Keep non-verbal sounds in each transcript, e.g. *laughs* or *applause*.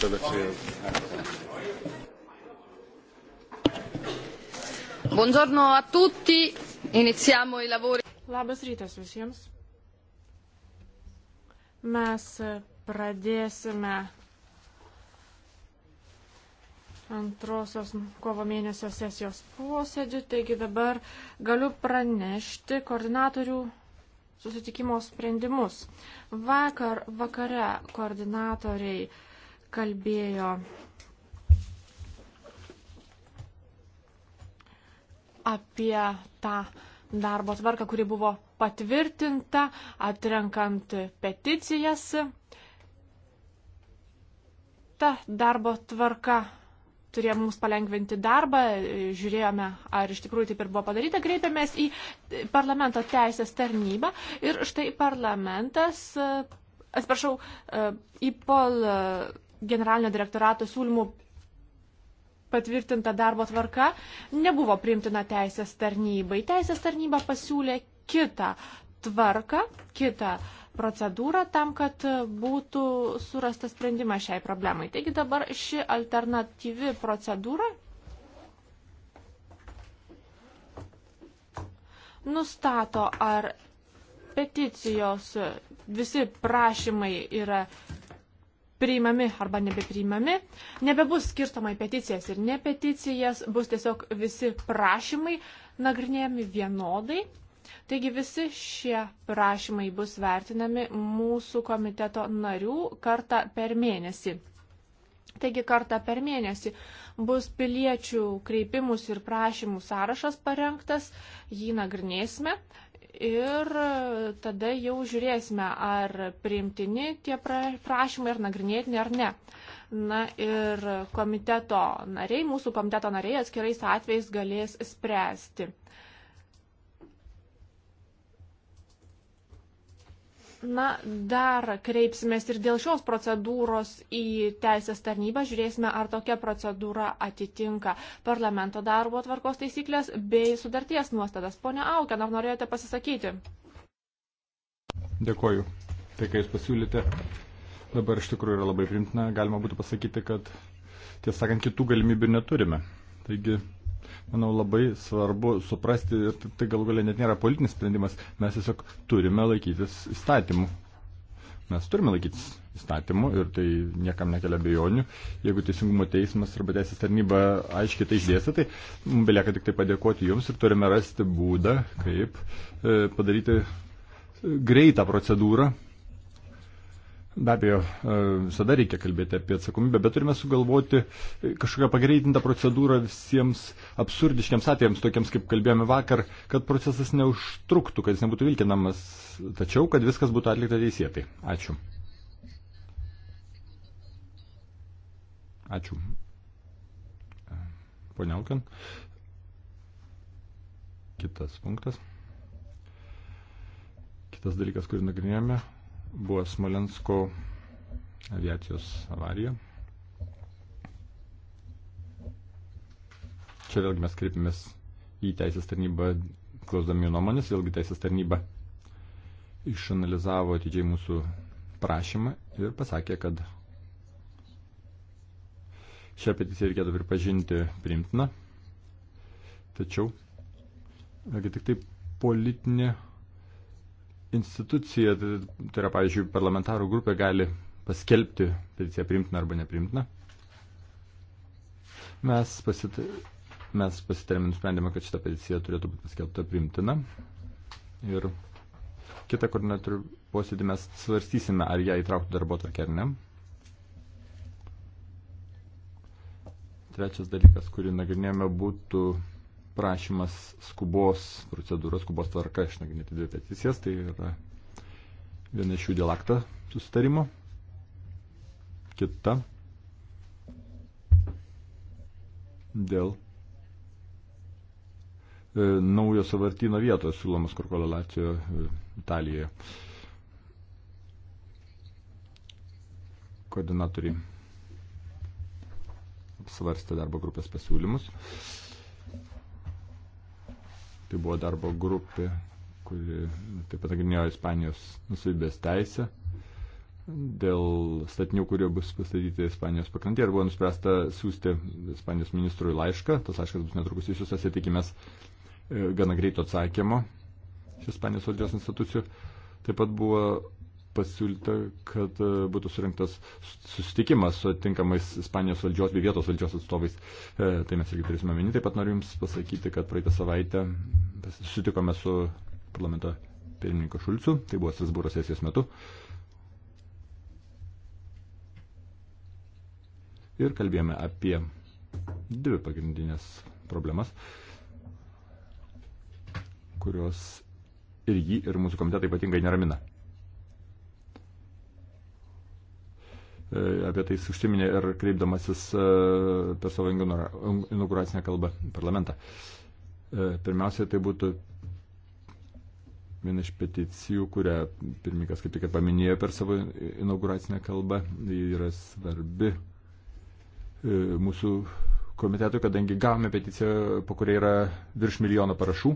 to le chiedo. Buongiorno a tutti, iniziamo i lavori. Labas rytas visiems. Mes pradėsime antrosios kovo mėnesio sesijos posėdžių. Taigi dabar galiu pranešti koordinatorių susitikimo sprendimus. Vakar vakare koordinatoriai kalbėjo apie tą darbo tvarką, kuri buvo patvirtinta, atrenkant peticijas. Ta darbo tvarka turėjo mums palengventi darbą, žiūrėjome, ar iš tikrųjų taip ir buvo padaryta, kreipėmės į parlamento teisės tarnybą ir štai parlamentas, atsiprašau, į pol generalinio direktorato siūlymų patvirtinta darbo tvarka nebuvo priimtina teisės tarnybai. Teisės tarnyba pasiūlė kitą tvarką, kitą procedūrą tam, kad būtų surastas sprendimas šiai problemai. Taigi dabar ši alternatyvi procedūra nustato, ar peticijos visi prašymai yra priimami arba nebepriimami, nebebus skirstoma į peticijas ir ne peticijas, bus tiesiog visi prašymai nagrinėjami vienodai. Taigi visi šie prašymai bus vertinami mūsų komiteto narių kartą per mėnesį. Taigi kartą per mėnesį bus piliečių kreipimus ir prašymų sąrašas parengtas, jį nagrinėsime, ir tada jau žiūrėsime, ar priimtini tie prašymai, ar nagrinėtini, ar ne. Na ir komiteto nariai, mūsų komiteto nariai atskirais atvejais galės spręsti. Na, dar kreipsimės ir dėl šios procedūros į teisės tarnybą, žiūrėsime, ar tokia procedūra atitinka parlamento darbo tvarkos taisyklės bei sudarties nuostatas. Pone Aukė, ar norėjote pasisakyti? Dėkoju. Tai, ką Jūs pasiūlyte, dabar iš tikrųjų yra labai primtina. Galima būtų pasakyti, kad, tiesą sakant, kitų galimybių neturime. Taigi, manau, labai svarbu suprasti, ir tai, tai gal galia net nėra politinis sprendimas, mes tiesiog turime laikytis įstatymų. Mes turime laikytis įstatymų ir tai niekam nekelia bejonių. Jeigu Teisingumo teismas arba Teisės tarnyba aiškiai tai išdėstė, tai mums belieka tik tai padėkoti jums ir turime rasti būdą, kaip e, padaryti greitą procedūrą Be abejo, e, visada reikia kalbėti apie atsakomybę, bet turime sugalvoti kažkokią pagreitintą procedūrą visiems absurdiškiams atvejams, tokiems kaip kalbėjome vakar, kad procesas neužtruktų, kad jis nebūtų vilkinamas, tačiau kad viskas būtų atlikta teisėtai. Ačiū. Ačiū. E, Pone Alkan. Kitas punktas. Kitas dalykas, kurį nagrinėjome, buvo Smolensko aviacijos avarija. Čia vėlgi mes kreipiamės į teisės tarnybą, klausdami nuomonės, vėlgi teisės tarnyba išanalizavo atidžiai mūsų prašymą ir pasakė, kad šią peticiją reikėtų pripažinti primtiną, tačiau, vėlgi tik taip politinė institucija, tai, tai yra, pavyzdžiui, parlamentarų grupė gali paskelbti peticiją primtiną arba neprimtiną. Mes, pasit... Mes pasitarėme, nusprendėme, kad šitą peticiją turėtų būti paskelbta primtina. Ir kitą koordinatorių posėdį mes svarstysime, ar ją įtraukti darbo tvarkę ar ne. Trečias dalykas, kurį nagrinėjome, būtų prašymas skubos procedūros, skubos tvarka išnagrinėti dvi peticijas, tai yra viena iš jų dėl aktą susitarimo, kita dėl e, naujo savartino vietos siūlomas Korkolio Lacijo e, Italijoje. Koordinatoriai apsvarstė darbo grupės pasiūlymus. Tai buvo darbo grupė, kuri taip pat agrinėjo Ispanijos nusavybės teisę dėl statinių, kurie bus pastatyti Ispanijos pakrantėje ir buvo nuspręsta siūsti Ispanijos ministrui laišką. Tas laiškas bus netrukus išsiustas ir tikimės e, gana greito atsakymo iš Ispanijos valdžios institucijų. Taip pat buvo pasiūlyta, kad e, būtų surinktas susitikimas su tinkamais Ispanijos valdžios bei vietos valdžios atstovais. E, tai mes irgi turėsime minį. Taip pat noriu Jums pasakyti, kad praeitą savaitę susitikome su parlamento pirmininko Šulcu, tai buvo Strasbūro sesijos metu. Ir kalbėjome apie dvi pagrindinės problemas, kurios ir jį, ir mūsų komitetą ypatingai neramina. E, apie tai užsiminė ir kreipdamasis e, per savo inauguracinę kalbą parlamentą. E, pirmiausia, tai būtų viena iš peticijų, kurią pirmininkas kaip tik paminėjo per savo inauguracinę kalbą, ji yra svarbi mūsų komitetui, kadangi gavome peticiją, po kuria yra virš milijono parašų.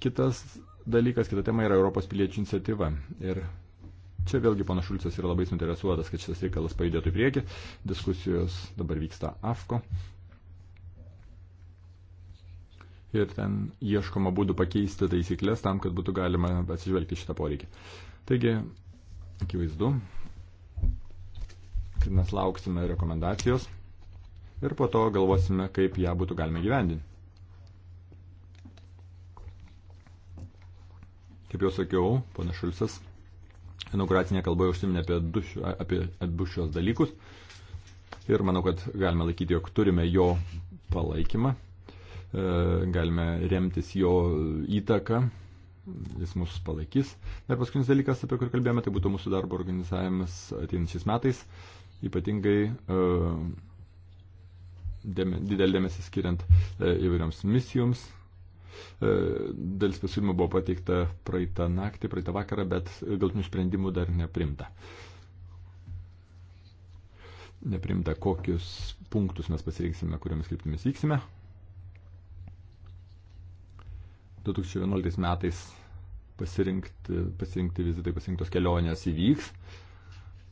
Kitas dalykas, kita tema yra Europos piliečių iniciatyva. Ir Čia vėlgi panašulis yra labai suinteresuotas, kad šitas reikalas pajudėtų į priekį. Diskusijos dabar vyksta AFKO. Ir ten ieškoma būdų pakeisti taisyklės tam, kad būtų galima atsižvelgti šitą poreikį. Taigi, akivaizdu, kad mes lauksime rekomendacijos ir po to galvosime, kaip ją būtų galima gyvendinti. Kaip jau sakiau, pana Šulcas inauguracinėje kalboje užsiminė apie, du, apie abu šios dalykus. Ir manau, kad galime laikyti, jog turime jo palaikymą, e, galime remtis jo įtaką, jis mus palaikys. Ir paskutinis dalykas, apie kurį kalbėjome, tai būtų mūsų darbo organizavimas ateinančiais metais, ypatingai e, dėme, didelį dėmesį skiriant e, įvairioms misijoms, E, dalis pasiūlymų buvo pateikta praeitą naktį, praeitą vakarą, bet galtinių sprendimų dar neprimta. Neprimta, kokius punktus mes pasirinksime, kuriamis kryptimis vyksime. 2011 metais pasirinkti, pasirinkti vizitai, pasirinktos kelionės įvyks.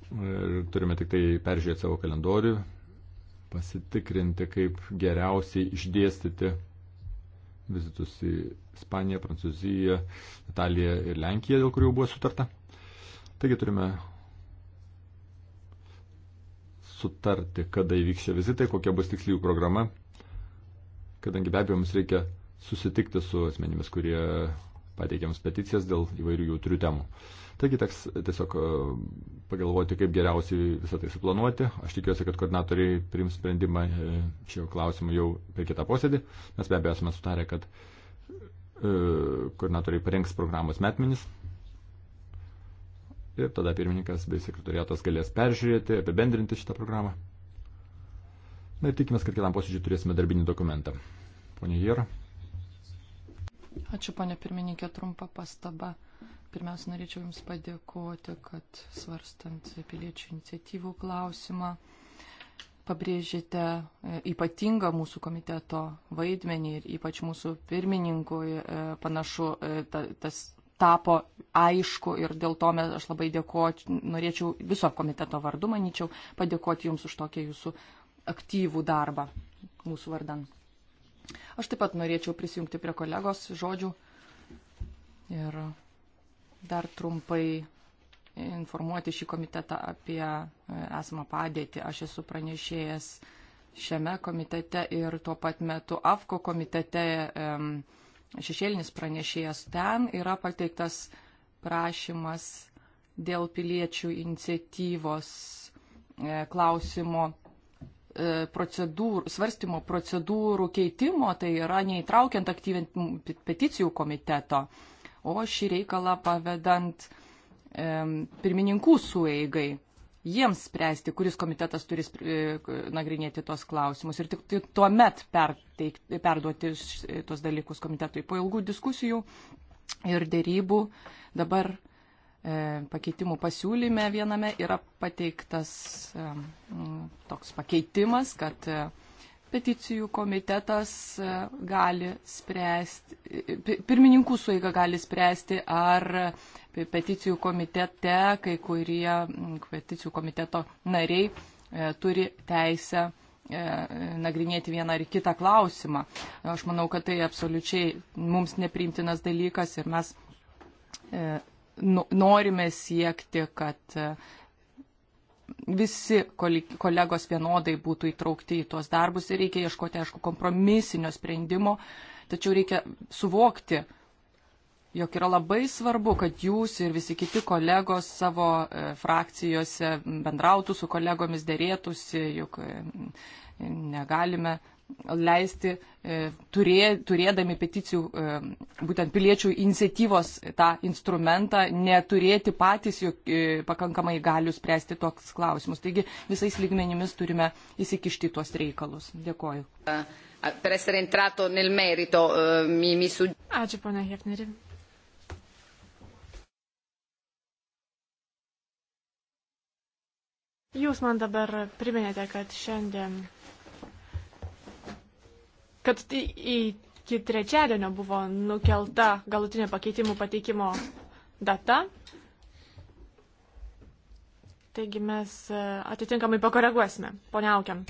Ir turime tik tai peržiūrėti savo kalendorių, pasitikrinti, kaip geriausiai išdėstyti vizitus į Ispaniją, Prancūziją, Italiją ir Lenkiją, dėl kurių buvo sutarta. Taigi turime sutarti, kada įvyks šie vizitai, kokia bus tiksliai jų programa, kadangi be abejo mums reikia susitikti su asmenimis, kurie pateikiamas peticijas dėl įvairių jautrių temų. Taigi teks tiesiog e, pagalvoti, kaip geriausiai visą tai suplanuoti. Aš tikiuosi, kad koordinatoriai priims sprendimą e, šio klausimu jau per kitą posėdį. Mes be abejo esame sutarę, kad e, koordinatoriai parengs programos metmenis. Ir tada pirmininkas bei sekretoriatas galės peržiūrėti, apibendrinti šitą programą. Na ir tikimės, kad kitam posėdžiui turėsime darbinį dokumentą. Pone Jėra. Ačiū, ponė pirmininkė, trumpa pastaba. Pirmiausia, norėčiau Jums padėkoti, kad svarstant piliečių iniciatyvų klausimą pabrėžėte e, ypatingą mūsų komiteto vaidmenį ir ypač mūsų pirmininkui e, panašu e, ta, tas tapo aišku ir dėl to mes, aš labai dėkoju, norėčiau viso komiteto vardu, manyčiau, padėkoti Jums už tokį Jūsų aktyvų darbą mūsų vardan. Aš taip pat norėčiau prisijungti prie kolegos žodžių ir dar trumpai informuoti šį komitetą apie e, esamą padėtį. Aš esu pranešėjęs šiame komitete ir tuo pat metu AFKO komitete šešėlinis pranešėjas ten yra pateiktas prašymas dėl piliečių iniciatyvos e, klausimo E, procedūrų, svarstymo procedūrų keitimo, tai yra neįtraukiant aktyviant peticijų komiteto, o šį reikalą pavedant e, pirmininkų sueigai jiems spręsti, kuris komitetas turi e, nagrinėti tos klausimus ir tik tuo met perteik, perduoti tos dalykus komitetui. Po ilgų diskusijų ir dėrybų dabar E, pakeitimų pasiūlyme viename yra pateiktas e, toks pakeitimas, kad e, peticijų komitetas gali spręsti, pirmininkų suiga gali spręsti, ar peticijų komitete kai kurie peticijų komiteto nariai turi teisę nagrinėti vieną ar kitą klausimą. Aš manau, kad tai absoliučiai mums nepriimtinas dalykas ir mes norime siekti, kad e, visi kolegos vienodai būtų įtraukti į tuos darbus ir reikia ieškoti, aišku, kompromisinio sprendimo, tačiau reikia suvokti, jog yra labai svarbu, kad jūs ir visi kiti kolegos savo e, frakcijose bendrautų su kolegomis, dėrėtųsi, juk e, negalime leisti e, turė, turėdami peticijų, e, būtent piliečių iniciatyvos tą instrumentą, neturėti patys jok, e, pakankamai galių spręsti toks klausimus. Taigi visais lygmenimis turime įsikišti tuos reikalus. Dėkoju. Ačiū, pana Hefneri. Jūs man dabar priminėte, kad šiandien kad tai iki trečiadienio buvo nukelta galutinė pakeitimų pateikimo data. Taigi mes e, atitinkamai pakoreguosime. Pone Aukiam.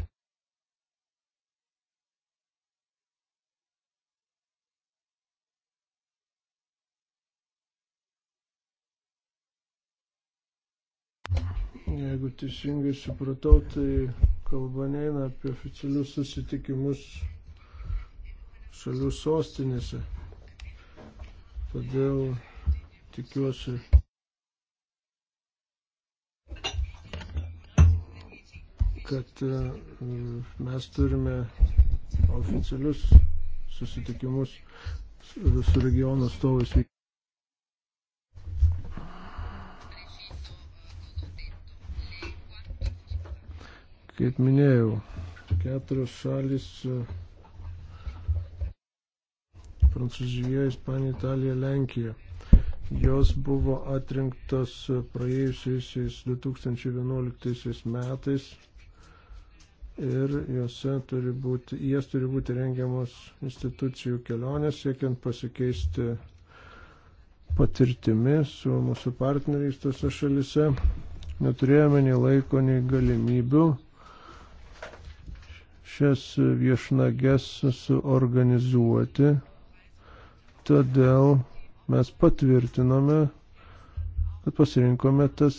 Jeigu teisingai supratau, tai kalba neina apie oficialius susitikimus šalių sostinėse. Todėl tikiuosi. kad e, mes turime oficialius susitikimus su regiono atstovais. Kaip minėjau, keturios šalis Prancūzija, Ispanija, Italija, Lenkija. Jos buvo atrinktos praėjusiais 2011 metais ir jose turi būti, jas turi būti rengiamos institucijų kelionės, siekiant pasikeisti patirtimi su mūsų partneriais tose šalise. Neturėjome nei laiko, nei galimybių šias viešnages suorganizuoti Todėl mes patvirtinome, kad pasirinkome tas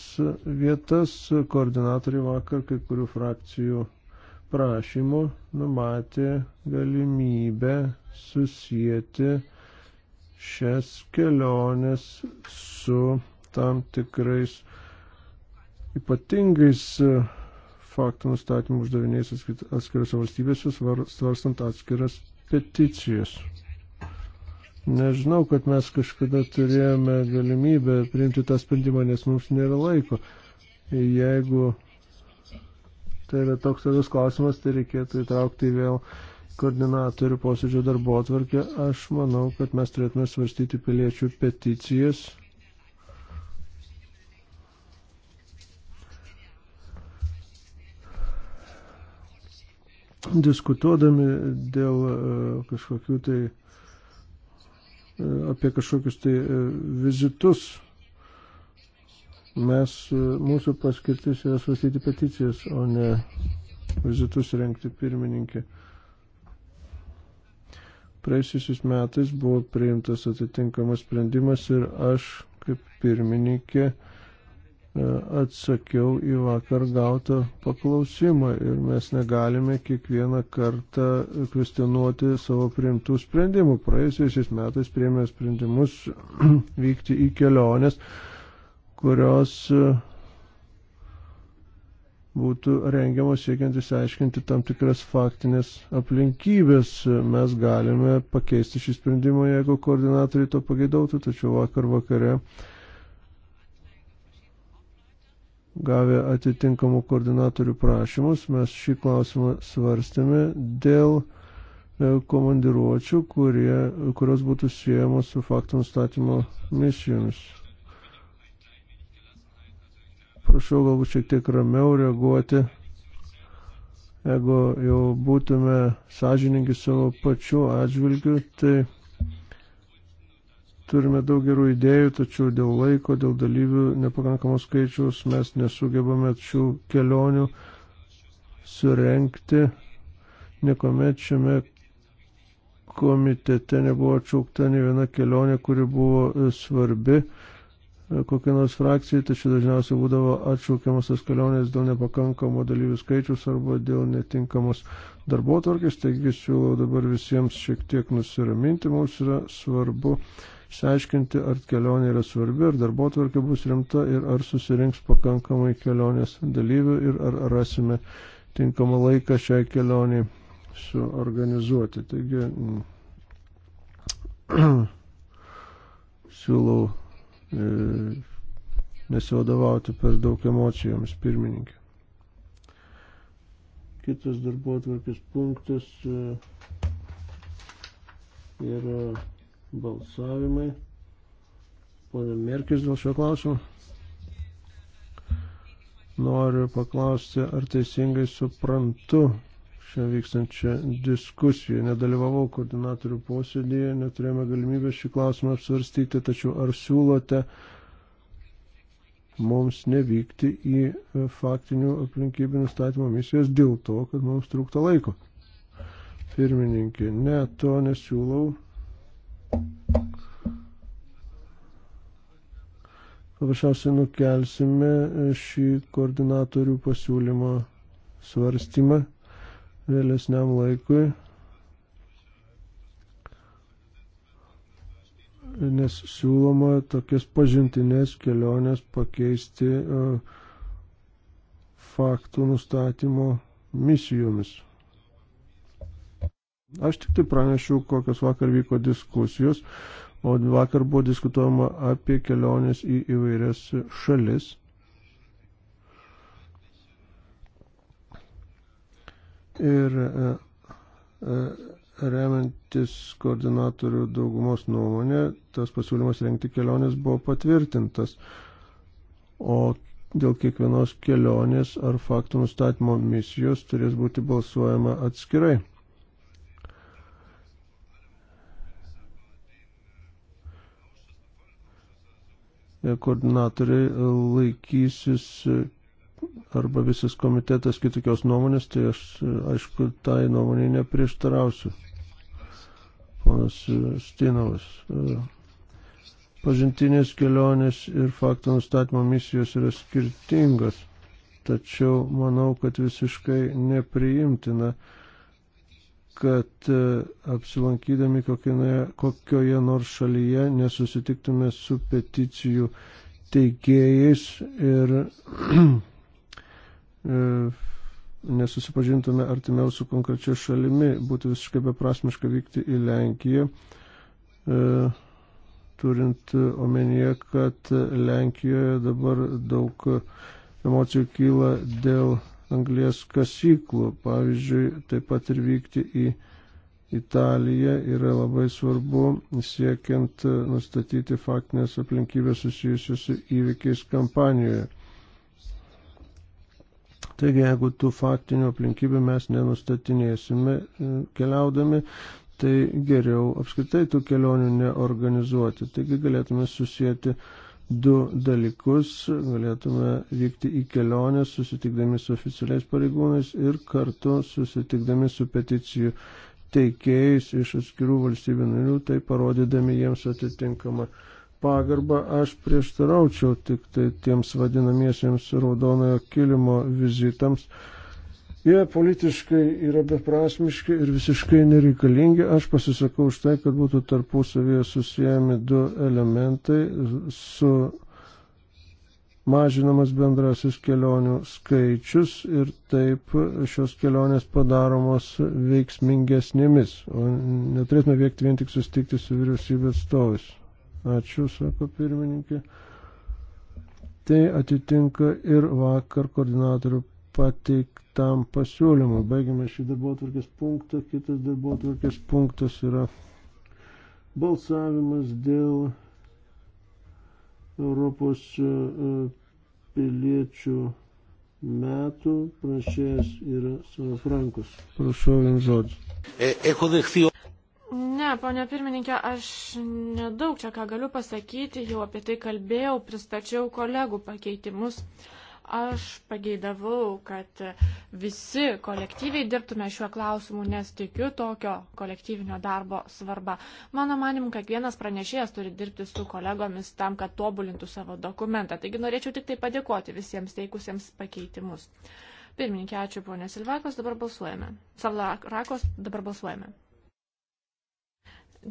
vietas koordinatoriai vakar kai kurių frakcijų prašymu numatė galimybę susijęti šias keliones su tam tikrais ypatingais e, faktų nustatymų uždaviniais atskirose valstybėse, svarstant atskiras peticijas. Nežinau, kad mes kažkada turėjome galimybę priimti tą sprendimą, nes mums nėra laiko. Jeigu tai yra toks svarbus klausimas, tai reikėtų įtraukti vėl koordinatorių posėdžio darbo atvarkę. Aš manau, kad mes turėtume svarstyti piliečių peticijas. Diskutuodami dėl e, kažkokių tai uh, E, apie kažkokius tai e, vizitus. Mes, e, mūsų paskirtis yra svarstyti peticijas, o ne vizitus renkti pirmininkė. Praėjusiais metais buvo priimtas atitinkamas sprendimas ir aš kaip pirmininkė atsakiau į vakar gautą paklausimą ir mes negalime kiekvieną kartą kvestionuoti savo priimtų sprendimų. Praėjusiais metais priėmė sprendimus *clears throat* vykti į keliones, kurios e, būtų rengiamos siekiant įsiaiškinti tam tikras faktinės aplinkybės. Mes galime pakeisti šį sprendimą, jeigu koordinatoriai to pageidautų, tačiau vakar vakare gavę atitinkamų koordinatorių prašymus, mes šį klausimą svarstėme dėl e, komandiruočių, kurie, kurios būtų siejamos su faktų nustatymo misijomis. Prašau galbūt šiek tiek ramiau reaguoti, jeigu jau būtume sąžiningi savo pačių atžvilgių, tai Turime daug gerų idėjų, tačiau dėl laiko, dėl dalyvių nepakankamos skaičiaus mes nesugebame šių kelionių surenkti. Niekuomet šiame komitete nebuvo atšaukta ne viena kelionė, kuri buvo e, svarbi e, kokia nors frakcija, tačiau dažniausiai būdavo atšaukiamas tas kelionės dėl nepakankamo dalyvių skaičius arba dėl netinkamos darbo tvarkės, taigi siūlau dabar visiems šiek tiek nusiraminti, mums yra svarbu išsiaiškinti, ar kelionė yra svarbi, ar darbo tvarkė bus rimta ir ar susirinks pakankamai kelionės dalyvių ir ar rasime tinkamą laiką šiai kelioniai suorganizuoti. Taigi mm, *clears throat* siūlau e, nesivadovauti per daug emocijoms pirmininkė. Kitas darbo atvarkės punktas e, yra. E, balsavimai. Pone Merkis dėl šio klausimo. Noriu paklausti, ar teisingai suprantu šią vykstančią diskusiją. Nedalyvavau koordinatorių posėdėje, neturėjome galimybės šį klausimą apsvarstyti, tačiau ar siūlote mums nevykti į faktinių aplinkybių nustatymo misijas dėl to, kad mums trūkta laiko? Pirmininkė, ne, to nesiūlau paprasčiausiai nukelsime šį koordinatorių pasiūlymo svarstymą vėlesniam laikui, nes siūloma tokias pažintinės keliones pakeisti e, faktų nustatymo misijomis. Aš tik tai pranešiu, kokios vakar vyko diskusijos, o vakar buvo diskutuojama apie keliones į įvairias šalis. Ir e, e, remiantis koordinatorių daugumos nuomonė, tas pasiūlymas rengti keliones buvo patvirtintas. O dėl kiekvienos kelionės ar faktų nustatymo misijos turės būti balsuojama atskirai. E, koordinatoriai laikysis e, arba visas komitetas kitokios nuomonės, tai aš, e, aišku, tai nuomonė neprieštarausiu. Ponas Stinovas. Pažintinės kelionės ir faktų nustatymo misijos yra skirtingos, tačiau manau, kad visiškai nepriimtina. Na, kad e, apsilankydami kokioje, kokioje nors šalyje nesusitiktume su peticijų teikėjais ir *clears throat* e, nesusipažintume artimiau su konkrečia šalimi, būtų visiškai beprasmiška vykti į Lenkiją, e, turint omenyje, kad Lenkijoje dabar daug emocijų kyla dėl anglės kasyklų. Pavyzdžiui, taip pat ir vykti į Italija yra labai svarbu siekiant nustatyti faktinės aplinkybės susijusios su įvykiais kampanijoje. Taigi, jeigu tų faktinių aplinkybių mes nenustatinėsime e, keliaudami, tai geriau apskritai tų kelionių neorganizuoti. Taigi galėtume susijęti uh, du dalykus. Galėtume vykti į kelionę susitikdami su oficialiais pareigūnais ir kartu susitikdami su peticijų teikėjais iš atskirų valstybių narių, tai parodydami jiems atitinkamą pagarbą. Aš prieštaraučiau tik tai tiems vadinamiesiems raudonojo kilimo vizitams Jie politiškai yra beprasmiški ir visiškai nereikalingi. Aš pasisakau už tai, kad būtų tarpusavėje susijęmi du elementai su mažinamas bendrasis kelionių skaičius ir taip šios kelionės padaromos veiksmingesnėmis. O neturėtume veikti vien tik sustikti su vyriausybės stovais. Ačiū, sako pirmininkė. Tai atitinka ir vakar koordinatorių pateiktam pasiūlymui. Baigiame šį darbotvarkės punktą. Kitas darbotvarkės punktas yra balsavimas dėl Europos e, piliečių metų. Prašėjas yra Salafrankos. Prašau jums žodžiu. E, ne, ponia pirmininkė, aš nedaug čia ką galiu pasakyti, jau apie tai kalbėjau, pristačiau kolegų pakeitimus. Uh, Aš pageidavau, kad visi kolektyviai dirbtume šiuo klausimu, nes tikiu tokio kolektyvinio darbo svarba. Mano manim, kiekvienas pranešėjas turi dirbti su kolegomis tam, kad tobulintų savo dokumentą. Taigi norėčiau tik tai padėkoti visiems teikusiems pakeitimus. Pirmininkė, ačiū ponė Silvakos, dabar balsuojame. Savlarakos, dabar balsuojame.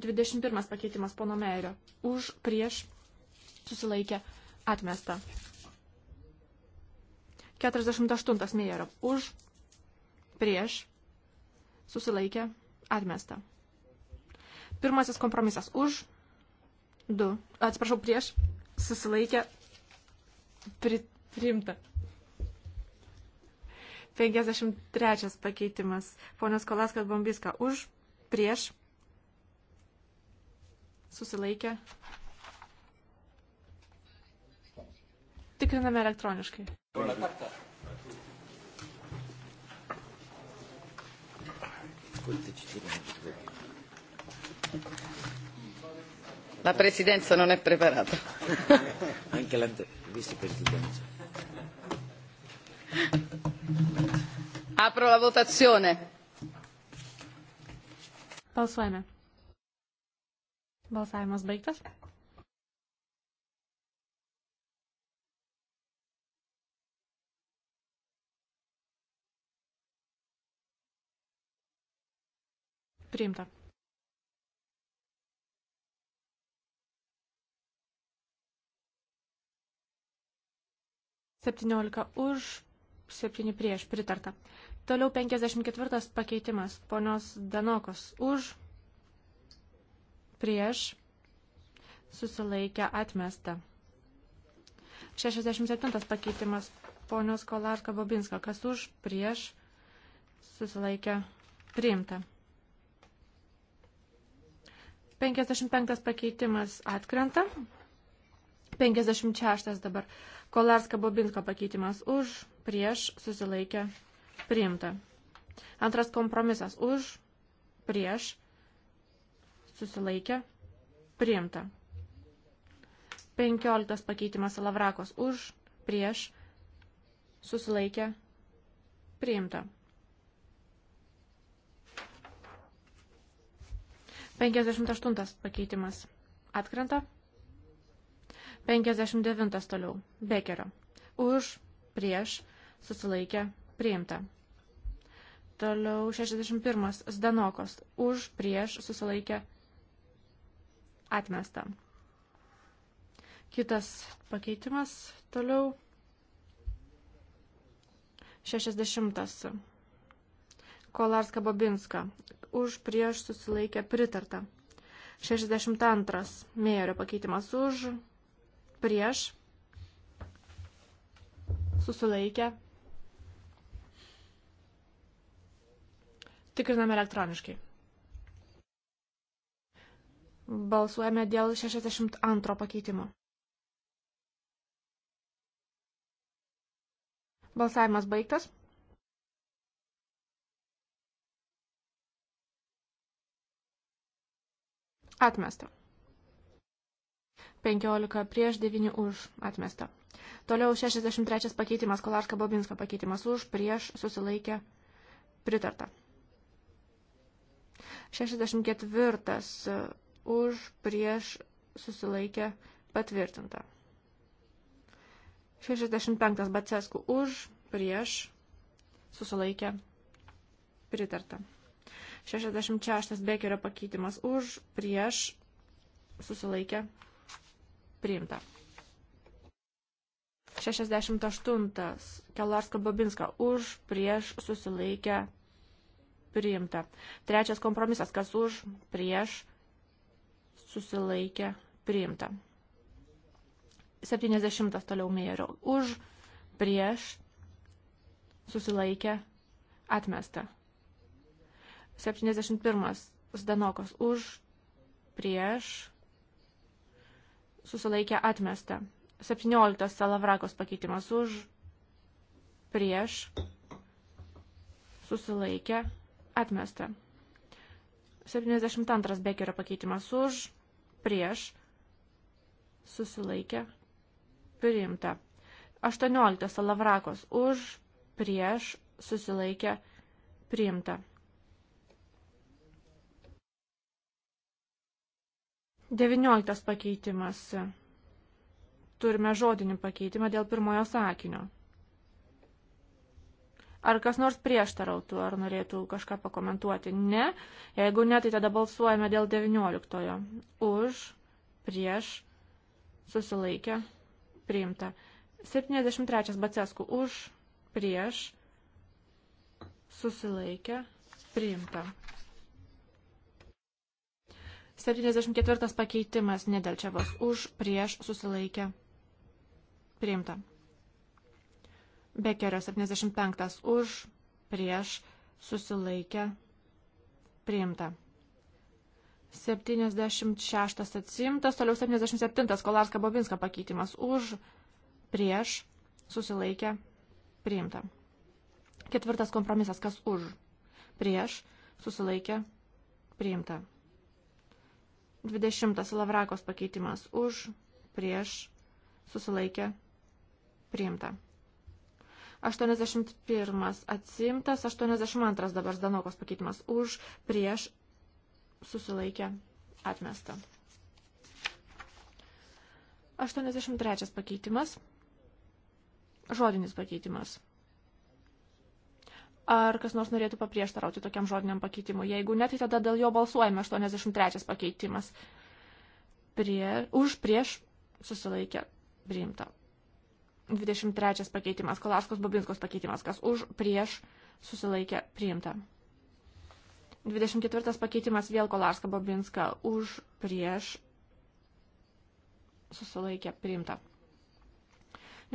21 pakeitimas pono Meirio. Už, prieš, susilaikė, atmesta. 48 Meijerio už, prieš, susilaikė, atmesta. Pirmasis kompromisas už, 2, atsiprašau, prieš, susilaikė, pri, priimta. 53 pakeitimas. Ponios Kolaskas Bombiska už, prieš, susilaikė. Tikriname elektroniškai. La presidenza non è preparata. *laughs* Anche la vicepresidenza. Apro la votazione. Balsuojame. Balsavimas baigtas. Priimta. Septyniolika už, septyni prieš, pritarta. Toliau 54 pakeitimas, ponios Danokos, už, prieš, susilaikę atmestą. 67 pakeitimas, ponios Kolarska Bobinska, kas už, prieš, susilaikę priimta. 55 pakeitimas atkrenta. 56 dabar. Kolarska Bobinsko pakeitimas už, prieš, susilaikė, priimta. Antras kompromisas už, prieš, susilaikė, priimta. 15 pakeitimas Lavrakos už, prieš, susilaikė, priimta. 58 pakeitimas atkrenta. 59 toliau. Bekerio. Už, prieš, susilaikė, priimta. Toliau 61. Zdanokos. Už, prieš, susilaikė, atmesta. Kitas pakeitimas toliau. 60. Kolarska Babinska. Už prieš susilaikė pritarta. 62. Mėjerio pakeitimas už prieš susilaikė. Tikriname elektroniškai. Balsuojame dėl 62 pakeitimo. Balsavimas baigtas. Atmesta. 15 prieš 9 už atmesta. Toliau 63 pakeitimas, Kolarska Bobinska pakeitimas už, prieš susilaikė pritarta. 64 e, už, prieš susilaikė patvirtinta. 65 Bacesku už, prieš susilaikė pritarta. 66 Bekerio pakeitimas už, prieš, susilaikė, priimta. 68 Kelarsko Babinska už, prieš, susilaikė, priimta. Trečias kompromisas, kas už, prieš, susilaikė, priimta. 70 toliau Mėjerio už, prieš, susilaikė, atmesta. 71. Zdanokos už, prieš, susilaikė atmesta. 17. Salavrakos pakeitimas už, prieš, susilaikė atmesta. 72. Bekerio pakeitimas už, prieš, susilaikė priimta. 18. Salavrakos už, prieš, susilaikė priimta. 19 pakeitimas. Turime žodinį pakeitimą dėl pirmojo sakinio. Ar kas nors prieštarautų, ar norėtų kažką pakomentuoti? Ne. Jeigu ne, tai tada balsuojame dėl 19. Už, prieš, susilaikę, priimta. 73. Bacesku. Už, prieš, susilaikę, priimta. 74 pakeitimas Nedelčiavos už prieš susilaikę priimta. Bekerio 75 už prieš susilaikę priimta. 76 atsimtas, toliau 77 Kolarska Bobinska pakeitimas už prieš susilaikę priimta. Ketvirtas kompromisas, kas už prieš susilaikę priimta. 20 Lavrakos pakeitimas už, prieš, susilaikė, priimta. 81 atsimtas, 82 dabar Zdanokos pakeitimas už, prieš, susilaikė, atmesta. 83 pakeitimas, žodinis pakeitimas. Ar kas nors norėtų paprieštarauti tokiam žodiniam pakeitimui? Jeigu ne, tai tada dėl jo balsuojame 83 pakeitimas. Prie, už prieš susilaikė priimta. 23 pakeitimas, Kalaskos Babinskos pakeitimas, kas už prieš susilaikė priimta. 24 pakeitimas vėl Kolarska Babinska už prieš susilaikė priimta.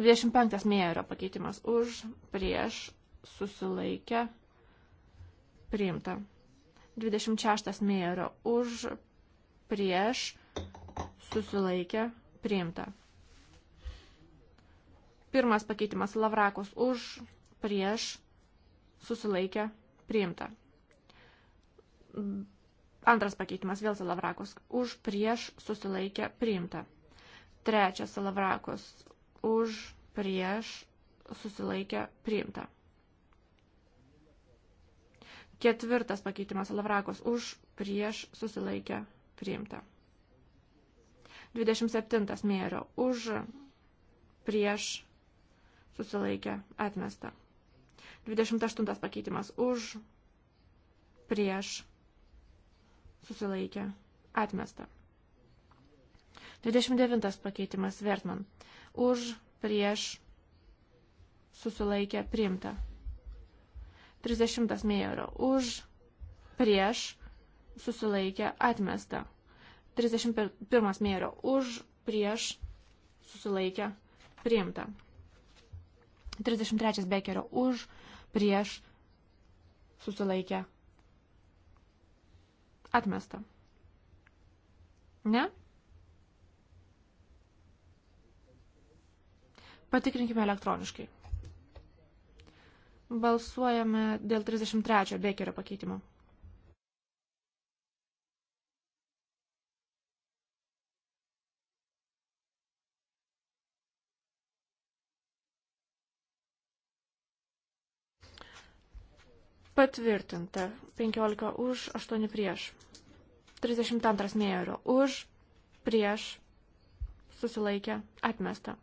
25 mėjerio pakeitimas už prieš susilaikę priimta. 26 mėjerio už prieš susilaikę priimta. Pirmas pakeitimas lavrakos už prieš susilaikę priimta. Antras pakeitimas vėl salavrakos už prieš susilaikę priimta. Trečias salavrakos už prieš susilaikę priimta. Ketvirtas pakeitimas Lavrakos už prieš susilaikę priimta. 27 mėrio už prieš susilaikę atmesta. 28 pakeitimas už prieš susilaikę atmesta. 29 pakeitimas Vertman už prieš susilaikę priimta. 30 mėjerio už, prieš, susilaikė, atmesta. 31 mėjerio už, prieš, susilaikė, priimta. 33 bekerio už, prieš, susilaikė, atmesta. Ne? Patikrinkime elektroniškai. Balsuojame dėl 33 Bekerio pakeitimo. Patvirtinta. 15 už, 8 prieš. 32 mėjerio už, prieš, susilaikė, atmesta.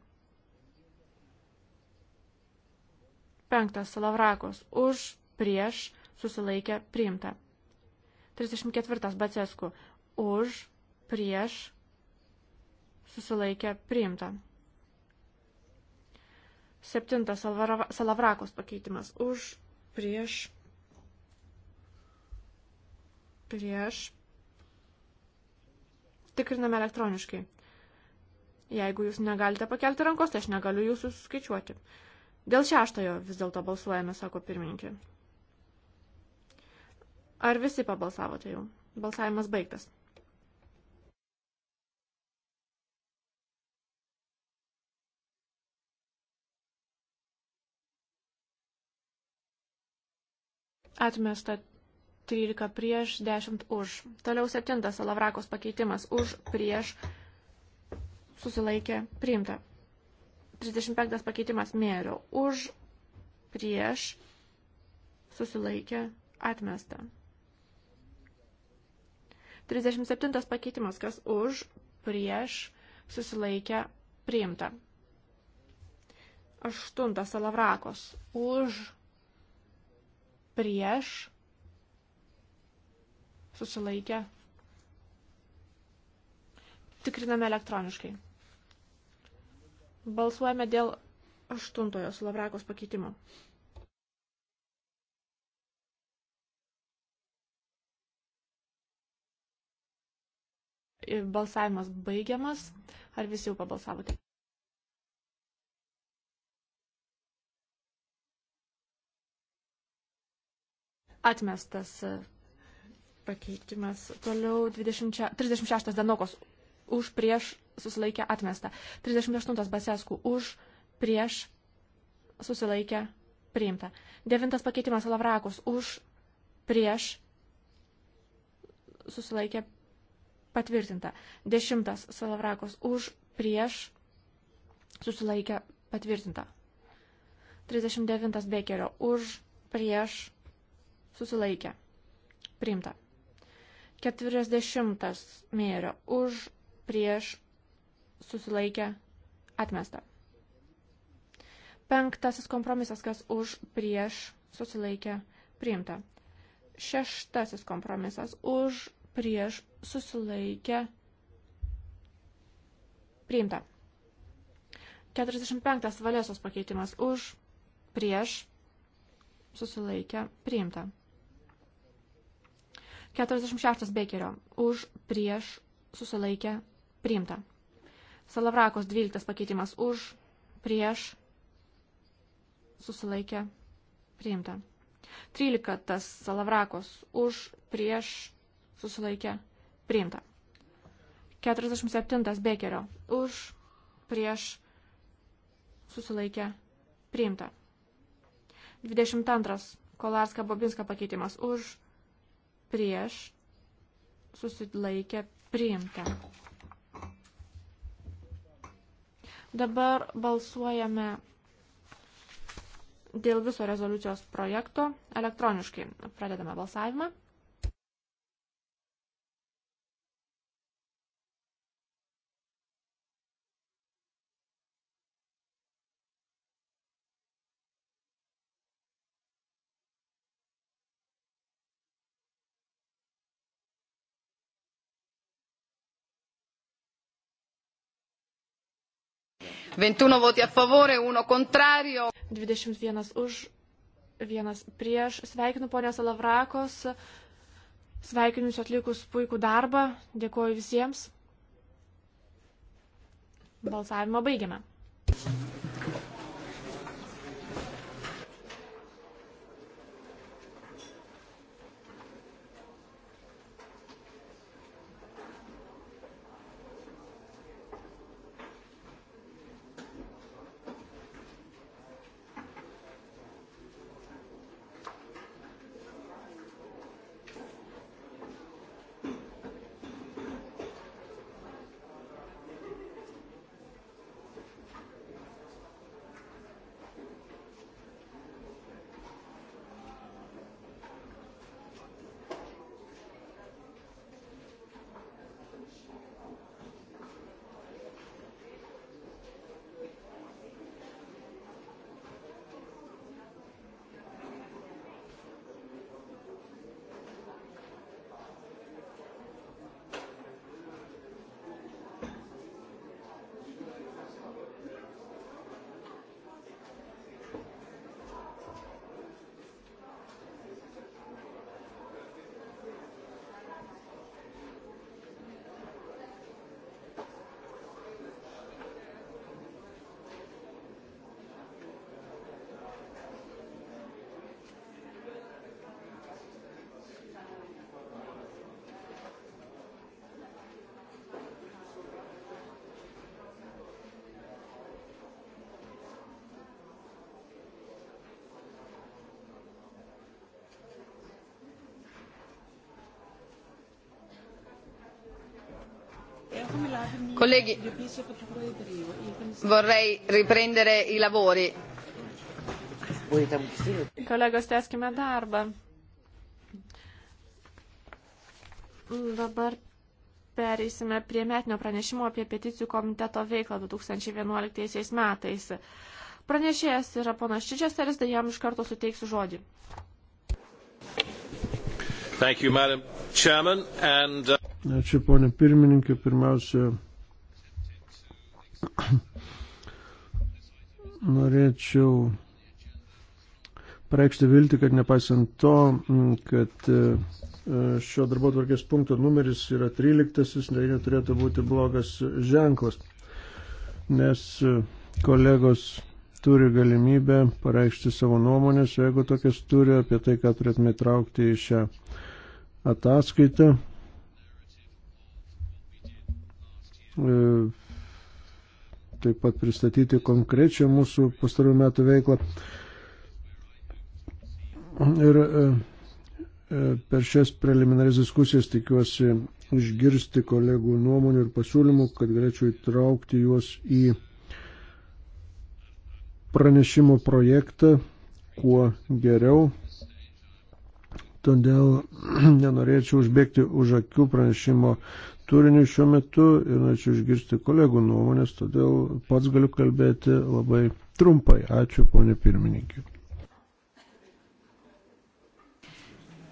Penktas Salavrakos už, prieš, susilaikė, priimta. 34 Bacesku už, prieš, susilaikė, priimta. Septintas Salavrakos pakeitimas už, prieš, prieš. Tikriname elektroniškai. Jeigu jūs negalite pakelti rankos, tai aš negaliu jūsų skaičiuoti. Dėl šeštojo vis dėlto balsuojame, sako pirmininkė. Ar visi pabalsavote jau? Balsavimas baigtas. Atmesta 13 prieš, 10 už. Toliau 7 salavrakos pakeitimas už prieš susilaikė priimta. 35 pakeitimas mėrio. Už, prieš, susilaikė, atmesta. 37 pakeitimas, kas už, prieš, susilaikė, priimta. 8 salavrakos, už, prieš, susilaikė. Tikriname elektroniškai. Balsuojame dėl aštuntojo Slavrakos pakeitimo. Balsavimas baigiamas. Ar visi jau pabalsavote? Atmestas e, pakeitimas. Toliau 20, 36 denokos už prieš susilaikė atmesta. 38 Baseskų už, prieš, susilaikė priimta. 9 pakeitimas Lavrakus už, prieš, susilaikė patvirtinta. 10 Salavrakus už, prieš, susilaikė patvirtinta. 39 Bekerio už, prieš, susilaikė priimta. 40 mėrio už, prieš, susilaikė, atmesta. Penktasis kompromisas, kas už, prieš, susilaikė, priimta. Šeštasis kompromisas, už, prieš, susilaikė, priimta. 45. Valėsos pakeitimas, už, prieš, susilaikė, priimta. 46. Bekerio, už, prieš, susilaikė, priimta. Salavrakos 12 pakeitimas už, prieš, susilaikė, priimta. 13 tas Salavrakos už, prieš, susilaikė, priimta. 47 Bekerio už, prieš, susilaikė, priimta. 22 Kolarska Bobinska pakeitimas už, prieš, susilaikė, priimta. Dabar balsuojame dėl viso rezoliucijos projekto elektroniškai. Pradedame balsavimą. 21 voti a favore, 1 contrario. 21 už, 1 prieš. Sveikinu ponios Alavrakos. Sveikinu jūs atlikus puikų darbą. Dėkuoju visiems. Balsavimą baigiame. Colleghi, vorrei riprendere i lavori. Kolegos, tęskime darbą. Dabar pereisime prie metinio pranešimo apie peticijų komiteto veiklą 2011 metais. Pranešėjas yra ponas Čičesteris, tai jam iš karto suteiksiu žodį. You, And... Uh, Ačiū, ponė pirmininkė. Pirmiausia, norėčiau pareikšti vilti, kad nepaisant to, kad e, e, šio darbo tvarkės punkto numeris yra 13, tai neturėtų būti blogas ženklas, nes e, kolegos turi galimybę pareikšti savo nuomonės, jeigu tokias turi, apie tai, ką turėtume traukti į šią ataskaitą. E, taip pat pristatyti konkrečią mūsų pastarųjų metų veiklą. Ir e, e, per šias preliminarias diskusijas tikiuosi išgirsti kolegų nuomonių ir pasiūlymų, kad galėčiau įtraukti juos į pranešimo projektą kuo geriau. Todėl *clears throat* nenorėčiau užbėgti už akių pranešimo turiniu šiuo metu ir norėčiau išgirsti kolegų nuomonės, todėl pats galiu kalbėti labai trumpai. Ačiū, ponė pirmininkė.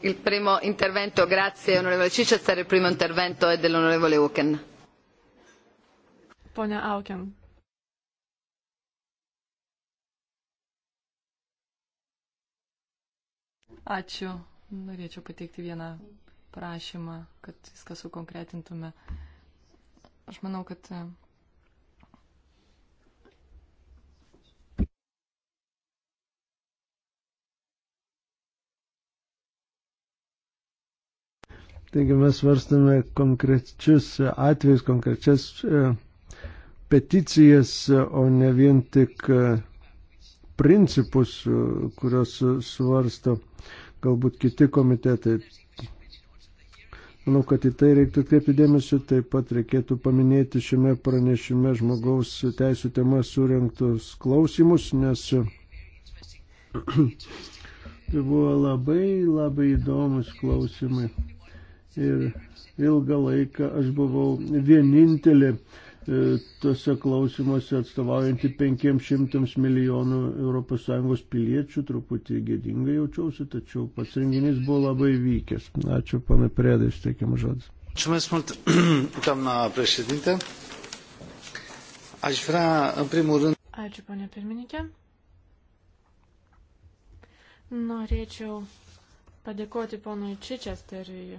Il primo intervento, grazie onorevole Cicester, il primo intervento è dell'onorevole Uken. Pone Auken, Ačiū. Norėčiau pateikti vieną prašymą, kad viską sukonkretintume. Aš manau, kad Taigi mes svarstame konkrečius atvejus, konkrečias e, peticijas, o ne vien tik e, principus, e, kurios svarsto galbūt kiti komitetai. Manau, kad į tai reiktų atkreipti dėmesį, taip pat reikėtų paminėti šiame pranešime žmogaus teisų tema surinktus klausimus, nes *clears throat* tai buvo labai labai įdomus klausimai. Ir ilgą laiką aš buvau vienintelė E, tose klausimuose atstovaujantį 500 milijonų ES piliečių, truputį gėdingai jaučiausi, tačiau pats renginys buvo labai vykęs. Ačiū, pana Prėdai, išteikiamas žodis. Mulțumesc mult, *clears throat* doamna președinte. Aș vrea, în primul rând... Ačiū, pane pirmininkė. Norėčiau padėkoti ponui Čičesteriui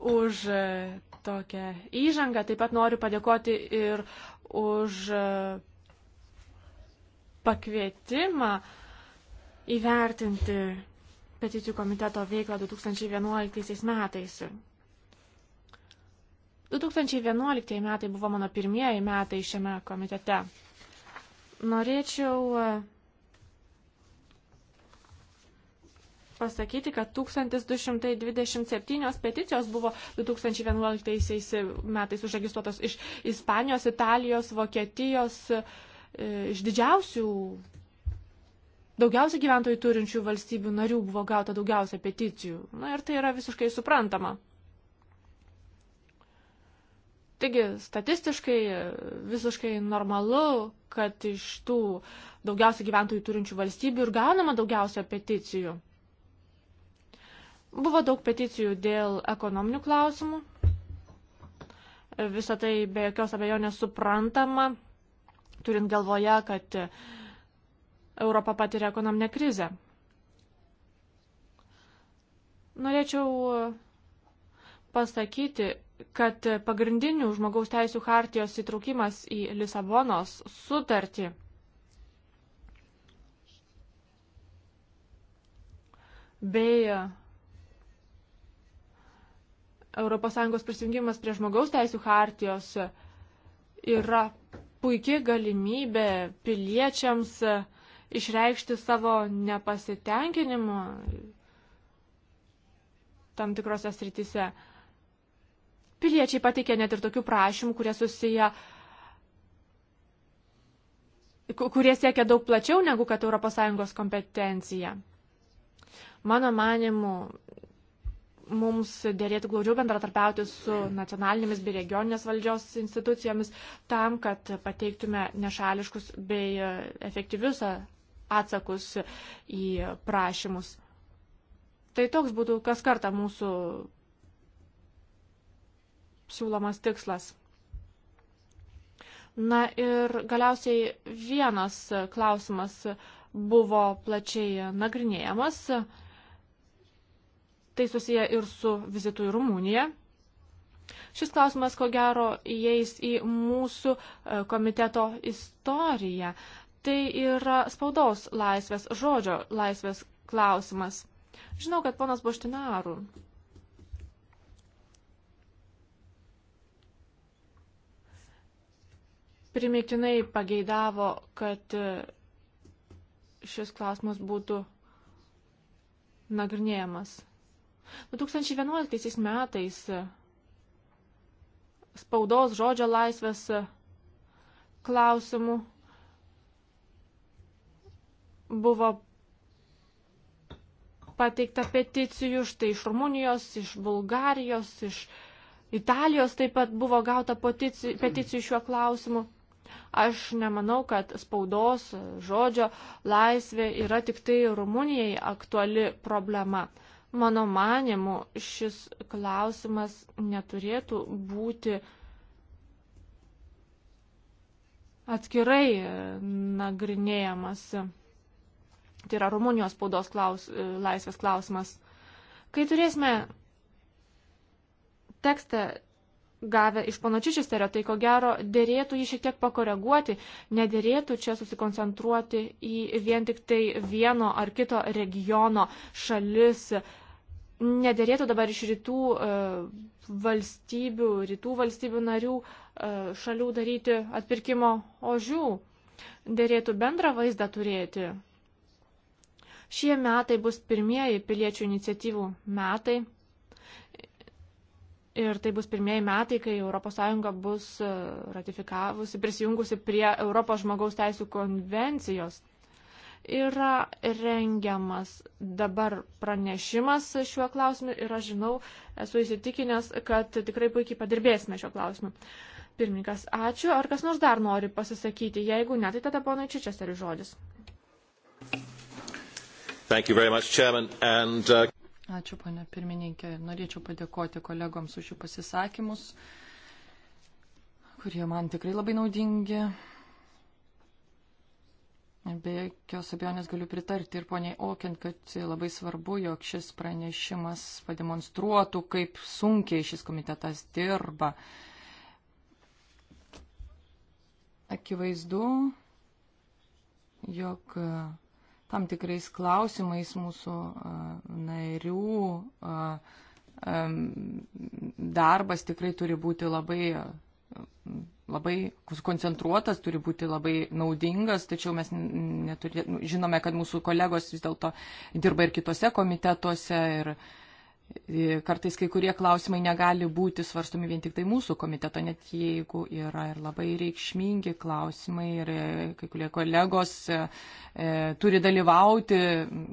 už e, tokią įžangą. Taip pat noriu padėkoti ir už e, pakvietimą įvertinti peticijų komiteto veiklą 2011 metais. 2011 metai buvo mano pirmieji metai šiame komitete. Norėčiau e, pasakyti, kad 1227 peticijos buvo 2011 metais užregistruotos iš Ispanijos, Italijos, Vokietijos, e, iš didžiausių, daugiausia gyventojų turinčių valstybių narių buvo gauta daugiausia peticijų. Na ir tai yra visiškai suprantama. Taigi, statistiškai visiškai normalu, kad iš tų daugiausia gyventojų turinčių valstybių ir gaunama daugiausia peticijų. Buvo daug peticijų dėl ekonominių klausimų. Visą tai be jokios abejonės suprantama, turint galvoje, kad Europa patiria ekonominę krizę. Norėčiau pasakyti, kad pagrindinių žmogaus teisų hartijos įtraukimas į Lisabonos sutartį bei ES prisijungimas prie žmogaus teisų hartijos yra puikia galimybė piliečiams išreikšti savo nepasitenkinimą tam tikrose srityse. Piliečiai pateikė net ir tokių prašymų, kurie susiję, kurie siekia daug plačiau negu kad ES kompetencija. Mano manimu, mums dėlėtų glaudžiau bendratarpiauti su nacionalinėmis bei regioninės valdžios institucijomis tam, kad pateiktume nešališkus bei efektyvius atsakus į prašymus. Tai toks būtų kas kartą mūsų siūlomas tikslas. Na ir galiausiai vienas klausimas buvo plačiai nagrinėjamas Tai susiję ir su vizitu į Rumuniją. Šis klausimas, ko gero, įeis į mūsų e, komiteto istoriją. Tai yra spaudos laisvės, žodžio laisvės klausimas. Žinau, kad ponas Boštinarų primiktinai pageidavo, kad e, šis klausimas būtų nagrinėjamas 2011 metais spaudos žodžio laisvės klausimų buvo pateikta peticijų štai iš Rumunijos, iš Bulgarijos, iš Italijos taip pat buvo gauta peticijų, peticijų šiuo klausimu. Aš nemanau, kad spaudos žodžio laisvė yra tik tai Rumunijai aktuali problema. Mano manimu, šis klausimas neturėtų būti atskirai nagrinėjamas. Tai yra Rumunijos spaudos klaus, laisvės klausimas. Kai turėsime tekstą gavę iš pono Čičisterio, tai ko gero dėrėtų jį šiek tiek pakoreguoti, nedėrėtų čia susikoncentruoti į vien tik tai vieno ar kito regiono šalis. Nedėrėtų dabar iš rytų e, valstybių, rytų valstybių narių e, šalių daryti atpirkimo ožių. Dėrėtų bendrą vaizdą turėti. Šie metai bus pirmieji piliečių iniciatyvų metai. Ir tai bus pirmieji metai, kai ES bus e, ratifikavusi, prisijungusi prie Europos žmogaus teisų konvencijos. Yra rengiamas dabar pranešimas šiuo klausimu ir aš žinau, esu įsitikinęs, kad tikrai puikiai padirbėsime šiuo klausimu. Pirmininkas, ačiū. Ar kas nors dar nori pasisakyti? Jeigu ne, tai tada ponai Čičesteris žodis. Much, And, uh... Ačiū, ponė pirmininkė. Norėčiau padėkoti kolegoms už jų pasisakymus, kurie man tikrai labai naudingi. Be jokios abejonės galiu pritarti ir poniai Okent, kad labai svarbu, jog šis pranešimas pademonstruotų, kaip sunkiai šis komitetas dirba. Akivaizdu, jog tam tikrais klausimais mūsų narių darbas tikrai turi būti labai, labai koncentruotas, turi būti labai naudingas, tačiau mes neturė, nu, žinome, kad mūsų kolegos vis dėlto dirba ir kitose komitetuose ir uh, E, kartais kai kurie klausimai negali būti svarstomi vien tik tai mūsų komiteto, net jeigu yra ir labai reikšmingi klausimai ir e, kai kurie kolegos e, e, turi dalyvauti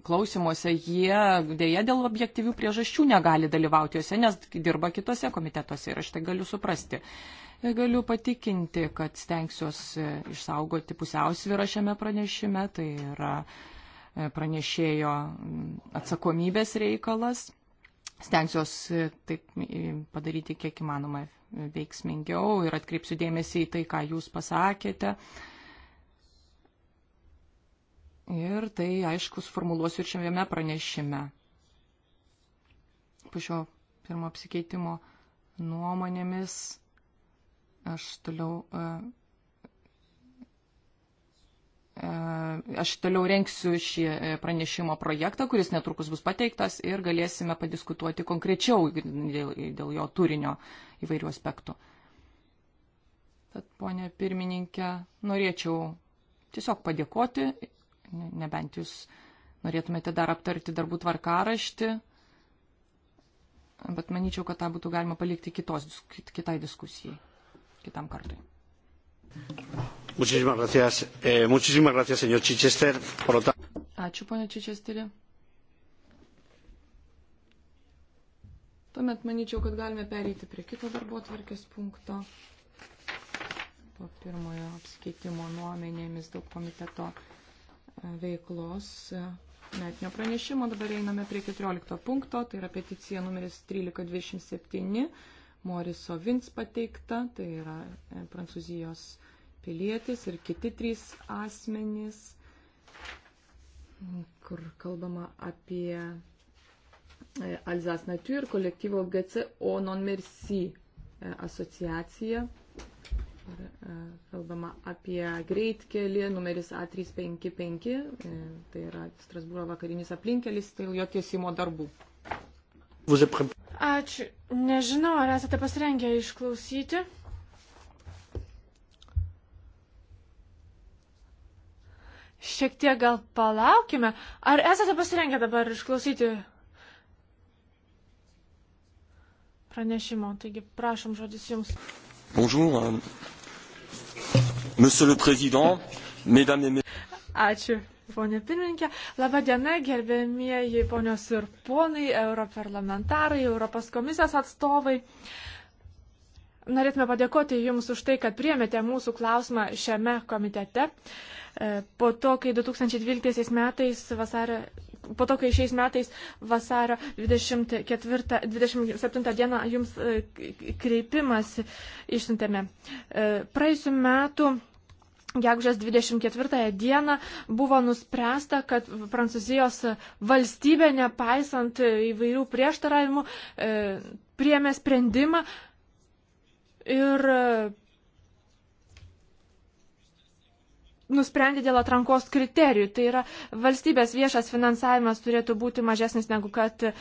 klausimuose, jie dėja dėl objektyvių priežasčių negali dalyvauti juose, nes dirba kitose komitetuose ir aš tai galiu suprasti. Galiu patikinti, kad stengsiuosi išsaugoti pusiausvyrą šiame pranešime, tai yra pranešėjo atsakomybės reikalas stengsiuosi e, taip padaryti kiek įmanoma e, veiksmingiau ir atkreipsiu dėmesį į tai, ką jūs pasakėte. Ir tai, aišku, suformuluosiu ir šiame pranešime. Po šio pirmo apsikeitimo nuomonėmis aš toliau uh, Aš toliau renksiu šį e, pranešimo projektą, kuris netrukus bus pateiktas ir galėsime padiskutuoti konkrečiau dėl, dėl jo turinio įvairių aspektų. Tad, ponė pirmininkė, norėčiau tiesiog padėkoti, nebent jūs norėtumėte dar aptarti darbų tvarkaraštį, bet manyčiau, kad tą būtų galima palikti kitos, kitai diskusijai, kitam kartui. Muchísimas gracias. Eh, muchísimas gracias, señor Chichester. Por otra... Ačiū, ponė Čičesterį. Tuomet manyčiau, kad galime pereiti prie kito darbo tvarkės punkto. Po pirmojo apsikeitimo nuomenėmis daug komiteto e, veiklos e, metinio pranešimo. Dabar einame prie 14 punkto, tai yra peticija numeris 1327, Moriso Vins pateikta, tai yra e, Prancūzijos pilietis ir kiti trys asmenys, kur kalbama apie e, Alzas Nature kolektyvo GCO Non Merci e, asociaciją. Ir e, kalbama apie greitkelį numeris A355, tai yra Strasbūro vakarinis aplinkelis, tai jo tiesimo darbų. Ačiū. Nežinau, ar esate pasirengę išklausyti. šiek tiek gal palaukime. Ar esate pasirengę dabar išklausyti pranešimo? Taigi, prašom žodis jums. Bonjour, euh, monsieur le président, mesdames et messieurs. Ačiū. Pone pirmininkė, laba diena, gerbėmieji ponios ir ponai, europarlamentarai, Europos komisijos atstovai. Norėtume padėkoti Jums už tai, kad priemėte mūsų klausimą šiame komitete. Uh, E, po to, kai 2012 metais vasario. Po to, kai šiais metais vasario 24, 27 dieną jums e, kreipimas išsintėme. E, praėjusiu metu Gegužės 24 dieną buvo nuspręsta, kad Prancūzijos valstybė, nepaisant įvairių prieštaravimų, priemė sprendimą ir nusprendė dėl atrankos kriterijų. Tai yra valstybės viešas finansavimas turėtų būti mažesnis negu kad e,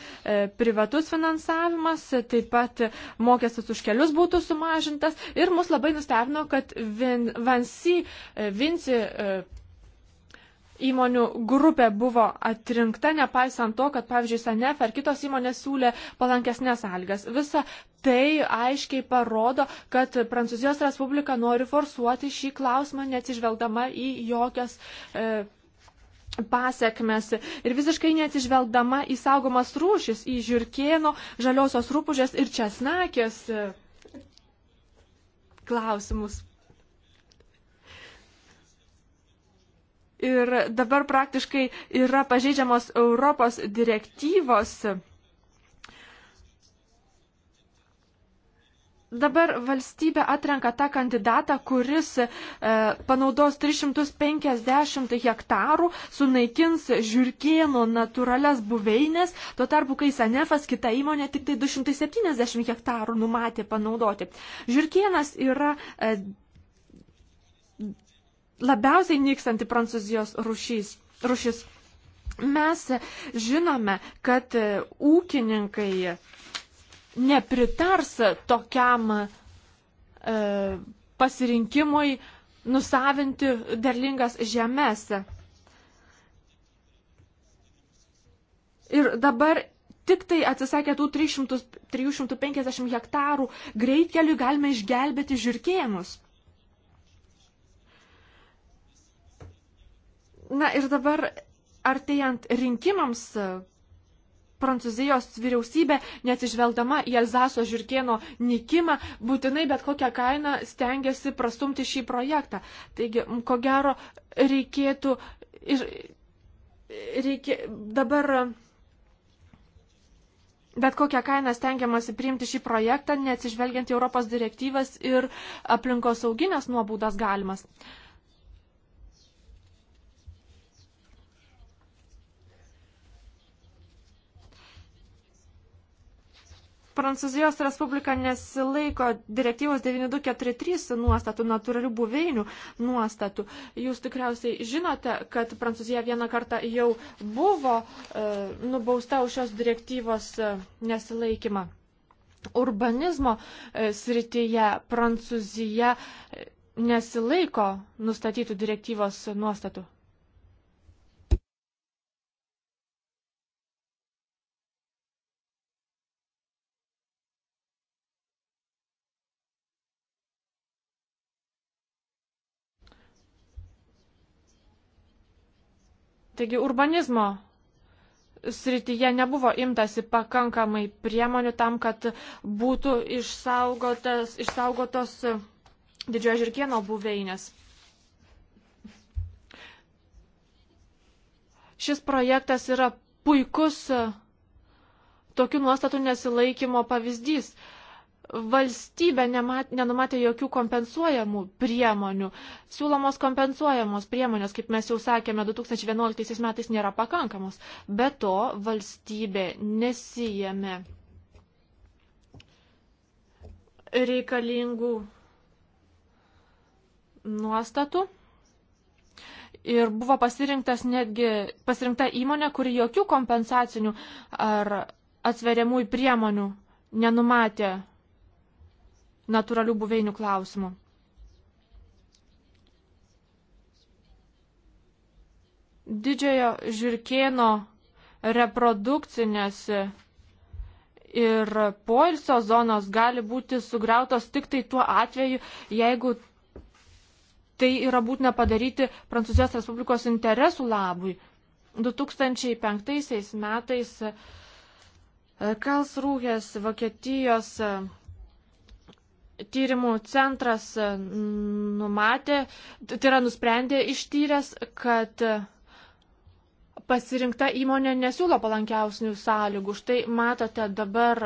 privatus finansavimas, taip pat mokestis už kelius būtų sumažintas. Ir mus labai nustebino, kad Vin, Vansi, e, Vinci e, įmonių grupė buvo atrinkta, nepaisant to, kad, pavyzdžiui, SANEF ar kitos įmonės siūlė palankesnės sąlygas. Visa tai aiškiai parodo, kad Prancūzijos Respublika nori forsuoti šį klausimą, neatsižvelgdama į jokias. E, pasiekmes ir visiškai neatsižvelgdama į saugomas rūšis, į žirkėno, žaliosios rūpužės ir česnakės e, klausimus. Ir dabar praktiškai yra pažeidžiamos Europos direktyvos. Dabar valstybė atrenka tą kandidatą, kuris e, panaudos 350 hektarų, sunaikins žirkėno natūrales buveinės, tuo tarpu, kai Sanefas kita įmonė tik tai 270 hektarų numatė panaudoti. Žirkėnas yra. E, labiausiai nykstanti Prancūzijos rušys, rušis. Mes žinome, kad e, ūkininkai nepritars tokiam e, pasirinkimui nusavinti derlingas žemės. Ir dabar tik tai atsisakę tų 300, 350 hektarų greitkelių galime išgelbėti žirkėjimus. Na ir dabar, artėjant rinkimams, Prancūzijos vyriausybė, neatsižvelgdama į Elzaso žirkieno nikimą, būtinai bet kokią kainą stengiasi prastumti šį projektą. Taigi, ko gero, reikėtų ir reikia, dabar bet kokią kainą stengiamasi priimti šį projektą, neatsižvelgiant į Europos direktyvas ir aplinkosauginės nuobaudas galimas. Uh, Prancūzijos Respublika nesilaiko direktyvos 9243 nuostatų, natūralių buveinių nuostatų. Jūs tikriausiai žinote, kad Prancūzija vieną kartą jau buvo e, nubausta už šios direktyvos e, nesilaikymą. Urbanizmo e, srityje Prancūzija e, nesilaiko nustatytų direktyvos nuostatų. Taigi urbanizmo srityje nebuvo imtasi pakankamai priemonių tam, kad būtų išsaugotas, išsaugotos didžiojo žirkieno buveinės. Šis projektas yra puikus tokių nuostatų nesilaikymo pavyzdys. Uh, valstybė nemat, nenumatė jokių kompensuojamų priemonių. Siūlomos kompensuojamos priemonės, kaip mes jau sakėme, 2011 metais nėra pakankamos. Be to, valstybė nesijėmė reikalingų nuostatų. Ir buvo pasirinktas netgi pasirinkta įmonė, kuri jokių kompensacinių ar atsveriamųjų priemonių nenumatė natūralių buveinių klausimų. Didžiojo žirkėno reprodukcinės ir poilsio zonos gali būti sugriautos tik tai tuo atveju, jeigu tai yra būtina padaryti Prancūzijos Respublikos interesų labui. 2005 metais Kalsrūhės Vokietijos tyrimų centras e, numatė, tai yra nusprendė ištyręs, kad pasirinkta įmonė nesiūlo palankiausnių sąlygų. Štai matote dabar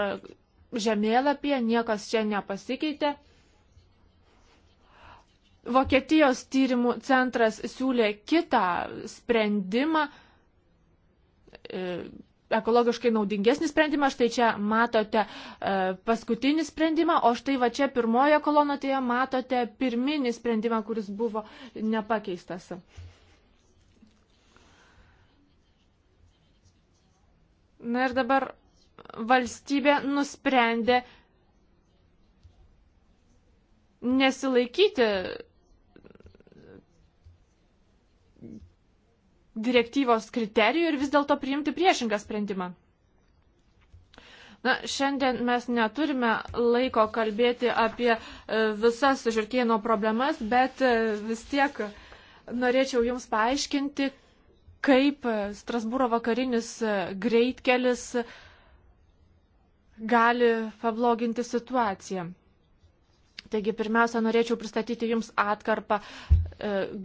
žemėlapyje, niekas čia nepasikeitė. Vokietijos tyrimų centras siūlė kitą sprendimą e, ekologiškai naudingesnį sprendimą, štai čia matote e, paskutinį sprendimą, o štai va čia pirmojo kolonotėje matote pirminį sprendimą, kuris buvo nepakeistas. Na ir dabar valstybė nusprendė nesilaikyti direktyvos kriterijų ir vis dėlto priimti priešingą sprendimą. Na, šiandien mes neturime laiko kalbėti apie e, visas žirkėno problemas, bet e, vis tiek norėčiau Jums paaiškinti, kaip e, Strasbūro vakarinis greitkelis gali pabloginti situaciją. Taigi, pirmiausia, norėčiau pristatyti Jums atkarpą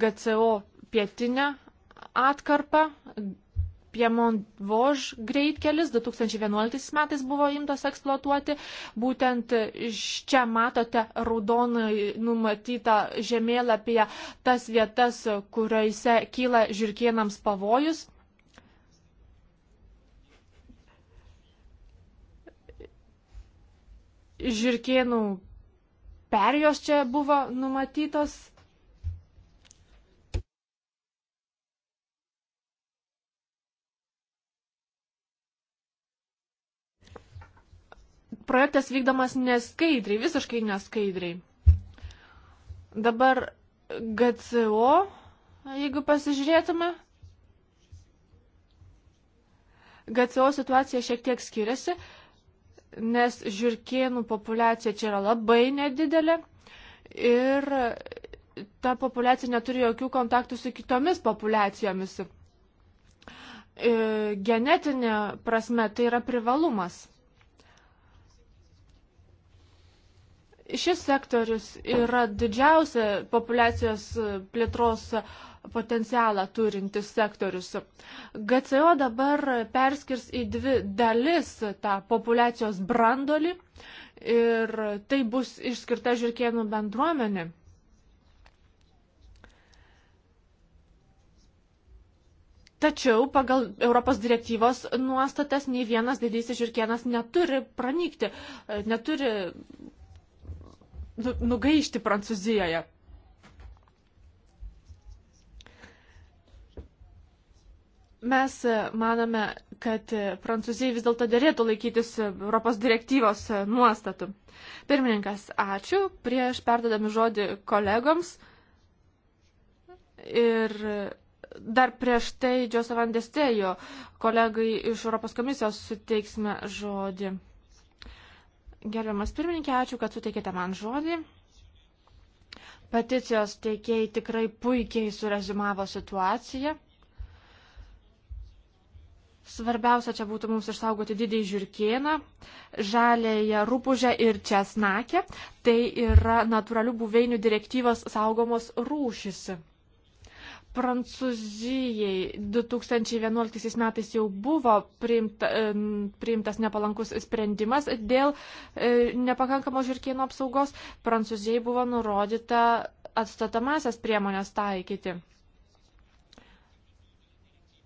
GCO pietinę atkarpą Piemont Vož greitkelis 2011 metais buvo imtas eksploatuoti. Būtent čia matote raudonai numatytą žemėlapyje tas vietas, kuriuose kyla žirkienams pavojus. Žirkienų perjos čia buvo numatytos projektas vykdomas neskaidriai, visiškai neskaidriai. Dabar GCO, jeigu pasižiūrėtume, GCO situacija šiek tiek skiriasi, nes žirkienų populiacija čia yra labai nedidelė ir ta populiacija neturi jokių kontaktų su kitomis populiacijomis. E, genetinė prasme tai yra privalumas. šis sektorius yra didžiausia populiacijos plėtros potencialą turintis sektorius. GCO dabar perskirs į dvi dalis tą populiacijos brandolį ir tai bus išskirta žirkienų bendruomenė. Tačiau pagal Europos direktyvos nuostatas nei vienas didysis žirkienas neturi pranykti, neturi Nu, nugaišti Prancūzijoje. Mes e, manome, kad e, Prancūzijai vis dėlto dėlėtų laikytis e, Europos direktyvos nuostatų. Pirmininkas, ačiū. Prieš perdodami žodį kolegoms ir dar prieš tai Džiosavan Destėjo kolegai iš Europos komisijos suteiksime žodį. Gerbiamas pirmininkė, ačiū, kad suteikėte man žodį. Peticijos teikėjai tikrai puikiai surezumavo situaciją. Svarbiausia čia būtų mums išsaugoti didįjį žirkieną, žalėje rūpužę ir česnakę. Tai yra natūralių buveinių direktyvos saugomos rūšis. Prancūzijai 2011 metais jau buvo priimta, priimtas nepalankus sprendimas dėl e, nepakankamos žirkieno apsaugos. Prancūzijai buvo nurodyta atstatamasias priemonės taikyti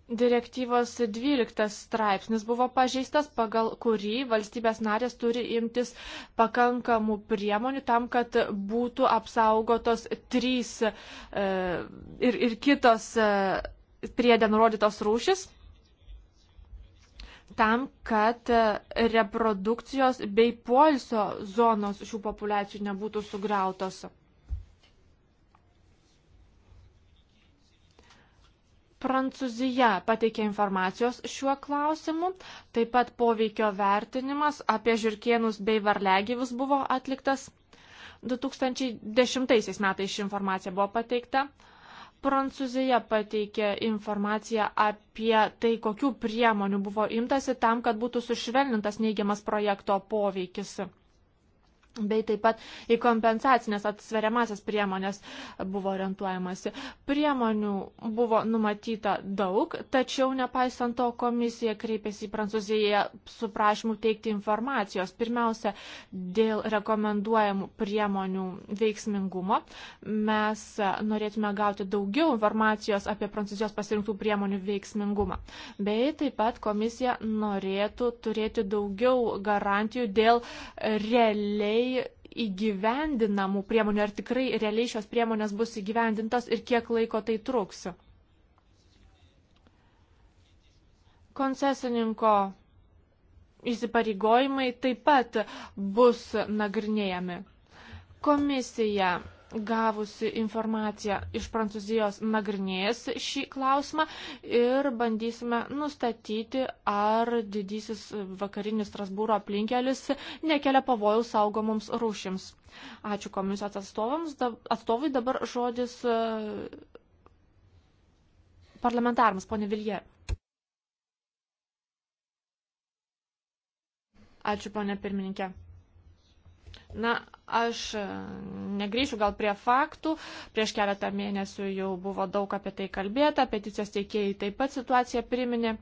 direktyvos 12 straipsnis buvo pažeistas, pagal kurį valstybės narės turi imtis pakankamų priemonių tam, kad būtų apsaugotos trys e, ir, ir kitos e, priedė nurodytos rūšis tam, kad e, reprodukcijos bei polsio zonos šių populiacijų nebūtų sugriautos. Prancūzija pateikė informacijos šiuo klausimu, taip pat poveikio vertinimas apie žirkienus bei varlegyvius buvo atliktas. 2010 metais ši informacija buvo pateikta. Prancūzija pateikė informaciją apie tai, kokių priemonių buvo imtasi tam, kad būtų sušvelnintas neigiamas projekto poveikis bei taip pat į kompensacinės atsveriamasias priemonės buvo orientuojamasi. Priemonių buvo numatyta daug, tačiau nepaisant to komisija kreipėsi į Prancūziją su prašymu teikti informacijos. Pirmiausia, dėl rekomenduojamų priemonių veiksmingumo mes norėtume gauti daugiau informacijos apie Prancūzijos pasirinktų priemonių veiksmingumą. Bei taip pat komisija norėtų turėti daugiau garantijų dėl realiai realiai įgyvendinamų priemonių, ar tikrai realiai šios priemonės bus įgyvendintos ir kiek laiko tai truks. Koncesininko įsipareigojimai taip pat bus nagrinėjami. Komisija gavusi informaciją iš Prancūzijos nagrinės šį klausimą ir bandysime nustatyti, ar didysis vakarinis Strasbūro aplinkelis nekelia pavojų saugomoms rūšims. Ačiū komisijos atstovams. Atstovai dabar žodis e, parlamentarams, ponė Vilje. Ačiū, ponė pirmininkė. Na, aš e, negryšiu gal prie faktų. Prieš keletą mėnesių jau buvo daug apie tai kalbėta, peticijos teikėjai taip pat situaciją priminė.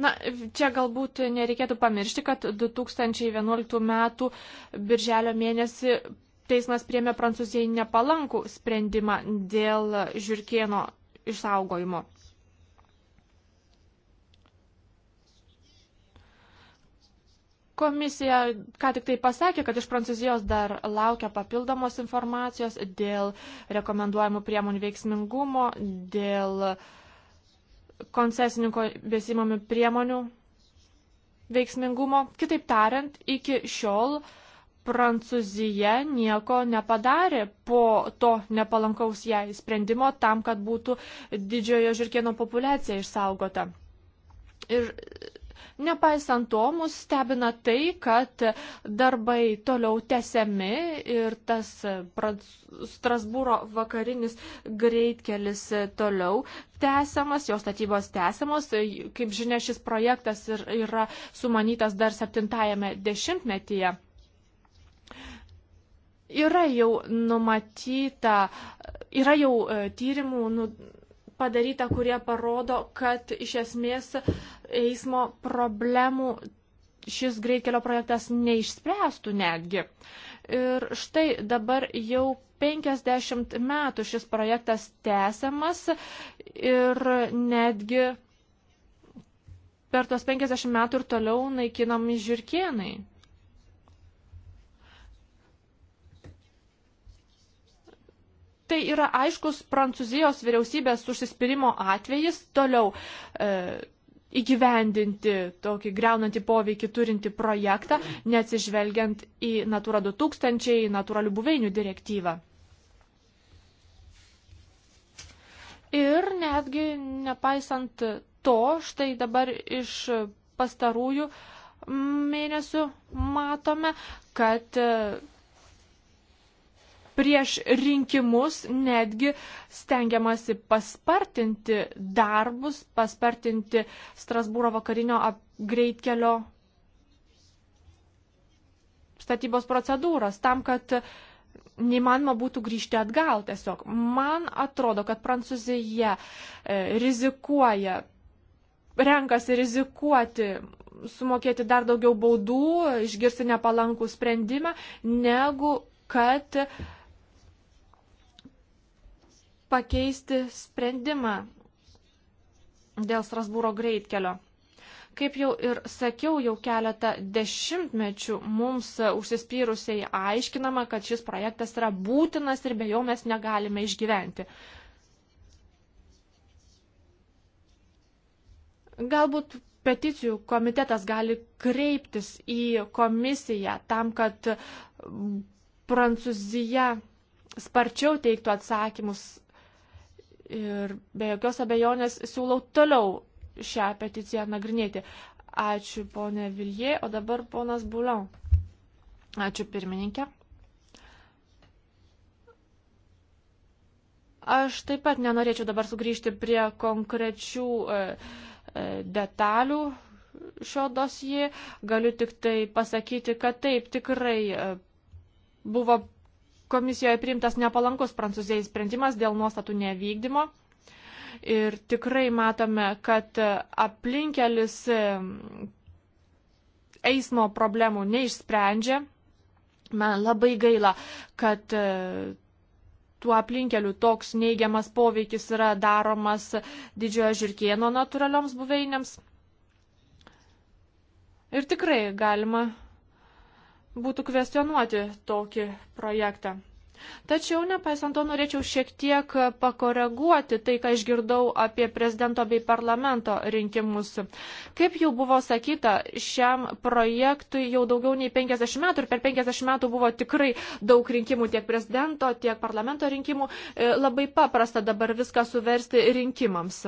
Na, čia galbūt nereikėtų pamiršti, kad 2011 m. birželio mėnesį teismas priemė Prancūzijai nepalankų sprendimą dėl žirkieno išsaugojimo. Komisija ką tik tai pasakė, kad iš Prancūzijos dar laukia papildomos informacijos dėl rekomenduojamų priemonių veiksmingumo, dėl koncesininko besimami priemonių veiksmingumo. Kitaip tariant, iki šiol Prancūzija nieko nepadarė po to nepalankaus jai sprendimo tam, kad būtų didžiojo žirkieno populiacija išsaugota. Ir Nepaisant to, mus stebina tai, kad darbai toliau tesiami ir tas Strasbūro vakarinis greitkelis toliau tęsiamas, jos statybos tęsiamos. Kaip žinia, šis projektas yra sumanytas dar 70-ame dešimtmetyje. Yra jau numatyta, yra jau e, tyrimų nu, padaryta, kurie parodo, kad iš esmės eismo problemų šis greikelio projektas neišspręstų netgi. Ir štai dabar jau 50 metų šis projektas tęsiamas ir netgi per tuos 50 metų ir toliau naikinami žirkienai. Tai yra aiškus Prancūzijos vyriausybės užsispyrimo atvejis toliau e, įgyvendinti tokį greunantį poveikį turinti projektą, neatsižvelgiant į Natura 2000, į natūralių buveinių direktyvą. Ir netgi nepaisant to, štai dabar iš pastarųjų mėnesių matome, kad e, prieš rinkimus netgi stengiamasi paspartinti darbus, paspartinti Strasbūro vakarinio greitkelio statybos procedūras, tam, kad neįmanoma būtų grįžti atgal tiesiog. Man atrodo, kad Prancūzija e, rizikuoja, renkasi rizikuoti sumokėti dar daugiau baudų, išgirsti nepalankų sprendimą, negu kad uh, pakeisti sprendimą dėl Strasbūro greitkelio. Kaip jau ir sakiau, jau keletą dešimtmečių mums užsispyrusiai aiškinama, kad šis projektas yra būtinas ir be jo mes negalime išgyventi. Galbūt peticijų komitetas gali kreiptis į komisiją tam, kad Prancūzija sparčiau teiktų atsakymus ir be jokios abejonės siūlau toliau šią peticiją nagrinėti. Ačiū ponė Vilje, o dabar ponas Buliau. Ačiū pirmininkė. Aš taip pat nenorėčiau dabar sugrįžti prie konkrečių e, e, detalių šio dosijai. Galiu tik tai pasakyti, kad taip tikrai e, buvo komisijoje priimtas nepalankus Prancūzijai sprendimas dėl nuostatų nevykdymo. Ir tikrai matome, kad aplinkelis eismo problemų neišsprendžia. Man labai gaila, kad e, tuo aplinkeliu toks neigiamas poveikis yra daromas didžiojo žirkieno natūralioms buveinėms. Ir tikrai galima būtų kvestionuoti tokį projektą. Tačiau, nepaisant to, norėčiau šiek tiek pakoreguoti tai, ką išgirdau apie prezidento bei parlamento rinkimus. Kaip jau buvo sakyta, šiam projektui jau daugiau nei 50 metų ir per 50 metų buvo tikrai daug rinkimų tiek prezidento, tiek parlamento rinkimų. E, labai paprasta dabar viską suversti rinkimams.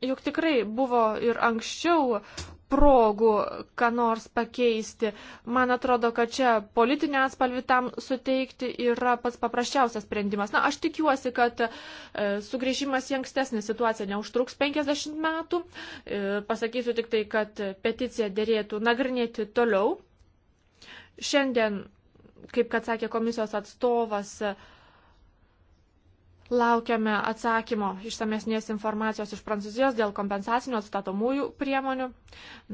Juk tikrai buvo ir anksčiau progų, ką nors pakeisti. Man atrodo, kad čia politinį atspalvį tam suteikti yra pats paprasčiausias sprendimas. Na, aš tikiuosi, kad e, sugrįžimas į ankstesnį situaciją neužtruks 50 metų. E, pasakysiu tik tai, kad peticiją dėrėtų nagrinėti toliau. Šiandien, kaip kad sakė komisijos atstovas, e, Laukiame atsakymo išsamesnės informacijos iš Prancūzijos dėl kompensacinių atstatomųjų priemonių.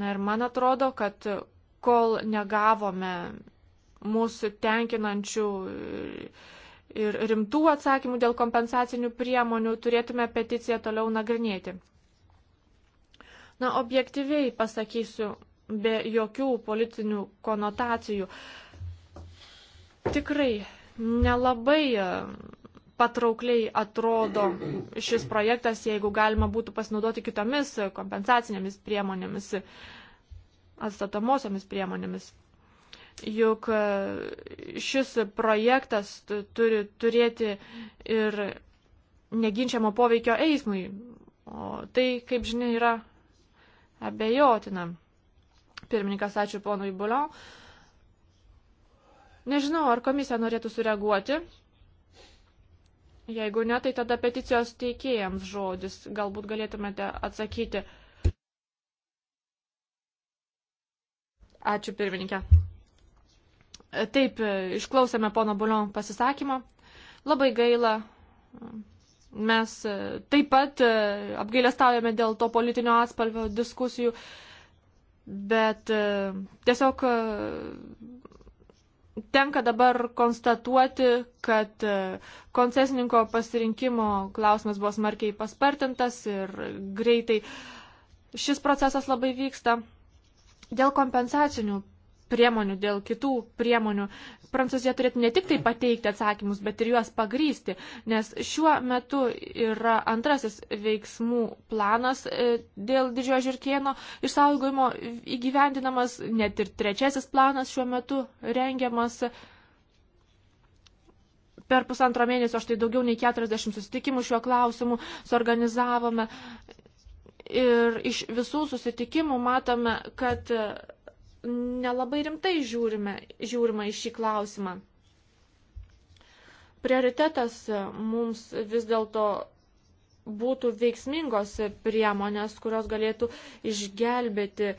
Na ir man atrodo, kad kol negavome mūsų tenkinančių ir rimtų atsakymų dėl kompensacinių priemonių, turėtume peticiją toliau nagrinėti. Na, objektyviai pasakysiu, be jokių politinių konotacijų. Tikrai nelabai patraukliai atrodo šis projektas, jeigu galima būtų pasinaudoti kitomis kompensacinėmis priemonėmis, atstatomosiomis priemonėmis. Juk e, šis projektas turi turėti ir neginčiamo poveikio eismui, o tai, kaip žinia, yra abejotina. Pirmininkas, ačiū ponui Buliau. Nežinau, ar komisija norėtų sureaguoti. Jeigu ne, tai tada peticijos teikėjams žodis. Galbūt galėtumėte atsakyti. Ačiū pirmininkė. Taip, išklausėme pono Bulion pasisakymą. Labai gaila. Mes taip pat e, apgailestaujame dėl to politinio atspalvio diskusijų, bet e, tiesiog tenka dabar konstatuoti, kad e, koncesininko pasirinkimo klausimas buvo smarkiai paspartintas ir greitai šis procesas labai vyksta. Dėl kompensacinių priemonių, dėl kitų priemonių. Prancūzija turėtų ne tik tai pateikti atsakymus, bet ir juos pagrysti, nes šiuo metu yra antrasis veiksmų planas e, dėl didžiojo žirkieno išsaugojimo įgyvendinamas, net ir trečiasis planas šiuo metu rengiamas. Per pusantro mėnesio aš tai daugiau nei 40 susitikimų šiuo klausimu suorganizavome. Ir iš visų susitikimų matome, kad nelabai rimtai žiūrime, žiūrima į šį klausimą. Prioritetas mums vis dėlto būtų veiksmingos priemonės, kurios galėtų išgelbėti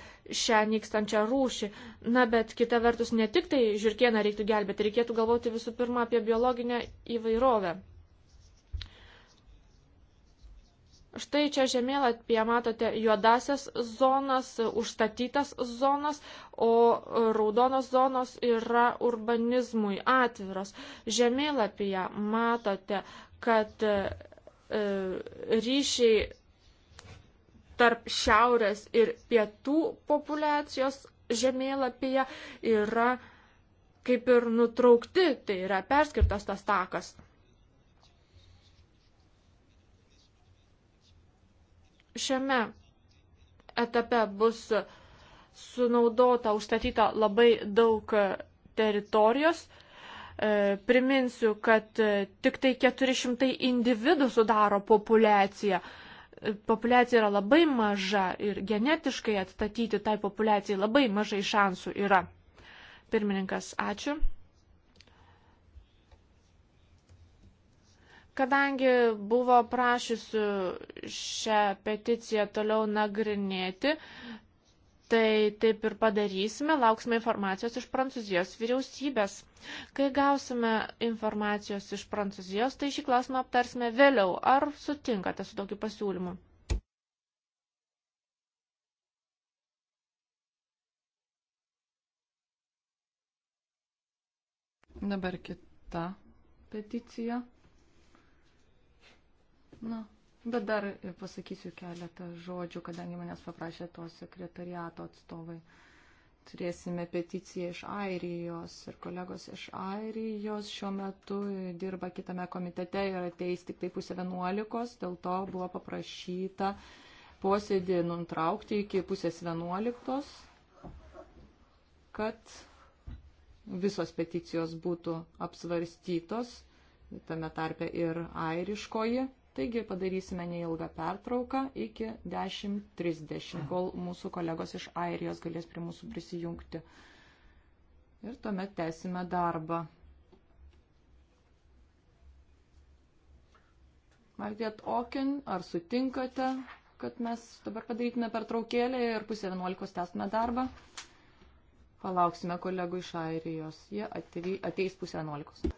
šią nykstančią rūšį. Na, bet kita vertus, ne tik tai žirkieną reiktų gelbėti, reikėtų galvoti visų pirma apie biologinę įvairovę. Štai čia žemėlapyje matote juodasias zonas, užstatytas zonas, o raudonos zonos yra urbanizmui atviros. Žemėlapyje matote, kad e, ryšiai tarp šiaurės ir pietų populiacijos žemėlapyje yra kaip ir nutraukti, tai yra perskirtas tas takas. šiame etape bus sunaudota, užstatyta labai daug teritorijos. E, priminsiu, kad e, tik tai 400 individų sudaro populiaciją. E, populiacija yra labai maža ir genetiškai atstatyti tai populiacijai labai mažai šansų yra. Pirmininkas, ačiū. Kadangi buvo prašysiu šią peticiją toliau nagrinėti, tai taip ir padarysime, lauksime informacijos iš Prancūzijos vyriausybės. Kai gausime informacijos iš Prancūzijos, tai šį klausimą aptarsime vėliau. Ar sutinkate su tokiu pasiūlymu? Dabar kita peticija. Na, bet dar pasakysiu keletą žodžių, kadangi manęs paprašė to sekretariato atstovai. Turėsime peticiją iš Airijos ir kolegos iš Airijos šiuo metu dirba kitame komitete ir ateis tik tai pusė vienuolikos, dėl to buvo paprašyta posėdį nutraukti iki pusės vienuoliktos, kad visos peticijos būtų apsvarstytos, tame tarpe ir airiškoji Taigi padarysime neilgą pertrauką iki 10.30, kol mūsų kolegos iš Airijos galės prie mūsų prisijungti. Ir tuomet tęsime darbą. Margaret Oken, ar sutinkate, kad mes dabar padarytume pertraukėlę ir pusė 11 tęstume darbą? Palauksime kolegų iš Airijos. Jie ateis pusė 11.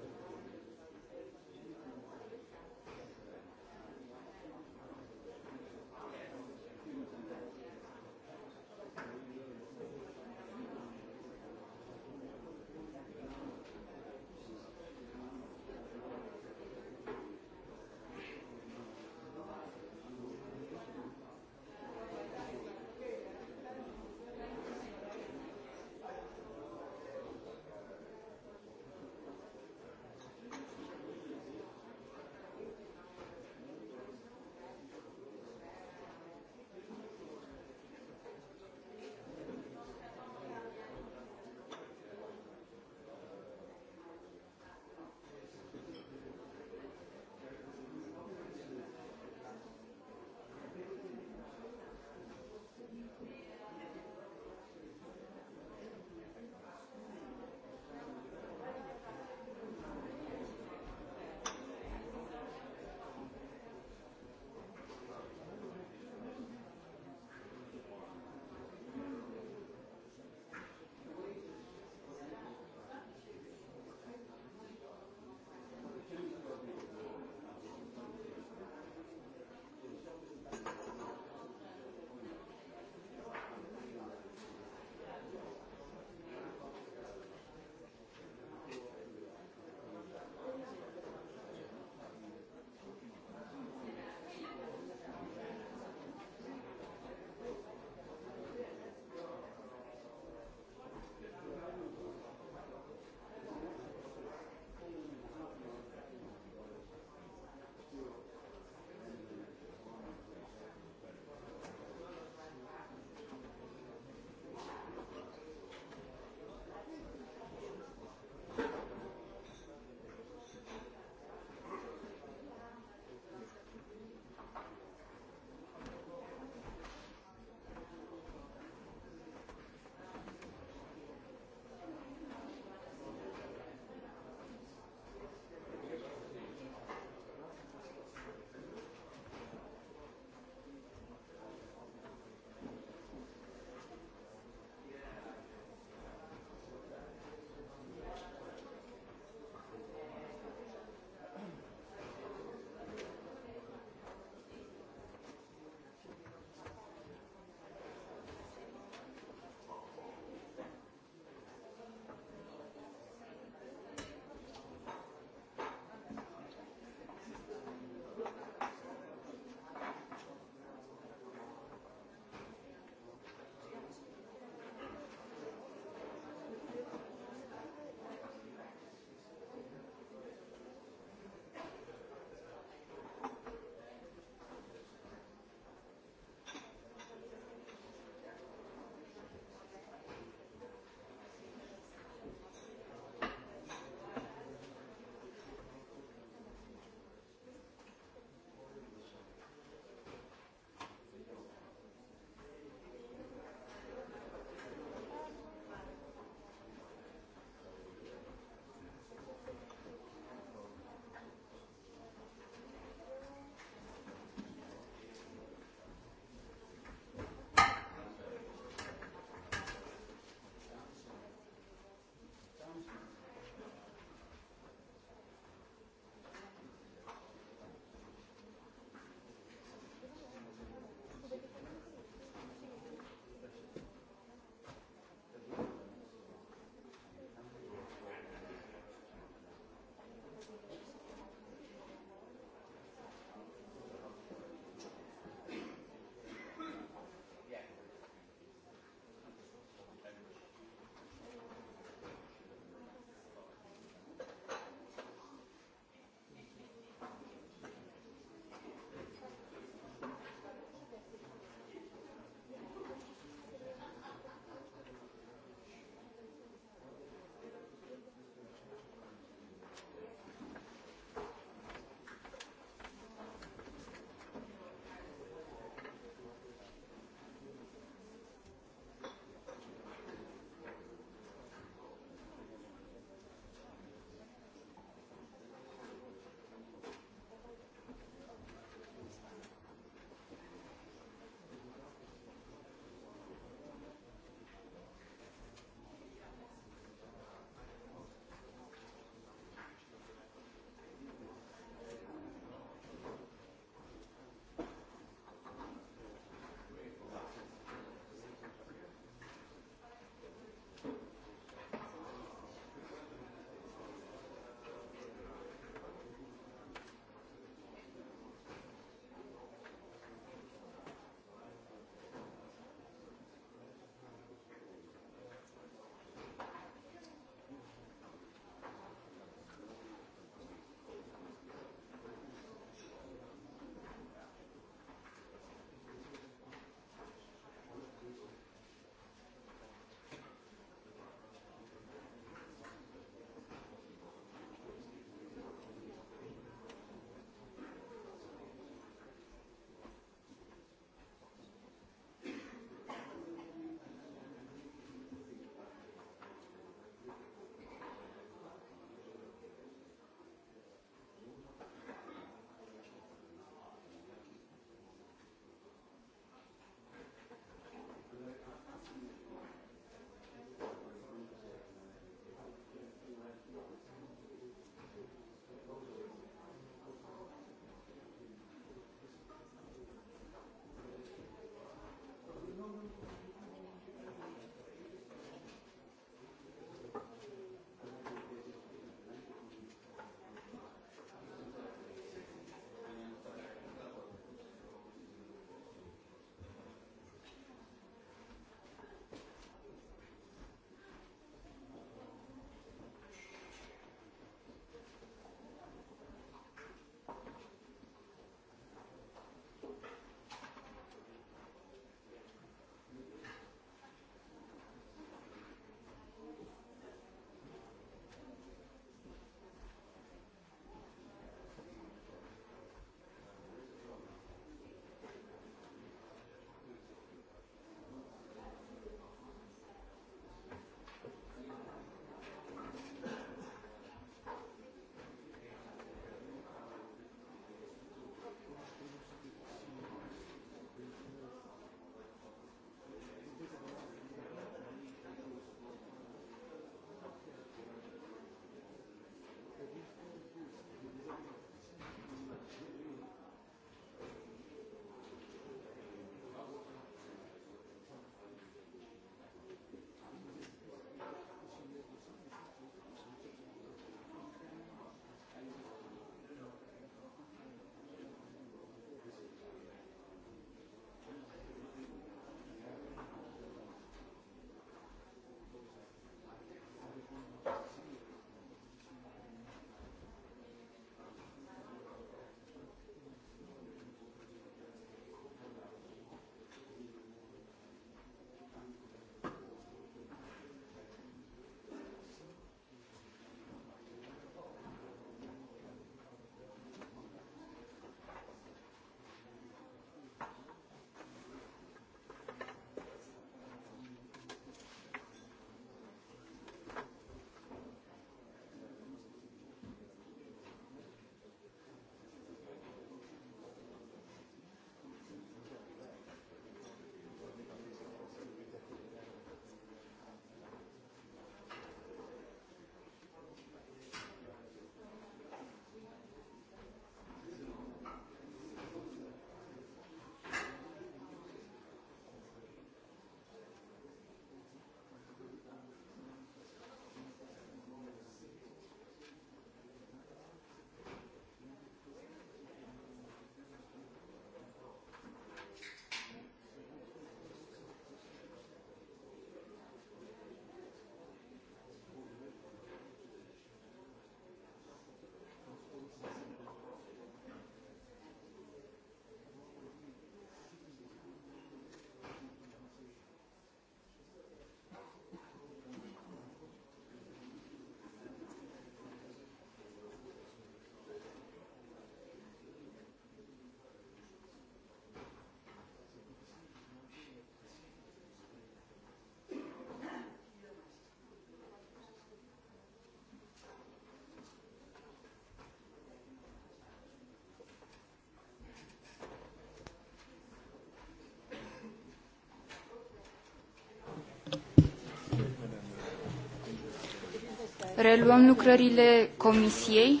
Reluăm lucrările comisiei.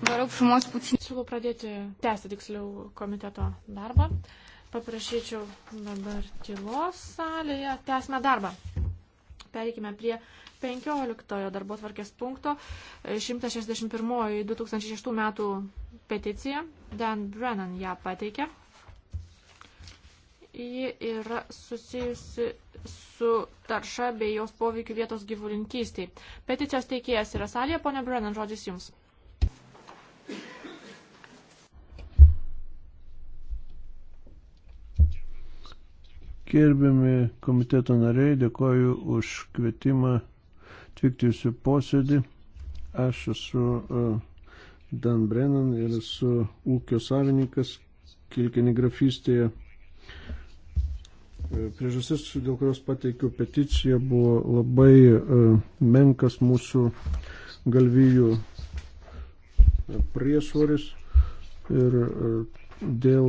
Vă rog frumos puțin. Siūlau pradėti, tęsti tiksliau komiteto darbą. Paprašyčiau dabar tylos salėje. Tęsime darbą. Pereikime prie 15 darbo tvarkės punkto 161 2006 metų peticija. Dan Brennan ją pateikė ji yra susijusi su tarša bei jos poveikiu vietos gyvulinkystiai. Peticijos teikėjas yra salėje, ponia Brennan, žodis jums. Gerbiami komiteto nariai, dėkoju už kvietimą atvykti jūsų posėdį. Aš esu e, Dan Brennan ir esu ūkio savininkas Kilkenį grafystėje Priežastis, dėl kurios pateikiu peticiją, buvo labai e, menkas mūsų galvijų e, priesvoris ir e, dėl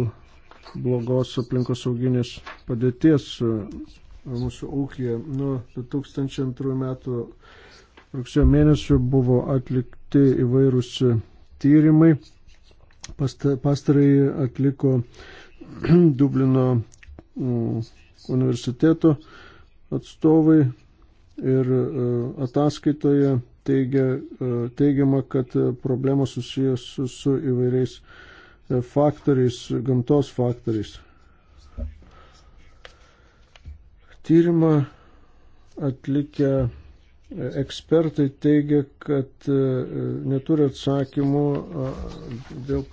blogos aplinkosauginės padėties mūsų ūkija. Nuo 2002 metų rugsėjo mėnesio buvo atlikti įvairūs tyrimai. Pastarai atliko *clears throat* Dublino mm, universiteto atstovai ir e, ataskaitoje teigia, e, teigiama, kad e, problemos susijęs su, su įvairiais faktoriais, gamtos faktoriais. Tyrimą atlikę ekspertai teigia, kad neturi atsakymų dėl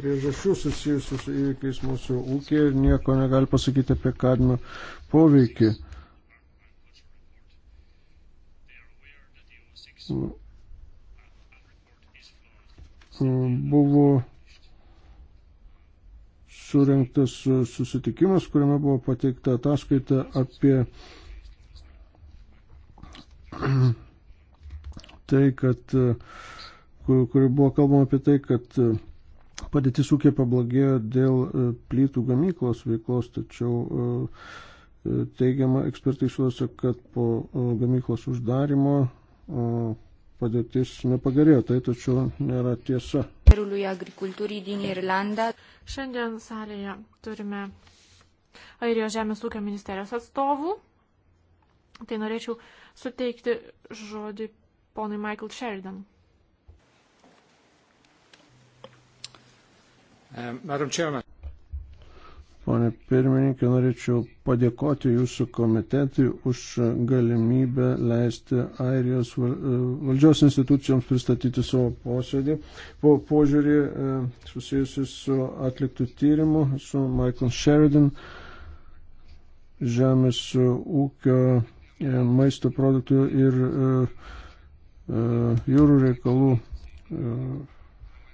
priežasčių susijusių su įvykiais mūsų ūkėje ir nieko negali pasakyti apie kadmio poveikį. Buvo surinktas susitikimas, kuriame buvo pateikta ataskaita apie tai, kad kur, kur buvo kalbama apie tai, kad Padėtis ūkė pablogėjo dėl e, plytų gamyklos veiklos, tačiau e, e, teigiama ekspertai išvasa, kad po gamyklos uždarimo padėtis nepagerėjo, tai tačiau nėra tiesa. Šiandien salėje turime Airijos žemės ūkio ministerijos atstovų. Tai norėčiau suteikti žodį ponui Michael Sheridan. Um, Madam Chairman. Pane pirmininkė, norėčiau padėkoti jūsų komitetui už galimybę leisti Airijos e, valdžios institucijoms pristatyti savo posėdį. Po požiūrį e, susijusiu su atliktų tyrimu su Michael Sheridan, žemės e, ūkio, maisto produktų ir jūrų reikalų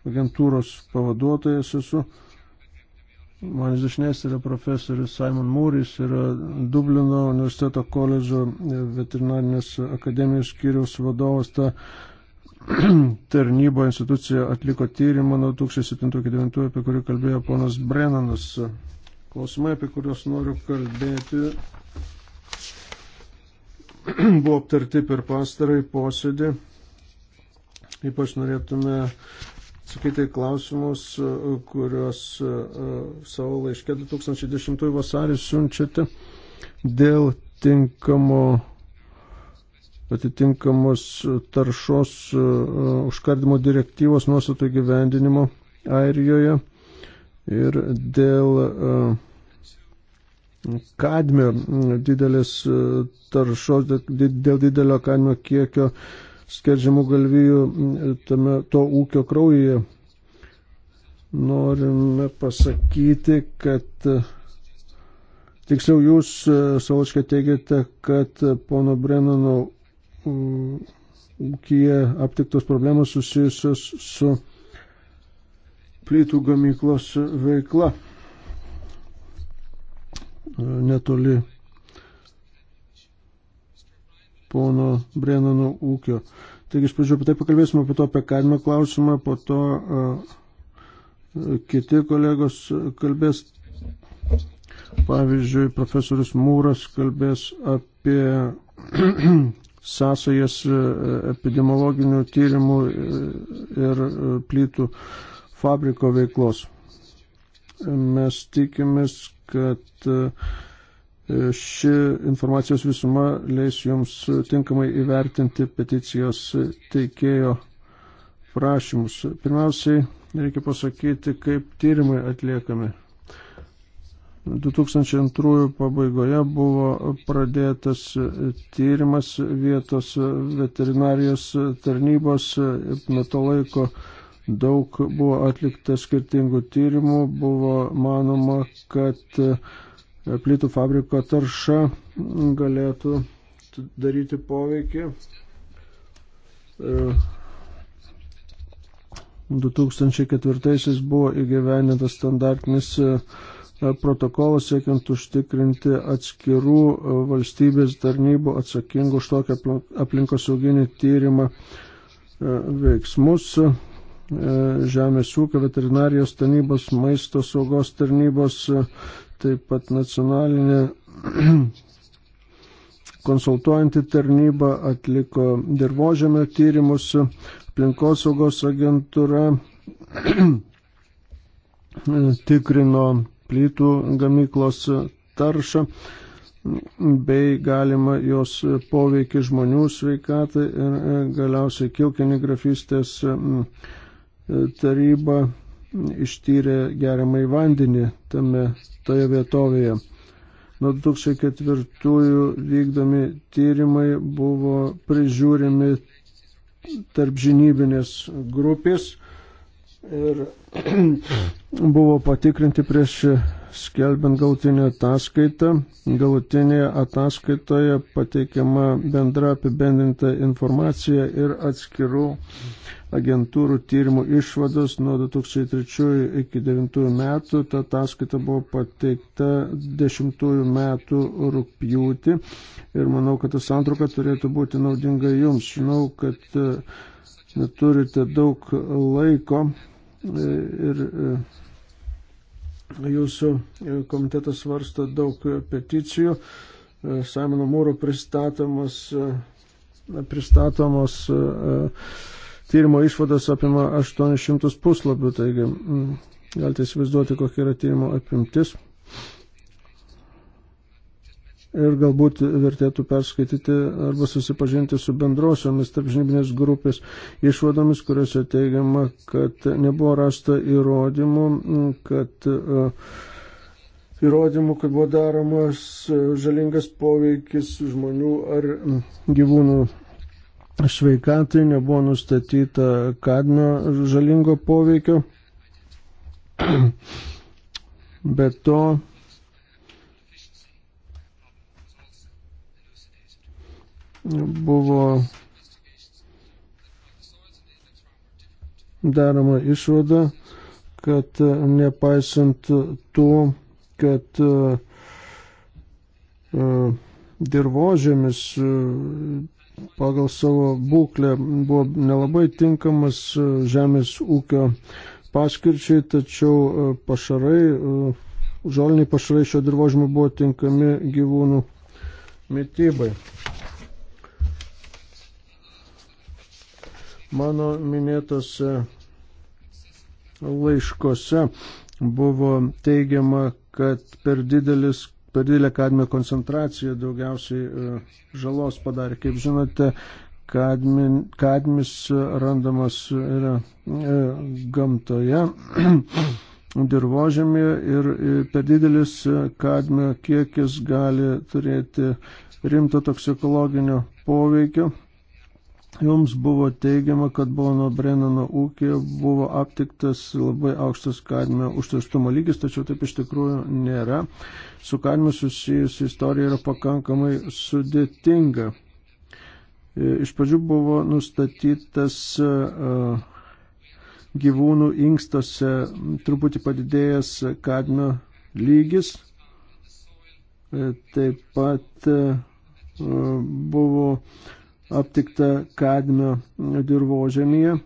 agentūros pavaduotojas esu. Man iš dešinės yra profesorius Simon Mūris, yra Dublino universiteto koledžo veterinarinės akademijos skyriaus vadovas. Ta *clears throat* tarnybo institucija atliko tyrimą nuo 2007-2009, apie kurį kalbėjo ponas Brennanas. Klausimai, apie kuriuos noriu kalbėti, *clears throat* buvo aptarti per pastarąjį posėdį. Ypač norėtume atsakyti klausimus, kuriuos e, savo laiškė 2010 vasarį siunčiate dėl tinkamo atitinkamos taršos e, užkardimo direktyvos nuostatų gyvendinimo Airijoje ir dėl e, kadmio didelės taršos, dėl didelio kadmio kiekio skerdžiamų galvijų e, tame, to ūkio kraujyje. Norime pasakyti, kad e, tiksliau jūs e, savočkai teigiate, kad pono Brenono ūkija aptiktos problemos susijusios su plytų gamyklos veikla netoli pono Brennano ūkio. Taigi iš pradžių apie tai pakalbėsime, po to apie kaimo klausimą, po to uh, kiti kolegos kalbės. Pavyzdžiui, profesorius Mūras kalbės apie *clears throat* sąsajas e, epidemiologinių tyrimų e, ir plytų fabriko veiklos. Mes tikimės, kad uh, E, ši informacijos visuma leis jums tinkamai įvertinti peticijos teikėjo prašymus. Pirmiausiai reikia pasakyti, kaip tyrimai atliekami. 2002 pabaigoje buvo pradėtas tyrimas vietos veterinarijos tarnybos, nuo to laiko daug buvo atlikta skirtingų tyrimų, buvo manoma, kad plytų fabriko tarša galėtų daryti poveikį. 2004 e, buvo įgyvenintas standartinis e, protokolas siekiant užtikrinti atskirų e, valstybės tarnybų atsakingų už tokią aplinkosauginį tyrimą veiksmus. Žemės ūkio veterinarijos tarnybos, maisto saugos tarnybos, taip pat nacionalinė *clears throat* konsultuojanti tarnyba atliko dirbožėmio tyrimus, aplinkosaugos agentūra *clears throat* tikrino plytų gamyklos taršą bei galima jos poveikį žmonių sveikatai ir galiausiai kilkinigrafistės mm, taryba ištyrė geriamai vandenį tame toje vietovėje. Nuo 2004 vykdomi tyrimai buvo prižiūrimi tarp žinybinės grupės ir *clears throat* buvo patikrinti prieš skelbiant galutinę ataskaitą. Galutinėje ataskaitoje pateikiama bendra apibendrinta informacija ir atskirų agentūrų tyrimų išvados nuo 2003 iki 2009 metų. Ta ataskaita buvo pateikta 10 metų rūpjūti ir manau, kad ta santrauka turėtų būti naudinga jums. Žinau, kad e, neturite daug laiko e, ir e, jūsų komitetas svarsto daug peticijų. Simono Mūro pristatomos, pristatomos uh, Tyrimo išvados apima 800 puslapių, taigi mm, galite įsivaizduoti, kokia yra tyrimo apimtis. Ir galbūt vertėtų perskaityti arba susipažinti su bendrosiomis tarpžnybinės grupės išvadomis, kuriuose teigiama, kad nebuvo rasta įrodymų, mm, kad uh, įrodymų, kad buvo daromas e, žalingas poveikis žmonių ar mm, gyvūnų sveikatai nebuvo nustatyta kadmio žalingo poveikio. *clears throat* Be to, buvo daroma išvada, kad nepaisant to, kad e, e, dirbožėmis pagal savo būklę buvo nelabai tinkamas e, žemės ūkio paskirčiai, tačiau e, pašarai, e, žoliniai pašarai šio dirbožimo buvo tinkami gyvūnų mytybai. Mano minėtose laiškose buvo teigiama, kad per didelis per didelę kadmio koncentraciją daugiausiai e, žalos padarė. Kaip žinote, kadmin, kadmis randamas yra e, gamtoje, *clears throat* dirbožėmėje ir e, per didelis kadmio kiekis gali turėti rimto toksikologinio poveikio Jums buvo teigiama, kad Bono Brennano ūkėje buvo aptiktas labai aukštas kadmio užterštumo lygis, tačiau taip iš tikrųjų nėra. Su kadmiu susijusi istorija yra pakankamai sudėtinga. E, iš pradžių buvo nustatytas e, gyvūnų inkstose truputį padidėjęs kadmio lygis. E, taip pat buvo aptikta kadmio dirbožemyje.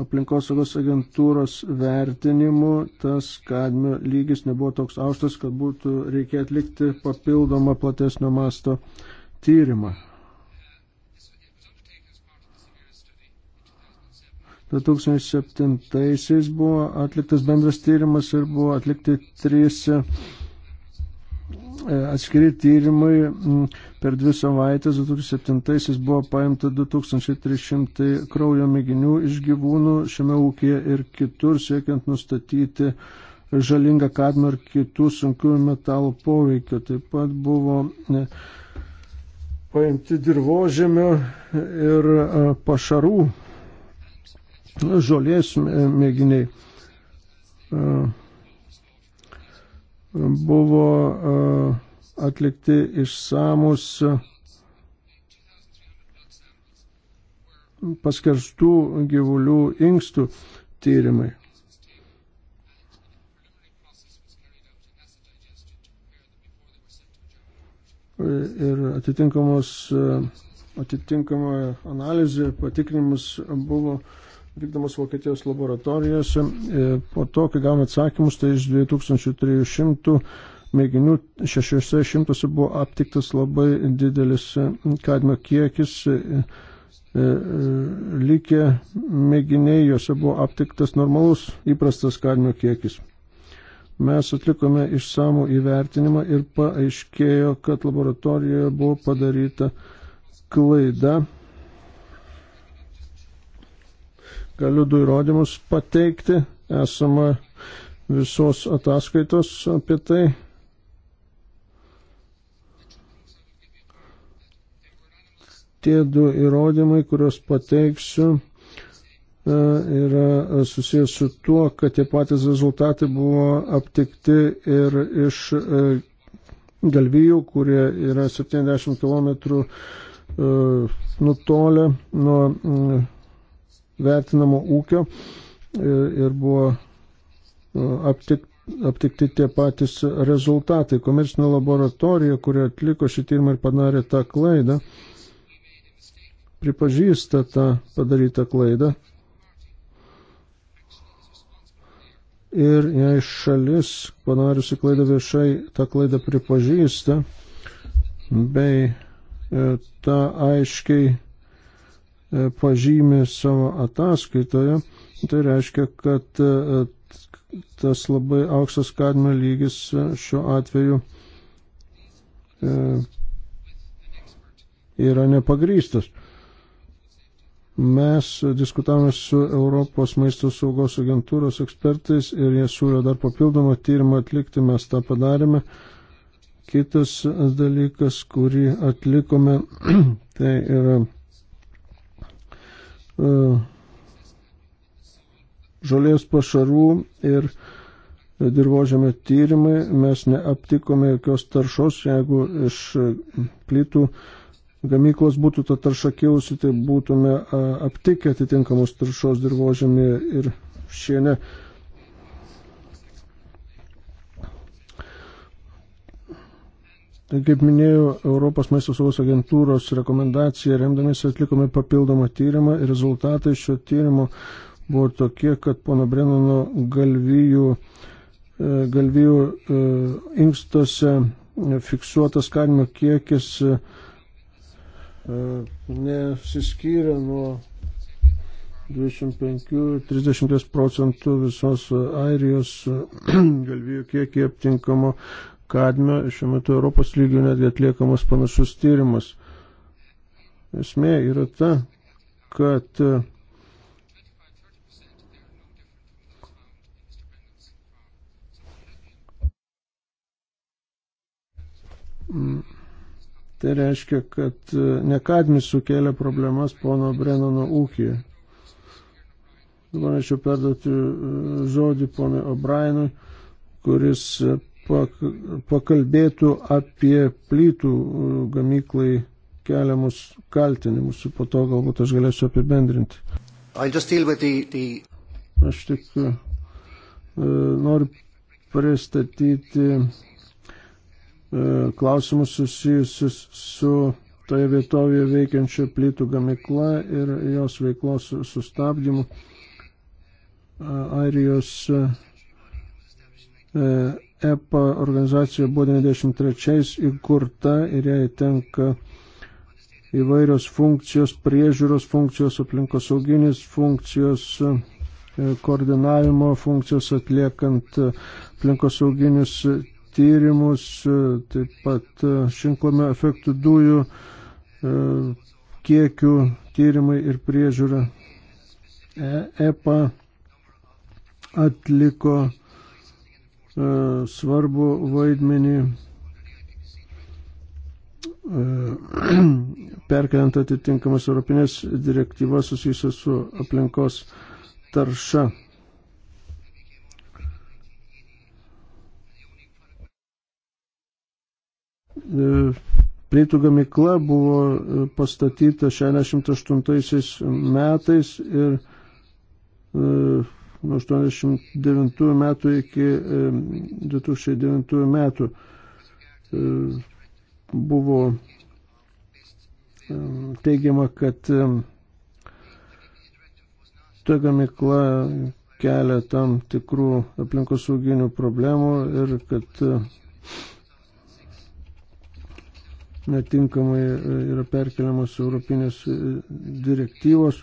Aplinkosaugos agentūros vertinimu tas kadmio lygis nebuvo toks aukštas, kad būtų reikia atlikti papildomą platesnio masto tyrimą. 2007 buvo atliktas bendras tyrimas ir buvo atlikti trys E, atskiri tyrimai per dvi savaitės 2007-aisiais buvo paimta 2300 kraujo mėginių iš gyvūnų šiame ūkėje ir kitur siekiant nustatyti žalingą kadmą ir kitų sunkių metalų poveikio. Taip pat buvo e, paimti dirbožėmio ir e, pašarų žolės mėginiai. Uh, buvo e, atlikti išsamus paskirstų gyvulių inkstų tyrimai. Ir atitinkamos, e, atitinkama analizė patikrinimus buvo uh, vykdomas Vokietijos laboratorijose. E, po to, kai gavome atsakymus, tai iš 2300 mėginių 600 buvo aptiktas labai didelis e, kadmio kiekis. E, likę mėginiai, juose buvo aptiktas normalus įprastas kadmio kiekis. Mes atlikome išsamų įvertinimą ir paaiškėjo, kad laboratorijoje buvo padaryta klaida galiu du įrodymus pateikti, esama visos ataskaitos apie tai. Tie du įrodymai, kuriuos pateiksiu, e, yra susijęs su tuo, kad tie patys rezultatai buvo aptikti ir iš e, galvijų, kurie yra 70 km e, nutolę nuo vertinamo ūkio ir buvo e, aptik, aptikti tie patys rezultatai. Komercinė laboratorija, kuri atliko šį tyrimą ir padarė tą klaidą, pripažįsta tą padarytą klaidą. Ir jei šalis padariusi klaidą viešai, tą klaidą pripažįsta, bei e, tą aiškiai E, pažymė savo ataskaitoje, tai reiškia, kad e, tas labai aukštas kadmio lygis e, šiuo atveju yra nepagrystas. Mes diskutavome su Europos maisto saugos agentūros ekspertais ir jie siūlė dar papildomą tyrimą atlikti, mes tą padarėme. Kitas dalykas, kurį atlikome, *clears throat* tai yra E, žolės pašarų ir dirbožėmio tyrimai mes neaptikome jokios taršos, jeigu iš plytų gamyklos būtų ta tarša kilusi, tai būtume aptikę atitinkamos taršos dirbožėmėje ir šiene. Tai kaip minėjau, Europos maisto saugos agentūros rekomendacija remdamės atlikome papildomą tyrimą ir rezultatai šio tyrimo buvo tokie, kad pono Brenono galvijų, e, galvijų e, inkstose fiksuotas kadmio kiekis e, nesiskyrė nuo 25-30 procentų visos Airijos *clears throat* galvijų kiekį aptinkamo kadmio, šiuo metu Europos lygių netgi atliekamas panašus tyrimas. Esmė yra ta, kad mm, Tai reiškia, kad e, nekadmis sukėlė problemas pono Brenono ūkį. Dabar aš jau perduoti e, žodį ponui O'Brienui, kuris e, pakalbėtų apie plytų e, gamyklai keliamus kaltinimus ir po to galbūt aš galėsiu apibendrinti. The... Aš tik uh, noriu pristatyti uh, klausimus susijusius su toje vietovėje veikiančia plytų gamykla ir jos veiklos sustabdymu. Airijos e, EPA organizacija buvo 93-ais įkurta ir jai tenka įvairios funkcijos, priežiūros funkcijos, aplinkosauginės funkcijos, e, koordinavimo funkcijos atliekant e, aplinkosauginius tyrimus, e, taip pat šinklame efektų dujų kiekių tyrimai ir priežiūra. EPA atliko E, svarbu vaidmenį e, *clears throat* perkeliant atitinkamas europinės direktyvas susijusios su aplinkos tarša. E, Plytų gamykla buvo pastatyta 68 metais ir nuo 89 metų iki 2009 metų e, buvo teigiama, kad ta gamikla kelia tam tikrų aplinkosauginių problemų ir kad e, netinkamai e, yra perkeliamos europinės direktyvos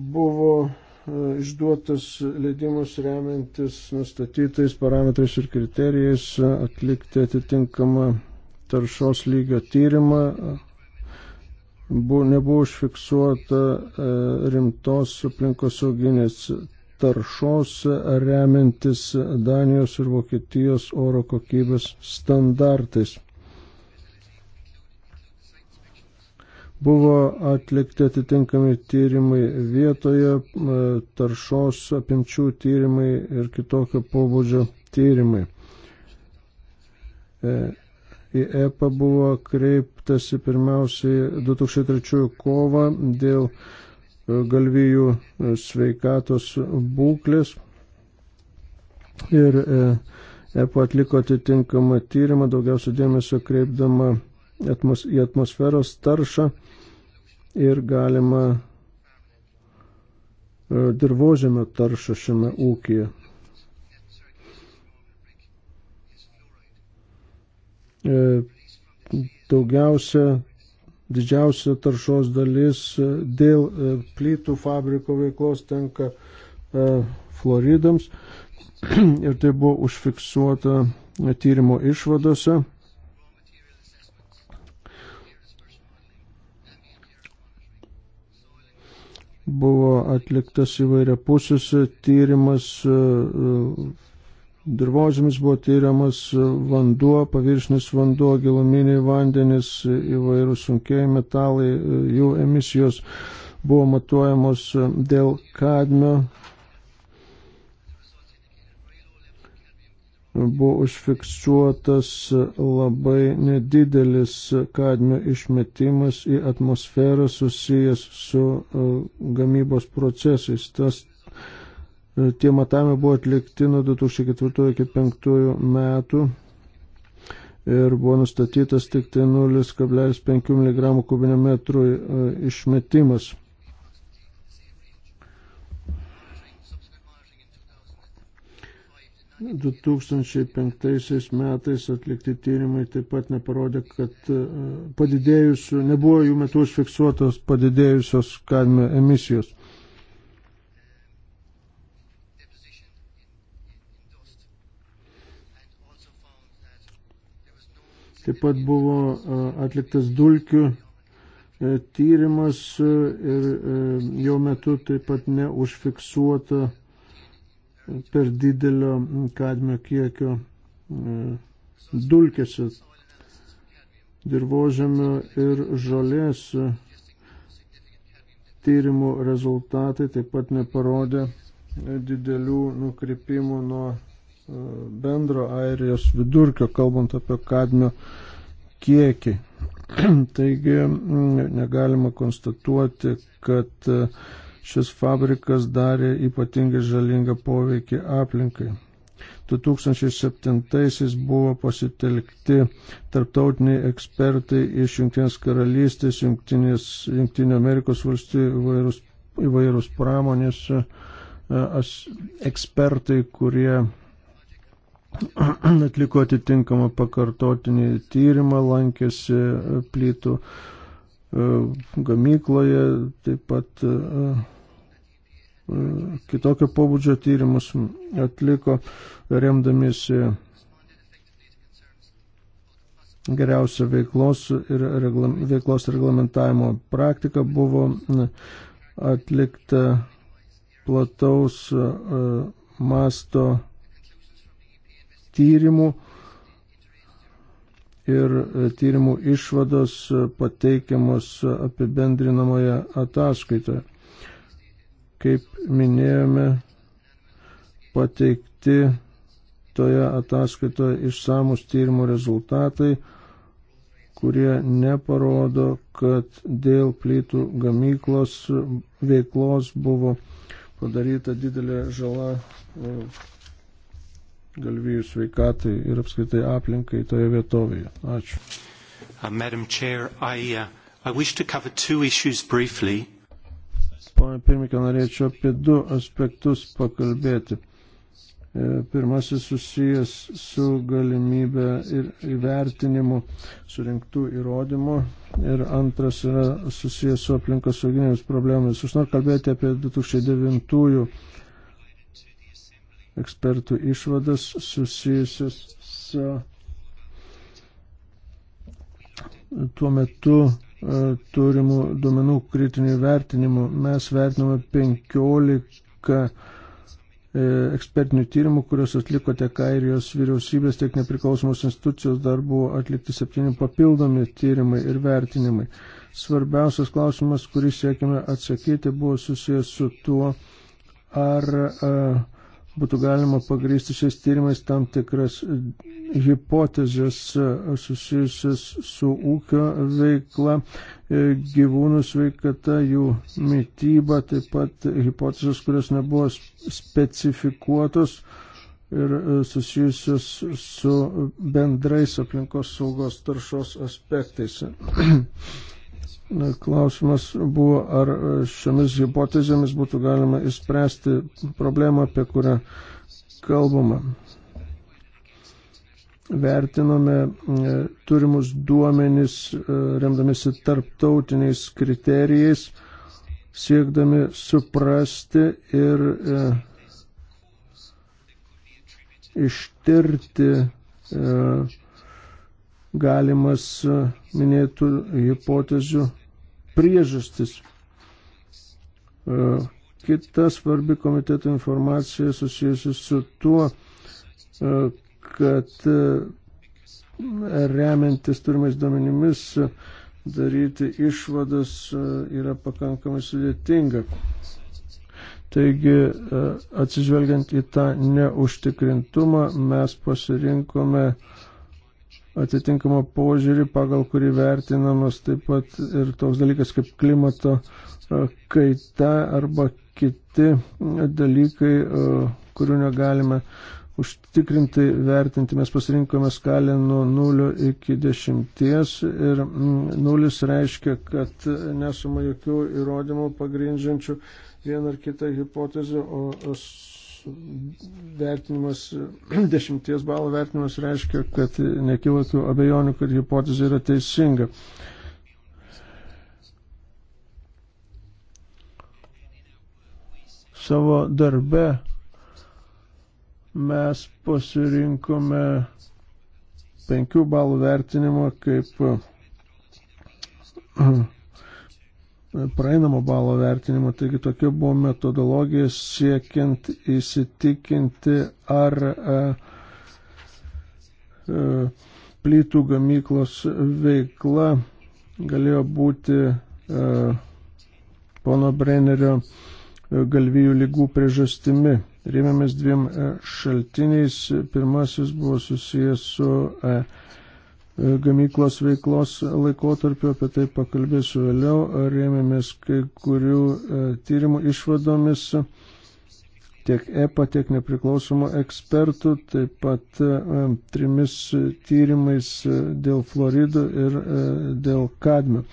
buvo e, išduotas leidimas remiantis nustatytais parametrais ir kriterijais e, atlikti atitinkamą taršos lygio tyrimą. Buvo, nebuvo užfiksuota e, rimtos aplinkosauginės taršos remiantis Danijos ir Vokietijos oro kokybės standartais. Buvo atlikti atitinkami tyrimai vietoje, e, taršos apimčių tyrimai ir kitokio pobūdžio tyrimai. E, į EPA buvo kreiptasi pirmiausiai 2003 kovą dėl e, galvijų sveikatos būklės ir EPA atliko atitinkamą tyrimą, daugiausia dėmesio kreipdama atmos, į atmosferos taršą ir galima e, dirbožėmio taršą šiame ūkyje. E, daugiausia, didžiausia taršos dalis e, dėl plytų fabriko veiklos tenka Floridams *clears throat* ir tai buvo užfiksuota tyrimo išvadose. Buvo atliktas įvairiapusis tyrimas, e, e, dirbožymis buvo tyriamas e, vanduo, paviršinis vanduo, giluminiai vandenys, įvairūs sunkiai metalai, jų emisijos buvo matuojamos dėl kadmio buvo užfiksuotas labai nedidelis kadmio išmetimas į atmosferą susijęs su e, gamybos procesais. Tas, e, tie matavimai buvo atlikti nuo 2004 iki 2005 metų ir buvo nustatytas tik tai 0,5 mg kubinio metrų e, išmetimas. 2005 metais atlikti tyrimai taip pat neparodė, kad e, padidėjusių, nebuvo jų metu užfiksuotos padidėjusios kadmio emisijos. Taip pat buvo e, atliktas dulkių e, tyrimas ir jo metu taip pat neužfiksuota per didelio kadmio kiekio e, dulkėse dirbožėmio ir žolės tyrimų rezultatai taip pat neparodė didelių nukrypimų nuo e, bendro airijos vidurkio, kalbant apie kadmio kiekį. *clears throat* Taigi negalima konstatuoti, kad uh, Šis fabrikas darė ypatingai žalingą poveikį aplinkai. 2007-aisiais buvo pasitelkti tarptautiniai ekspertai iš Junktinės karalystės, Junktinio Amerikos valstybių įvairūs, įvairūs pramonės e, as, ekspertai, kurie *clears throat* atliko atitinkamą pakartotinį tyrimą, lankėsi e, plytų E, gamykloje, taip pat e, e, kitokio pobūdžio tyrimus atliko, remdamiesi geriausia veiklos ir reglam, veiklos reglamentavimo praktika buvo atlikta plataus masto tyrimų ir e, tyrimų išvados e, pateikiamos apibendrinamoje ataskaitoje. Kaip minėjome, pateikti toje ataskaitoje išsamus tyrimų rezultatai, kurie neparodo, kad dėl plytų gamyklos veiklos buvo padaryta didelė žala e, galvijų sveikatai ir apskritai aplinkai toje vietovėje. Ačiū. Uh, Madam Chair, I, uh, I wish to cover two issues briefly. Pane pirmininkė, norėčiau apie du aspektus pakalbėti. E, pirmasis susijęs su galimybė ir įvertinimu surinktų įrodymų ir antras yra susijęs su aplinkosauginėmis problemomis. Aš noriu kalbėti apie 2009 ekspertų išvadas susijusius su tuo metu e, turimų duomenų kritinių vertinimų. Mes vertiname 15 e, ekspertinių tyrimų, kuriuos atliko tiek airijos vyriausybės, tiek nepriklausomos institucijos, dar buvo atlikti septyni papildomi tyrimai ir vertinimai. Svarbiausias klausimas, kurį siekime atsakyti, buvo susijęs su tuo, ar uh, būtų galima pagrysti šiais tyrimais tam tikras hipotezės e, susijusias su ūkio veikla, e, gyvūnų sveikata, jų mytyba, taip pat hipotezės, kurios nebuvo specifikuotos ir e, susijusios su bendrais aplinkos saugos taršos aspektais. *clears throat* Klausimas buvo, ar šiomis hipotezėmis būtų galima išspręsti problemą, apie kurią kalbama. Vertinome e, turimus duomenys, e, remdamėsi tarptautiniais kriterijais, siekdami suprasti ir e, ištirti galimas minėtų hipotezių priežastis. E, kita svarbi komiteto informacija susijusi su tuo, e, kad e, remiantis turimais duomenimis daryti išvadas yra pakankamai sudėtinga. Taigi, atsižvelgiant į tą neužtikrintumą, mes pasirinkome uh, atitinkamą požiūrį, pagal kurį vertinamas taip pat ir toks dalykas kaip klimato e, kaita arba kiti e, dalykai, e, kurių negalime užtikrinti vertinti. Mes pasirinkome skalę nuo 0 iki 10 ir 0 reiškia, kad nesama jokių įrodymų pagrindžiančių vieną ar kitą hipotezę, o vertinimas, *clears throat* dešimties balų vertinimas reiškia, kad nekyla tų abejonių, kad hipotezė yra teisinga. Savo darbe mes pasirinkome penkių balų vertinimą kaip *clears throat* praeinamo balo vertinimo. Taigi tokia buvo metodologija siekiant įsitikinti, ar a, e, a, e, plytų gamyklos veikla galėjo būti a, e, pono Brennerio galvijų lygų priežastimi. Rėmėmės dviem šaltiniais. Pirmasis buvo susijęs su a, E, gamyklos veiklos laikotarpiu, apie tai pakalbėsiu vėliau, rėmėmės kai kurių e, tyrimų išvadomis tiek EPA, tiek nepriklausomų ekspertų, taip pat e, trimis tyrimais dėl Floridų ir dėl Kadmio.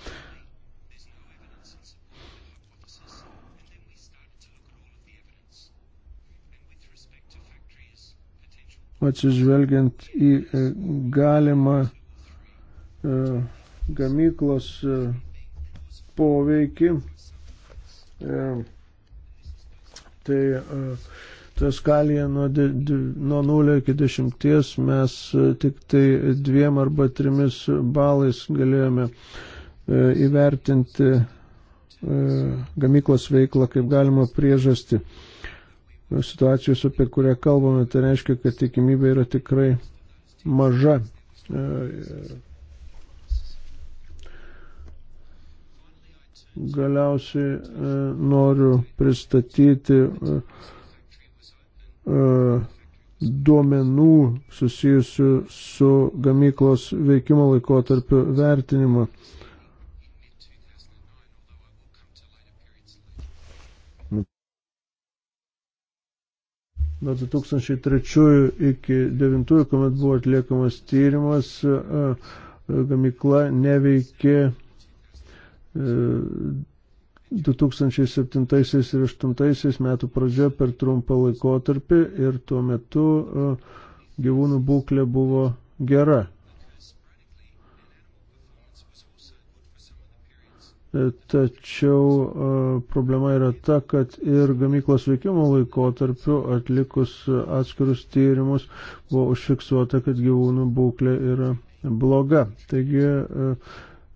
Atsižvelgiant į galimą E, gamyklos e, poveikį. E, tai toje skalėje nuo, nuo 0 iki 10 mes tik tai dviem arba trimis balais galėjome įvertinti gamyklos veiklą kaip galima priežasti situacijos, apie kurią kalbame. Tai reiškia, kad tikimybė yra tikrai maža Galiausiai e, noriu pristatyti e, e, duomenų susijusių su gamyklos veikimo laikotarpiu vertinimu. nuo 2003 iki 2009, kuomet buvo atliekamas tyrimas, gamykla neveikė 2007 e, ir 2008 metų pradžioje per trumpą laikotarpį ir tuo metu e, gyvūnų būklė buvo gera. E, tačiau problema yra ta, kad ir gamyklos veikimo laikotarpiu atlikus atskirus tyrimus buvo užfiksuota, kad gyvūnų būklė yra bloga. Taigi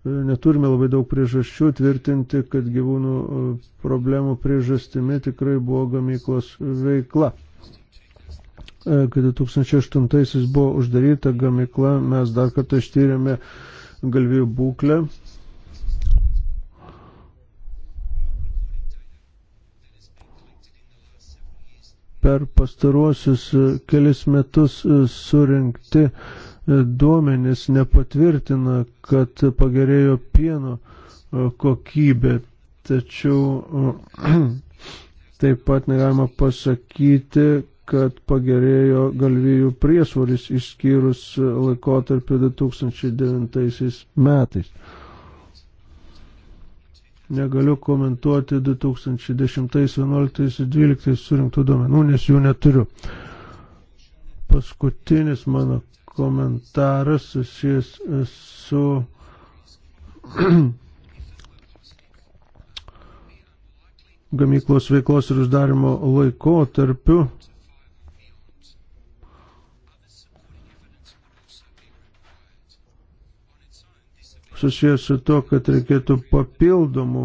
neturime labai daug priežasčių tvirtinti, kad gyvūnų e, problemų priežastimi tikrai buvo gamyklos veikla. E, kai 2008 buvo uždaryta gamykla, mes dar kartą ištyrėme galvijų būklę. Per pastaruosius e, kelis metus surinkti uh, duomenys nepatvirtina, kad pagerėjo pieno e, kokybė. Tačiau e, *clears throat* taip pat negalima pasakyti, kad pagerėjo galvijų priesvoris išskyrus laikotarpį 2009 metais. Negaliu komentuoti 2010, 2011, 2012 surinktų duomenų, nes jų neturiu. Paskutinis mano komentaras susijęs e, su *clears throat* gamyklos veiklos ir uždarimo laikotarpiu. susijęs su to, kad reikėtų papildomų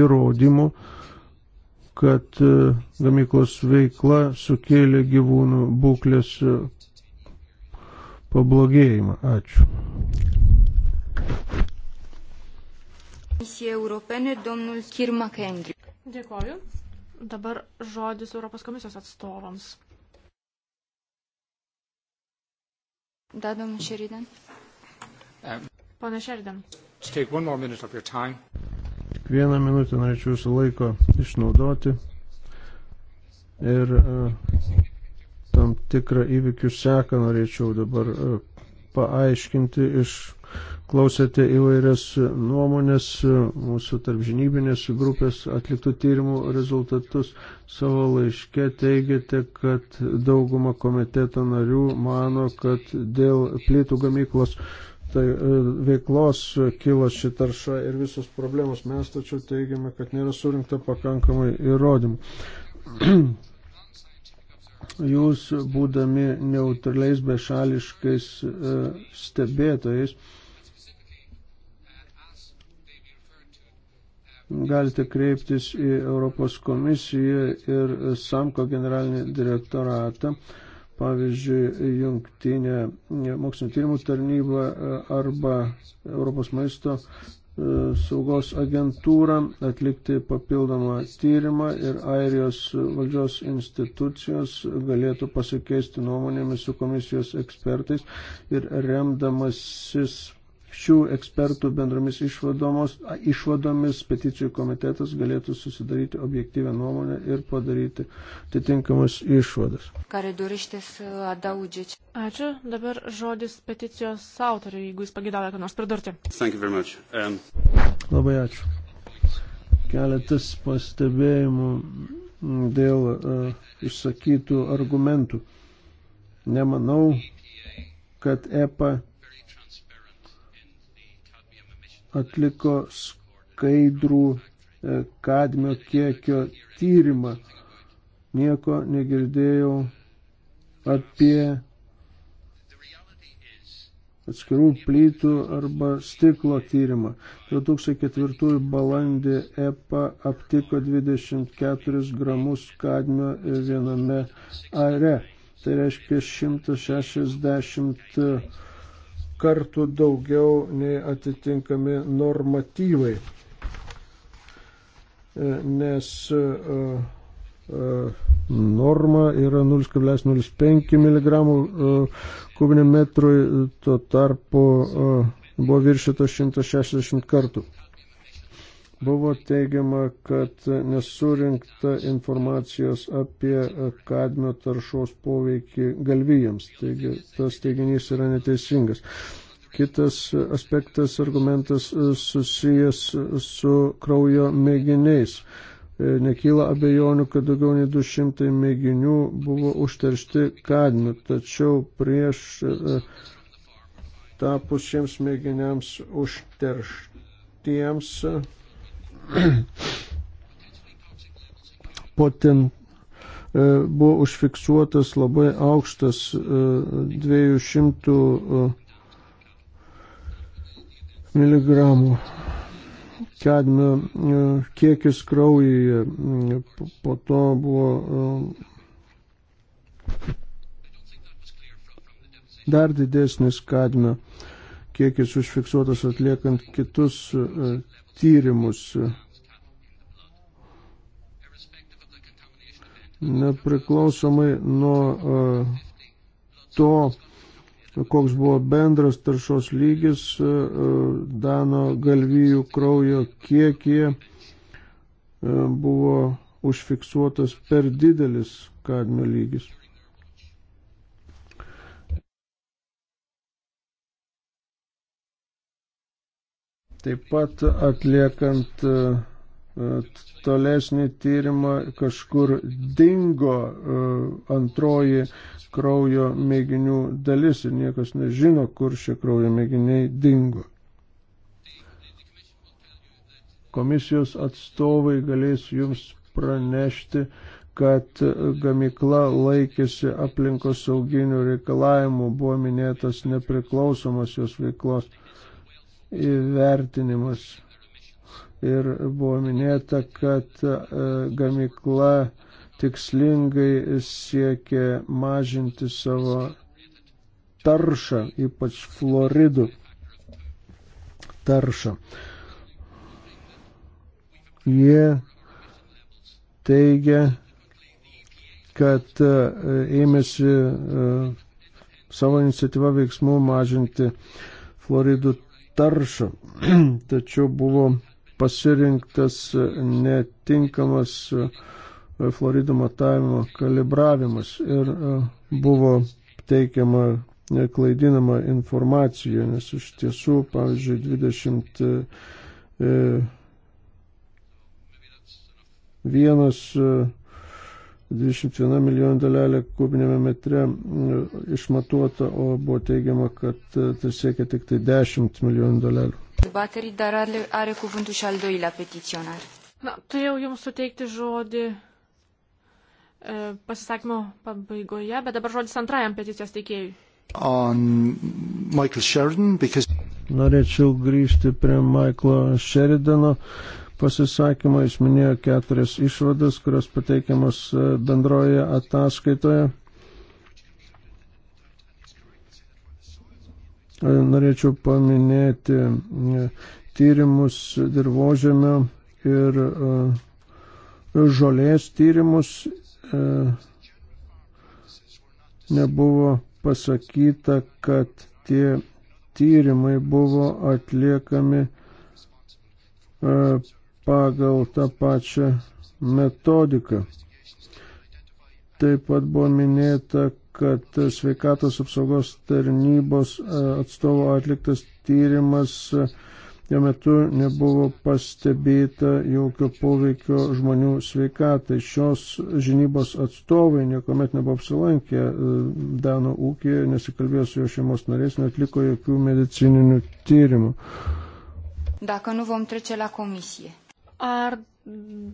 įrodymų, kad e, gamyklos veikla sukėlė gyvūnų būklės e, pablogėjimą. Ačiū. Dėkoju. Dabar žodis Europos komisijos atstovams. Dadam Šeriden. Pane Šeriden. Vieną minutę norėčiau jūsų laiko išnaudoti ir uh, tam tikrą įvykių seką norėčiau dabar e, paaiškinti. Išklausėte įvairias nuomonės, e, mūsų tarpžinybinės grupės atliktų tyrimų rezultatus. Savo laiške teigiate, kad dauguma komiteto narių mano, kad dėl plytų gamyklos tai e, veiklos kilo ši tarša ir visos problemos. Mes tačiau teigiame, kad nėra surinkta pakankamai įrodymų. *clears throat* jūs būdami neutraliais bešališkais e, stebėtojais galite kreiptis į Europos komisiją ir SAMKO generalinį direktoratą, pavyzdžiui, jungtinę mokslinio tyrimų tarnybą e, arba Europos maisto E, saugos agentūrą atlikti papildomą tyrimą ir Airijos valdžios institucijos galėtų pasikeisti nuomonėmis su komisijos ekspertais ir remdamasis šių ekspertų bendromis išvadomis peticijų komitetas galėtų susidaryti objektyvę nuomonę ir padaryti atitinkamas išvadas. E, ačiū. Dabar žodis peticijos autoriui, jeigu jis pagidavo, ką nors pridurti. Um... Labai ačiū. Keletas pastebėjimų dėl uh, išsakytų argumentų. Nemanau, kad EPA atliko skaidrų e, kadmio kiekio tyrimą. Nieko negirdėjau apie atskirų plytų arba stiklo tyrimą. 2004 balandį EPA aptiko 24 gramus kadmio viename are. Tai reiškia 160 kartų daugiau nei atitinkami normatyvai. E, nes e, e, norma yra 0,05 mg kubiniam metrui, tuo tarpu buvo viršyta 160 kartų. Buvo teigiama, kad nesurinkta informacijos apie kadmio taršos poveikį galvijams. Taigi tas teiginys yra neteisingas. Kitas aspektas, argumentas e, susijęs su kraujo mėginiais. E, nekyla abejonių, kad daugiau nei 200 mėginių buvo užteršti kadmiu, tačiau prieš e, tapus šiems mėginiams užterštiems *clears throat* potent e, buvo užfiksuotas labai aukštas 200 e, e, mg kadmio kiekis kraujyje. Mm, po to buvo dar didesnis kadmio kiekis užfiksuotas atliekant kitus tyrimus. Nepriklausomai nuo e, to, koks buvo bendras taršos lygis e, e, Dano galvijų kraujo kiekie buvo užfiksuotas per didelis kadmio lygis. Taip pat atliekant e, e, tolesnį tyrimą kažkur dingo e, antroji kraujo mėginių dalis ir niekas nežino, kur šie kraujo mėginiai dingo. Komisijos atstovai galės jums pranešti, kad gamikla laikėsi aplinkos sauginių reikalavimų, buvo minėtas nepriklausomas jos veiklos įvertinimus. Ir buvo minėta, kad e, gamikla tikslingai siekia mažinti savo taršą, ypač Floridų taršą. Jie teigia, kad e, ėmėsi e, savo iniciatyvą veiksmų mažinti Floridų taršą. *clears throat* Tačiau buvo pasirinktas netinkamas e, Florido matavimo kalibravimas ir e, buvo teikiama e, klaidinama informacija, nes iš tiesų, pavyzdžiui, 20 vienas 21 milijonų dalelė kubinėme metre e, išmatuota, o buvo teigiama, kad e, tai siekia tik tai 10 milijonų dalelių. Baterii dar are cuvântul și al doilea petiționar. Na, turėjau jums suteikti žodį e, pasisakymo pabaigoje, bet dabar žodis antrajam peticijos teikėjui. Sheridan, because... Norėčiau grįžti prie Michaelo Sheridano, pasisakymą. Jis minėjo keturias išvadas, kurios pateikiamos e, bendroje ataskaitoje. E, norėčiau paminėti e, tyrimus dirbožėmio ir žolės tyrimus. Nebuvo pasakyta, kad tie tyrimai buvo atliekami pagal tą pačią metodiką. Taip pat buvo minėta, kad sveikatos apsaugos tarnybos e, atstovo atliktas tyrimas jo e, metu nebuvo pastebėta jokio poveikio žmonių sveikatai. Šios žinybos atstovai niekuomet nebuvo apsilankę e, Dano ūkijoje, nesikalbėjo su jo šeimos nariais, netliko jokių medicininių tyrimų. Dacă nu vom trece la comisie. Ar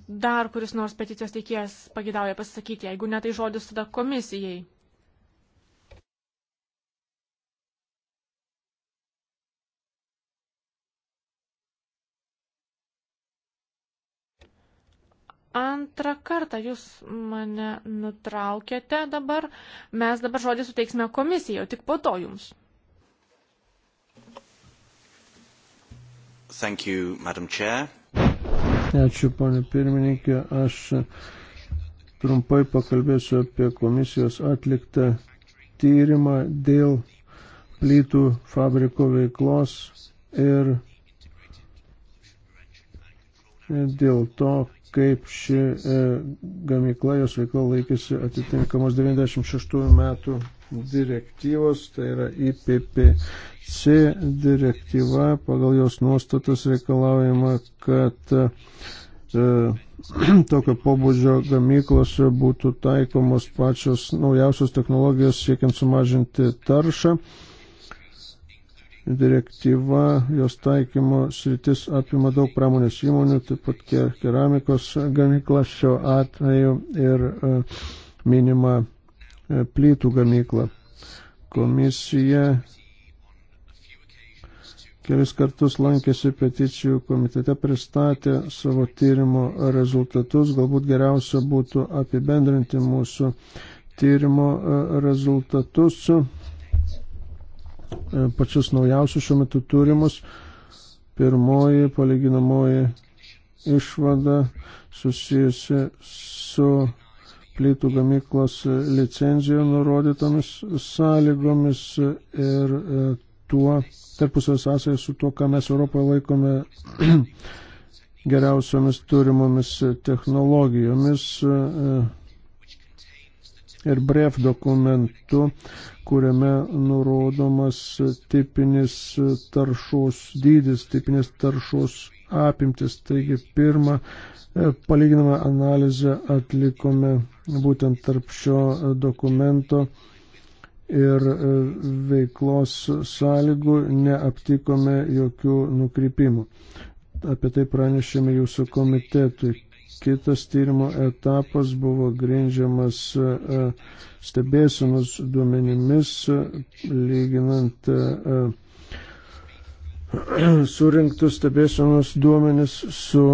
dar kuris nors peticijos teikėjas pagidauja pasisakyti, jeigu ne tai žodis tada komisijai? Antrą kartą jūs mane nutraukėte dabar. Mes dabar žodį suteiksime komisijai, o tik po to jums. Thank you, Madam Chair. Ačiū, ponė pirmininkė. Aš trumpai pakalbėsiu apie komisijos atliktą tyrimą dėl plytų fabriko veiklos ir dėl to, kaip ši e, gamykla, jos veikla laikėsi atitinkamos 96 metų direktyvos, tai yra IPPC direktyva, pagal jos nuostatus reikalaujama, kad e, *clears throat* tokio pobūdžio gamyklose būtų taikomos pačios naujausios technologijos siekiant sumažinti taršą. Direktyva, jos taikymo sritis apima daug pramonės įmonių, taip pat keramikos gamyklas šiuo atveju ir e, minima E, plytų gamyklą. Komisija kelis kartus lankėsi peticijų komitete, pristatė savo tyrimo rezultatus. Galbūt geriausia būtų apibendrinti mūsų tyrimo e, rezultatus, e, pačius naujausius šiuo metu turimus. Pirmoji palyginamoji išvada susijusi su plytų gamyklos licenzijoje nurodytomis sąlygomis ir e, tuo tarpusio sąsąją su tuo, ką mes Europoje laikome *clears throat* geriausiomis turimomis technologijomis e, e, ir bref dokumentu, kuriame nurodomas tipinis taršos dydis, tipinis taršos apimtis. Taigi pirmą palyginamą analizę atlikome būtent tarp šio dokumento ir e, veiklos sąlygų neaptikome jokių nukrypimų. Apie tai pranešėme jūsų komitetui. Kitas tyrimo etapas buvo grindžiamas e, stebėsinus duomenimis, lyginant e, *clears throat* surinktus stebėsinus duomenis su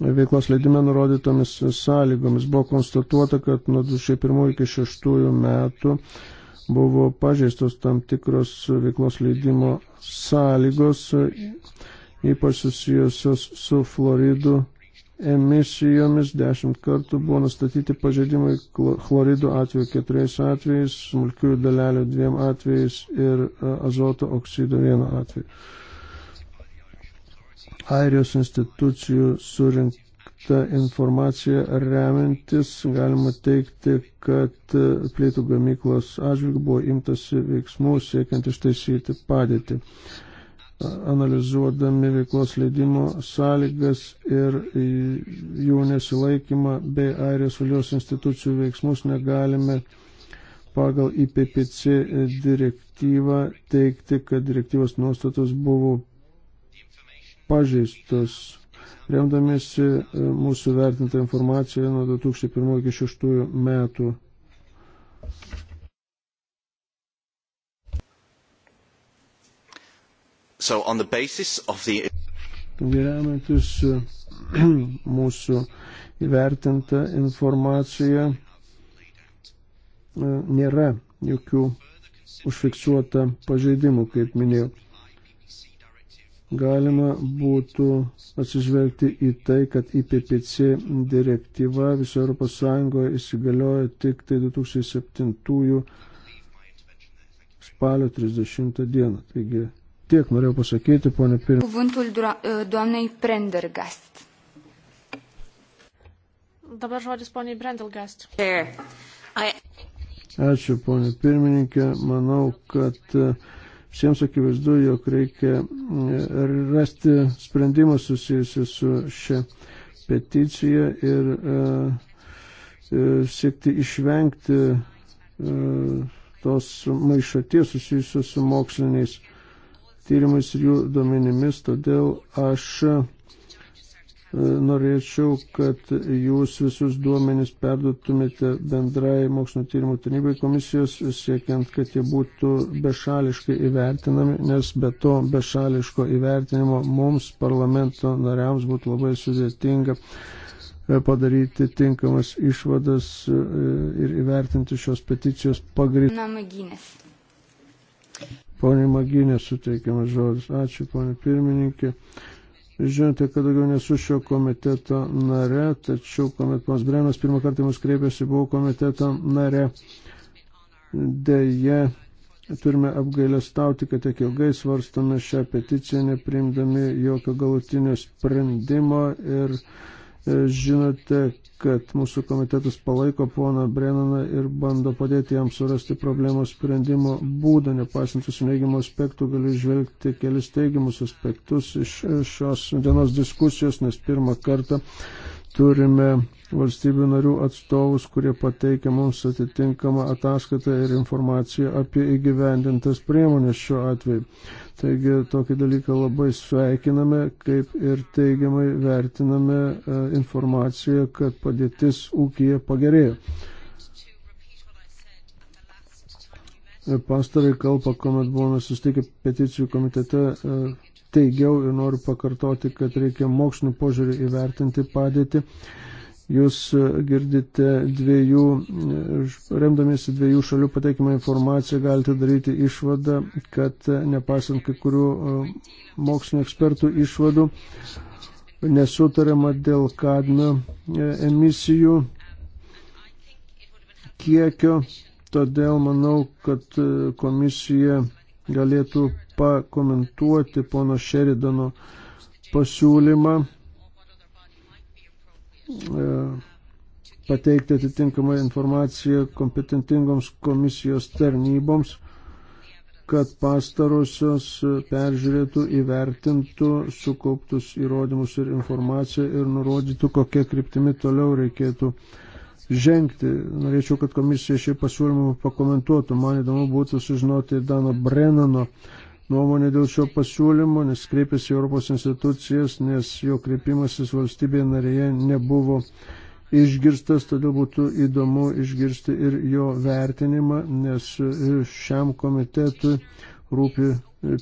veiklos leidime nurodytomis sąlygomis. Buvo konstatuota, kad nuo 2001 iki 2006 metų buvo pažeistos tam tikros veiklos leidimo sąlygos, ypač susijusios su Floridų emisijomis. Dešimt kartų buvo nustatyti pažeidimai chloridų atveju keturiais atvejais, smulkių dalelių dviem atvejais ir e, azoto oksido vienu atveju airijos institucijų surinkta informacija remiantis, galima teikti, kad plytų gamyklos atžvilgių buvo imtasi veiksmų siekiant ištaisyti padėtį. Analizuodami veiklos leidimo sąlygas ir jų nesilaikymą bei airijos valios institucijų veiksmus negalime pagal IPPC direktyvą teikti, kad direktyvos nuostatos buvo pažeistas. Remdamėsi e, mūsų vertintą informaciją nuo 2001 iki 2006 metų. So on the basis of the remiantis e, *clears throat* mūsų įvertinta informacija e, nėra jokių užfiksuota pažeidimų, kaip minėjau galima būtų atsižvelgti į tai, kad IPPC direktyva viso ES įsigaliojo tik tai 2007 spalio 30 dieną. Taigi tiek norėjau pasakyti, ponė Pirmininkė. Kuvintul duonai Prendergast. Dabar žodis poniai Brendelgast. Ačiū, ponė Pirmininkė. Manau, kad uh, Visiems akivaizdu, jog reikia e, rasti sprendimą susijusiu su šia peticija ir e, e, siekti išvengti tos maišaties susijusios su moksliniais tyrimais ir jų duomenimis. Todėl aš Norėčiau, kad jūs visus duomenys perduotumėte bendrai mokslinio tyrimų tarnybai komisijos, siekiant, kad jie būtų bešališkai įvertinami, nes be to bešališko įvertinimo mums, parlamento nariams, būtų labai sudėtinga e, padaryti tinkamas išvadas e, ir įvertinti šios peticijos pagrindą. Pone Maginė suteikiamas žodis. Ačiū, pone pirmininkė. Žinote, kad daugiau nesu šio komiteto nare, tačiau kuomet pas Brenas pirmą kartą mus kreipėsi, buvau komiteto nare. Deja, turime apgailestauti, kad tiek ilgai svarstame šią peticiją, neprimdami jokio galutinio sprendimo ir e, žinote, kad mūsų komitetas palaiko poną Brennaną ir bando padėti jam surasti problemos sprendimo būdą. Nepaisant visų neigiamų aspektų, galiu žvelgti kelis teigiamus aspektus iš šios dienos diskusijos, nes pirmą kartą turime valstybių narių atstovus, kurie pateikia mums atitinkamą ataskaitą ir informaciją apie įgyvendintas priemonės šiuo atveju. Taigi tokį dalyką labai sveikiname, kaip ir teigiamai vertiname e, informaciją, kad padėtis ūkija pagerėjo. Pastarai kalba, kuomet buvome sustikę peticijų komitete e, teigiau ir noriu pakartoti, kad reikia mokslinio požiūrį įvertinti padėtį. Jūs girdite dviejų, remdamiesi dviejų šalių pateikimą informaciją, galite daryti išvadą, kad nepaisant kai kurių e, mokslinio ekspertų išvadų, nesutariama dėl kadmio e, emisijų kiekio. Todėl manau, kad e, komisija galėtų pakomentuoti pono Šeridano pasiūlymą e, pateikti atitinkamą informaciją kompetentingoms komisijos tarnyboms, kad pastarosios peržiūrėtų, įvertintų sukauptus įrodymus ir informaciją ir nurodytų, kokie kryptimi toliau reikėtų uh, žengti. Norėčiau, kad komisija šį pasiūlymą pakomentuotų. Man įdomu būtų sužinoti Dano Brennano nuomonę dėl šio pasiūlymo, nes kreipėsi Europos institucijas, nes jo kreipimasis valstybėje narėje nebuvo išgirstas, todėl būtų įdomu išgirsti ir jo vertinimą, nes šiam komitetui rūpi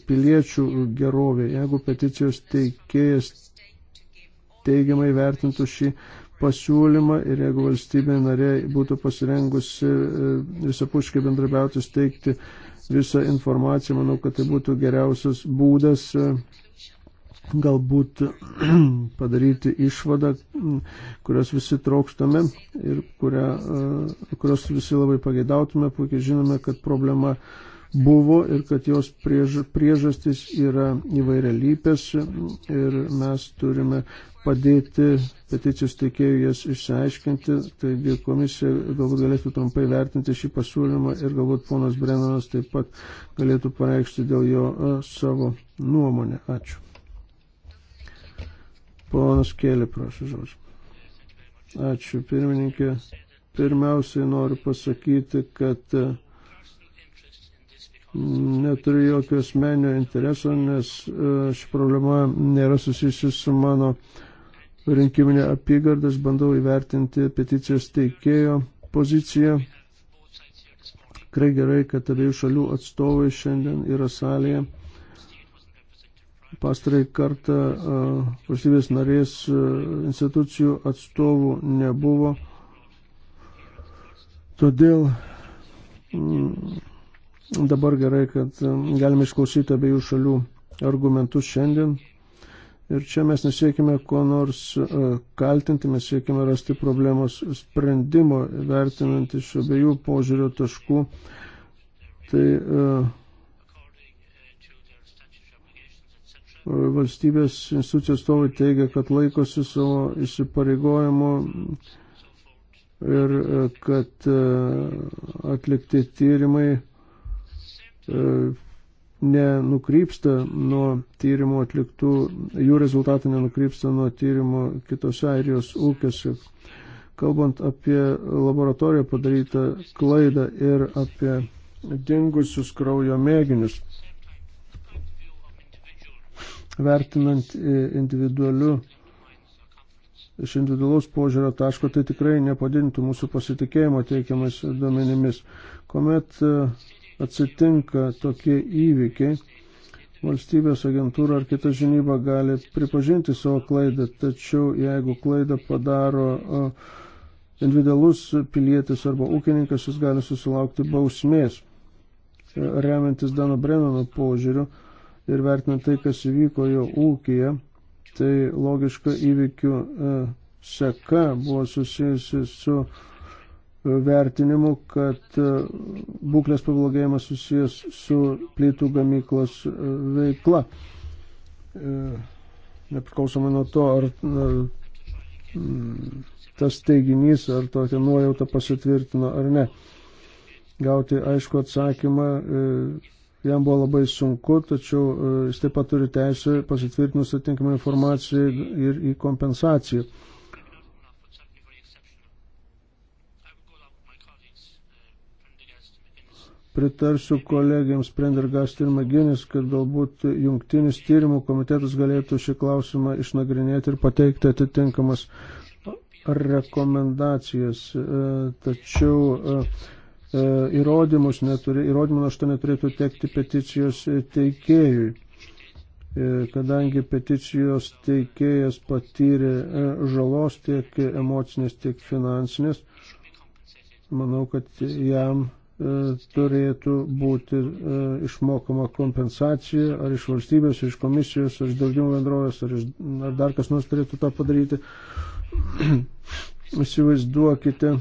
piliečių gerovė. Jeigu peticijos teikėjas teigiamai vertintų šį pasiūlymą ir jeigu valstybė narė būtų pasirengusi e, visapuškai bendrabiauti, steigti visą informaciją, manau, kad tai būtų geriausias būdas e, galbūt *clears throat* padaryti išvadą, kurios visi trokštame ir kurią, e, kurios visi labai pageidautume. Puikiai žinome, kad problema buvo ir kad jos priež, priežastis yra įvairialypės ir mes turime padėti peticijos teikėjų jas išsiaiškinti. Taigi komisija galbūt galėtų trumpai vertinti šį pasiūlymą ir galbūt ponas Brenanas taip pat galėtų pareikšti dėl jo e, savo nuomonę. Ačiū. Ponas Kėlė, prašau žodžiu. Ačiū pirmininkė. Pirmiausiai noriu pasakyti, kad uh, neturiu jokio asmenio intereso, nes e, ši problema nėra susijusi su mano rinkiminė apygardas, bandau įvertinti peticijos teikėjo poziciją. Tikrai gerai, kad abiejų šalių atstovai šiandien yra salėje. Pastarai kartą e, valstybės narės e, institucijų atstovų nebuvo. Todėl mm, Dabar gerai, kad e, galime išklausyti abiejų šalių argumentus šiandien. Ir čia mes nesiekime ko nors e, kaltinti, mes siekime rasti problemos sprendimo, vertinant iš abiejų požiūrio taškų. Tai e, valstybės institucijų atstovai teigia, kad laikosi savo įsipareigojimo ir kad atlikti tyrimai E, nenukrypsta nuo tyrimų atliktų, jų rezultatai nenukrypsta nuo tyrimų kitose airijos ūkiuose. Kalbant apie laboratoriją padarytą klaidą ir apie dingusius kraujo mėginius, vertinant individualiu iš individualaus požiūrio taško, tai tikrai nepadintų mūsų pasitikėjimo teikiamais duomenimis. Komet uh, atsitinka tokie įvykiai, valstybės agentūra ar kita žinyba gali pripažinti savo klaidą, tačiau jeigu klaidą padaro individualus pilietis arba ūkininkas, jis gali susilaukti bausmės. E, remiantis Dano Brenono požiūriu ir vertinant tai, kas įvyko jo ūkija, tai logiška įvykių e, seka buvo susijusi su vertinimų, kad e, būklės pablogėjimas susijęs su plytų gamyklos e, veikla. E, nepriklausomai nuo to, ar na, mm, tas teiginys, ar tokia nuojauta pasitvirtino ar ne. Gauti aišku atsakymą jam buvo labai sunku, tačiau jis taip pat turi teisę pasitvirtinus atitinkamą informaciją ir į kompensaciją pritarsiu kolegiams Prendergast ir Maginis, kad galbūt jungtinis tyrimų komitetas galėtų šį klausimą išnagrinėti ir pateikti atitinkamas rekomendacijas. E, tačiau e, e, įrodymus neturi, įrodymų našta neturėtų tekti peticijos teikėjui, kadangi peticijos teikėjas patyrė žalos tiek emocinės, tiek finansinės. Manau, kad jam E, turėtų būti e, išmokama kompensacija ar iš valstybės, ar iš komisijos, ar iš daugiau bendrovės, ar, iš, ar dar kas nors turėtų tą padaryti. *clears throat* Įsivaizduokite,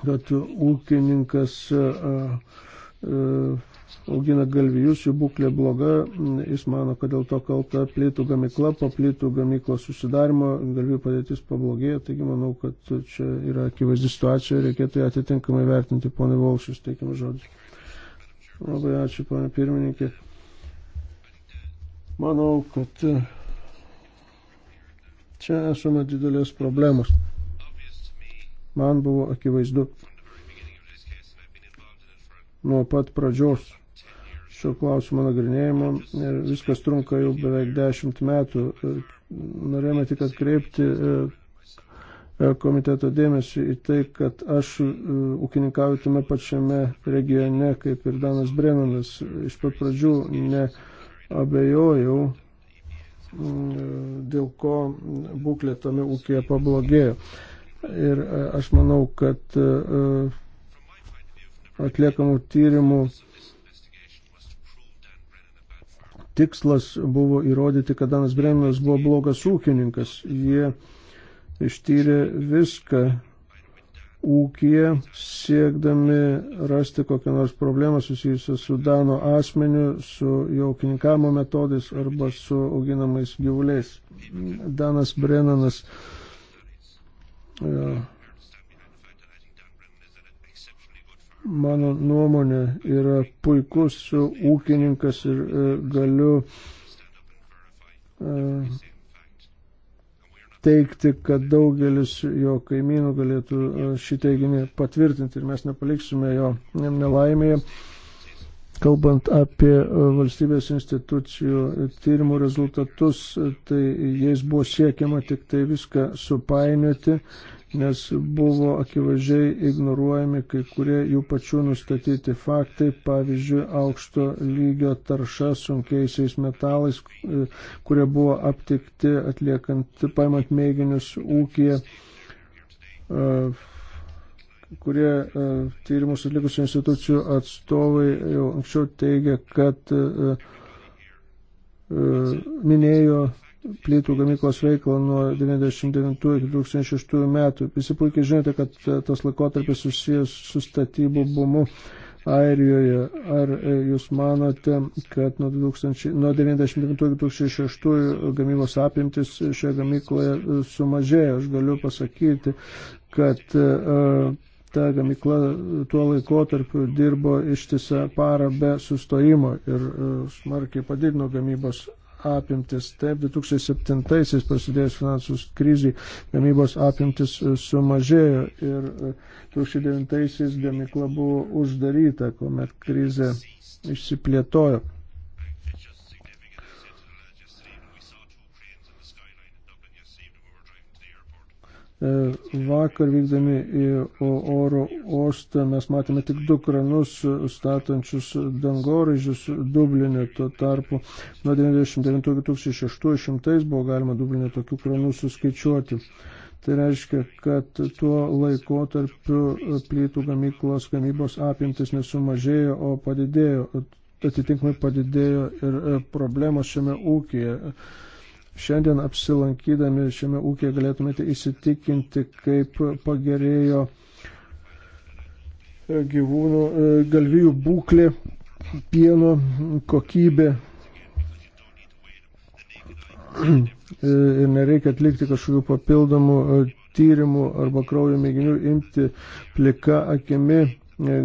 kad ūkininkas uh, uh, augina galvijus, jų būklė bloga, jis mano, kad dėl to kalta plytų gamykla, po plytų gamyklos susidarimo galvijų padėtis pablogėjo, taigi manau, kad čia yra akivaizdi situacija, reikėtų ją atitinkamai vertinti, ponai Volšis, teikiamas žodis. Labai ačiū, ponai pirmininkė. Manau, kad e, čia esame didelės problemos. Man buvo akivaizdu nuo pat pradžios šio klausimo nagrinėjimo ir viskas trunka jau beveik dešimt metų. Norėjome tik atkreipti e, e, komiteto dėmesį į tai, kad aš e, ūkininkauju tame pačiame regione, kaip ir Danas Brenanas. Iš pat pradžių neabejojau, mm, dėl ko būklė tame ūkėje pablogėjo. Ir aš manau, kad atliekamų tyrimų tikslas buvo įrodyti, kad Danas Breminas buvo blogas ūkininkas. Jie ištyrė viską ūkiją, siekdami rasti kokią nors problemą susijusią su Dano asmeniu, su jo ūkininkavimo metodais arba su auginamais gyvuliais. Danas Breminas. Uh, e, mano nuomonė, yra puikus ūkininkas ir e, galiu e, teikti, kad daugelis jo kaimynų galėtų e, šį teiginį patvirtinti ir mes nepaliksime jo nelaimėje. Kalbant apie valstybės institucijų tyrimų rezultatus, tai jais buvo siekiama tik tai viską supainioti nes buvo akivaizdžiai ignoruojami kai kurie jų pačių nustatyti faktai, pavyzdžiui, aukšto lygio tarša sunkiaisiais metalais, e, kurie buvo aptikti atliekant, paimant mėginius ūkiją e, kurie e, tyrimus atlikusių institucijų atstovai jau anksčiau teigia, kad minėjo plytų gamyklos veiklą nuo 1999 iki 2006 metų. Visi puikiai žinote, kad e, tas laikotarpis susijęs su statybų bumu Airijoje. Ar e, jūs manote, kad nuo 1999 iki 2006 gamybos apimtis šioje gamykloje e, sumažėjo? Aš galiu pasakyti, kad ta gamykla tuo laikotarpiu dirbo ištisą parą be sustojimo ir smarkiai padidino gamybos apimtis. Taip, 2007-aisiais prasidėjus finansų kriziai gamybos apimtis e, sumažėjo ir 2009-aisiais e, gamykla buvo uždaryta, kuomet krizė išsiplėtojo. E, vakar vykdami į oro uostą mes matėme tik du kranus statančius dangoraižius Dublinė. Tuo tarpu nuo 99-2006 buvo galima Dublinė tokių kranų suskaičiuoti. Tai reiškia, kad tuo laikotarpiu plytų gamyklos gamybos apimtis nesumažėjo, o padidėjo. Atitinkamai padidėjo ir e, problemos šiame ūkėje Šiandien apsilankydami šiame ūkėje galėtumėte įsitikinti, kaip pagerėjo e, gyvūnų e, galvijų būklė, pieno kokybė. *clears throat* E, ir nereikia atlikti kažkokių papildomų tyrimų arba kraujo mėginių imti plika akimi.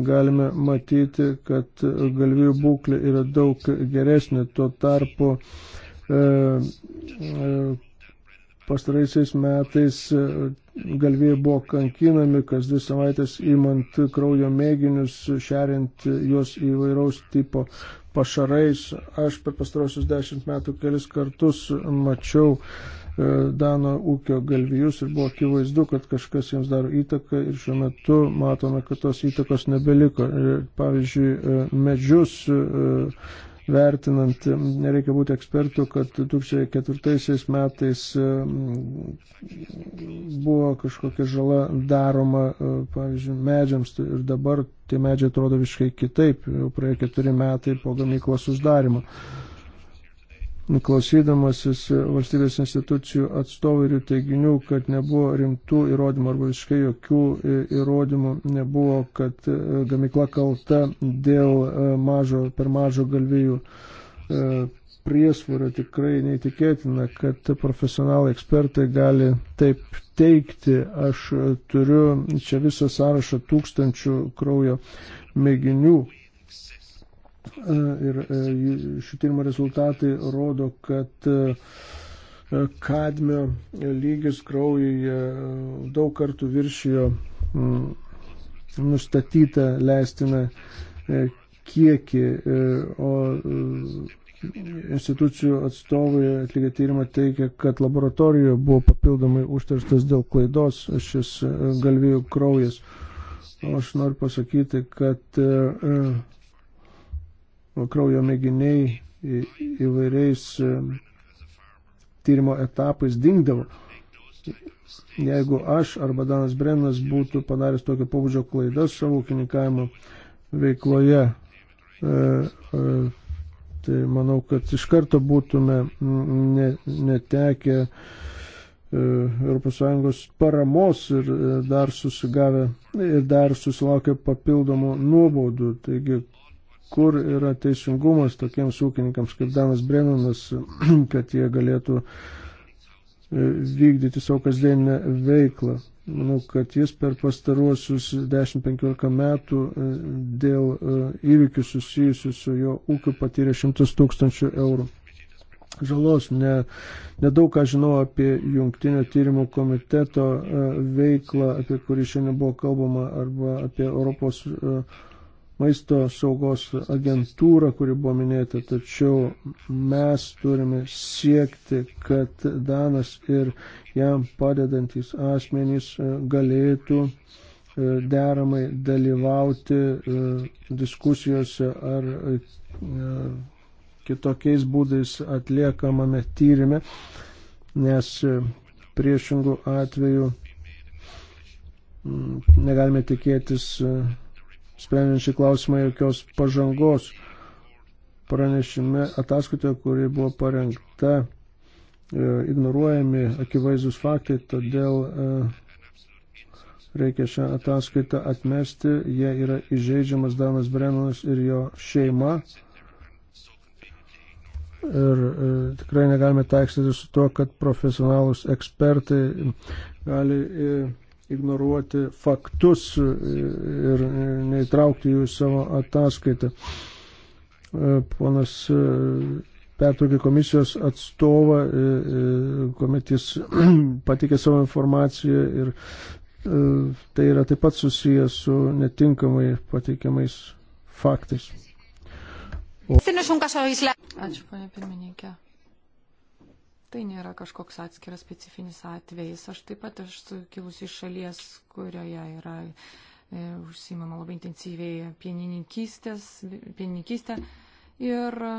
Galime matyti, kad galvijų būklė yra daug geresnė. Tuo tarpu uh, E, e, pastaraisiais metais e, galvijai buvo kankinami, kas dvi savaitės įmant kraujo mėginius, šeriant juos įvairaus tipo pašarais. Aš per pastarosius dešimt metų kelis kartus mačiau Dano ūkio galvijus ir buvo akivaizdu, kad kažkas jiems daro įtaką ir šiuo metu matome, kad tos įtakos nebeliko. Pavyzdžiui, medžius vertinant, nereikia būti ekspertų, kad 2004 metais mm, buvo kažkokia žala daroma, e, pavyzdžiui, medžiams tai ir dabar tie medžiai atrodo visiškai kitaip, jau praėjo keturi metai po gamyklos uždarimo klausydamasis e, valstybės institucijų atstovų ir jų teiginių, kad nebuvo rimtų įrodymų arba visiškai jokių e, įrodymų nebuvo, kad e, gamikla kalta dėl mažo, per mažo galvijų priesvorio tikrai neįtikėtina, kad profesionalai ekspertai gali taip teikti. Aš turiu čia visą sąrašą tūkstančių kraujo mėginių E, ir e, šių tyrimo rezultatai rodo, kad e, kadmio lygis kraujyje daug kartų viršijo mm, nustatytą leistiną kiekį, o institucijų atstovai atlikę tyrimą teigia, kad laboratorijoje buvo papildomai užtarstas dėl klaidos šis galvijų kraujas. O aš noriu pasakyti, kad kraujo mėginiai įvairiais e, tyrimo etapais dingdavo. Jeigu aš arba Danas Brennas būtų padaręs tokio pobūdžio klaidas savo ūkininkavimo veikloje, e, e, tai manau, kad iš karto būtume netekę ES paramos ir dar susigavę ir dar susilaukę papildomų nuobaudų. Taigi kur yra teisingumas tokiems ūkininkams kaip Danas Brenonas, *clears throat* kad jie galėtų e, vykdyti savo kasdieninę veiklą. Manau, kad jis per pastaruosius 10-15 metų e, dėl e, įvykių susijusių su jo ūkiu patyrė 100 tūkstančių eurų. Žalos, ne, nedaug ką žinau apie jungtinio tyrimų komiteto veiklą, apie kurį šiandien buvo kalbama, arba apie Europos uh, maisto saugos agentūrą, kuri buvo minėta, tačiau mes turime siekti, kad Danas ir jam padedantis asmenys e, galėtų e, deramai dalyvauti e, diskusijose ar kitokiais būdais atliekamame tyrimė, nes priešingų atveju mm, negalime tikėtis sprendžiant šį klausimą jokios pažangos. Pranešime ataskaitoje, kuri buvo parengta, e, ignoruojami akivaizdus faktai, todėl e, reikia šią ataskaitą atmesti. Jie yra įžeidžiamas Danas Brennanas ir jo šeima. Ir e, tikrai negalime taikstyti su to, kad profesionalus ekspertai gali e, ignoruoti faktus ir neįtraukti jų į savo ataskaitą. Ponas pertraukė komisijos atstovą, kuomet jis *clears throat* patikė savo informaciją ir e, tai yra taip pat susijęs su netinkamai pateikiamais faktais. Nu e o... Ačiū, ponia pirmininkė. Tai nėra kažkoks atskiras specifinis atvejis. Aš taip pat esu kilusi iš šalies, kurioje yra e, užsimama labai intensyviai pienininkystė. Ir e,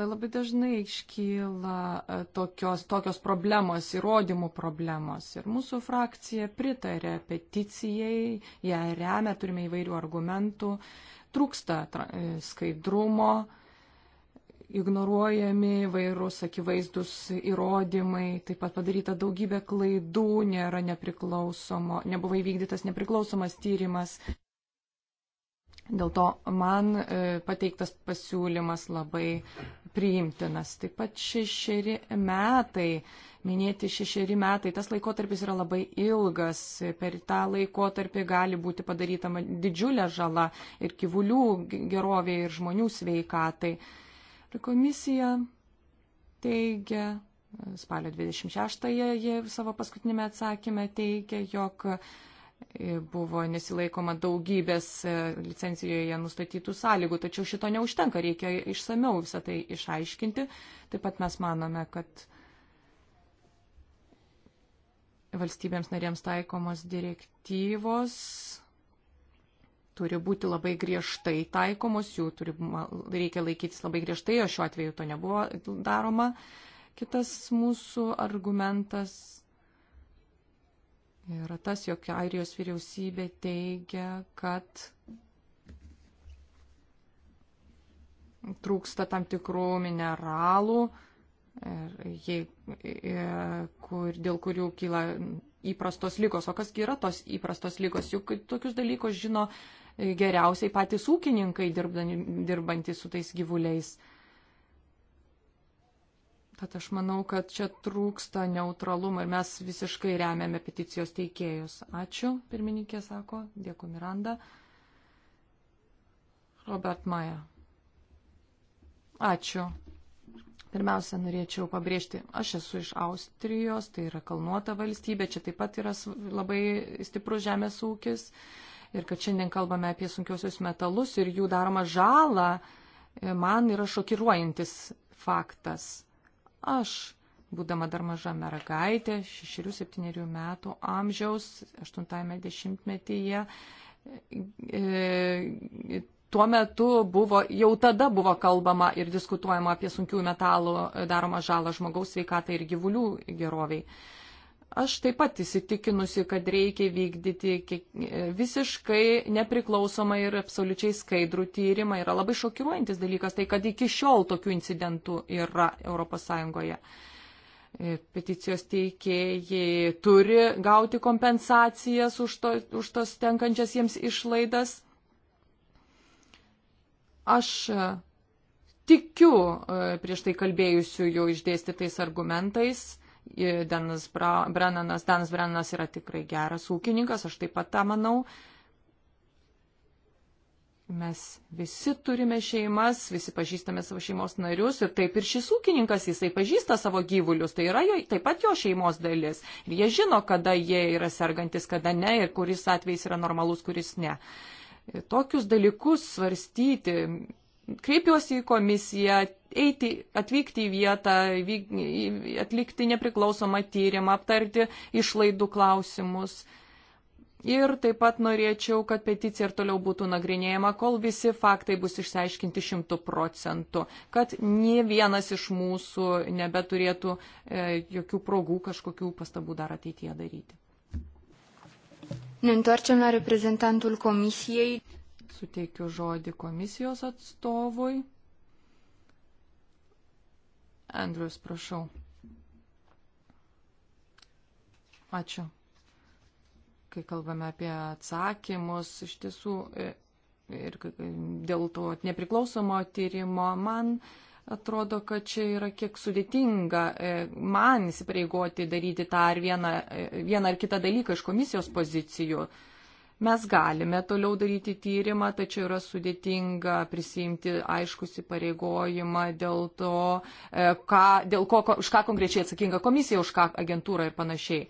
labai dažnai iškyla e, tokios, tokios problemos, įrodymų problemos. Ir mūsų frakcija pritarė peticijai, ją remia, turime įvairių argumentų, trūksta e, skaidrumo ignoruojami vairūs akivaizdus įrodymai, taip pat padaryta daugybė klaidų, nėra nepriklausomo, nebuvo įvykdytas nepriklausomas tyrimas. Dėl to man e, pateiktas pasiūlymas labai priimtinas. Taip pat šešeri metai, minėti šešeri metai, tas laikotarpis yra labai ilgas. Per tą laikotarpį gali būti padaryta didžiulė žala ir gyvulių gerovė ir žmonių sveikatai. E, Komisija teigia, spalio 26-ąją jie savo paskutinėme atsakyme teigia, jog buvo nesilaikoma daugybės licencijoje nustatytų sąlygų, tačiau šito neužtenka, reikia išsameu visą tai išaiškinti. Taip pat mes manome, kad valstybėms narėms taikomos direktyvos turi būti labai griežtai taikomos, jų turi, reikia laikytis labai griežtai, o šiuo atveju to nebuvo daroma. Kitas mūsų argumentas yra tas, jog Airijos vyriausybė teigia, kad trūksta tam tikrų mineralų, jei, kur, dėl kurių kyla įprastos lygos. O kasgi yra tos įprastos lygos? Juk tokius dalykus žino geriausiai patys ūkininkai dirbdani, dirbantys su tais gyvuliais. Tad aš manau, kad čia trūksta neutralumo ir mes visiškai remiame peticijos teikėjus. Ačiū, pirmininkė sako, dėkui Miranda. Robert Maja. Ačiū. Pirmiausia, norėčiau pabrėžti, aš esu iš Austrijos, tai yra kalnuota valstybė, čia taip pat yra labai stiprus žemės ūkis. Uh, ir kad šiandien kalbame apie sunkiosius metalus ir jų daromą žalą, e, man yra šokiruojantis faktas. Aš, būdama dar maža mergaitė, šešerių, septyniarių metų amžiaus, aštuntajame dešimtmetyje, e, e, tuo metu buvo, jau tada buvo kalbama ir diskutuojama apie sunkių metalų daromą žalą žmogaus sveikatai ir gyvulių geroviai. Aš taip pat įsitikinusi, kad reikia vykdyti e, visiškai nepriklausomą ir absoliučiai skaidrų tyrimą. Yra labai šokiruojantis dalykas tai, kad iki šiol tokių incidentų yra ES. E, peticijos teikėjai turi gauti kompensacijas už, to, už tos tenkančias jiems išlaidas. Aš e, tikiu prieš tai kalbėjusių jau išdėstytais argumentais Danas Brananas, Danas Brananas yra tikrai geras ūkininkas, aš taip pat tą manau. Mes visi turime šeimas, visi pažįstame savo šeimos narius ir taip ir šis ūkininkas, jisai pažįsta savo gyvulius, tai yra jo, taip pat jo šeimos dalis. Ir jie žino, kada jie yra sergantis, kada ne ir kuris atvejs yra normalus, kuris ne. Tokius dalykus svarstyti kreipiuosi į komisiją, eiti, atvykti į vietą, atlikti nepriklausomą tyrimą, aptarti išlaidų klausimus. Ir taip pat norėčiau, kad peticija ir toliau būtų nagrinėjama, kol visi faktai bus išsiaiškinti šimtų procentų, kad nie vienas iš mūsų nebeturėtų e, jokių progų kažkokių pastabų dar ateityje daryti. Ne întoarcem la reprezentantul comisiei suteikiu žodį komisijos atstovui. Andrius, prašau. Ačiū. Kai kalbame apie atsakymus, iš tiesų e, ir e, dėl to nepriklausomo tyrimo man atrodo, kad čia yra kiek sudėtinga e, man įsipareigoti daryti tą ar vieną, vieną ar kitą dalyką iš komisijos pozicijų. Uh, Mes galime toliau daryti tyrimą, tačiau yra sudėtinga prisijimti aiškus įpareigojimą dėl to, e, ką, dėl ko, už ką konkrečiai atsakinga komisija, už ką agentūra ir panašiai.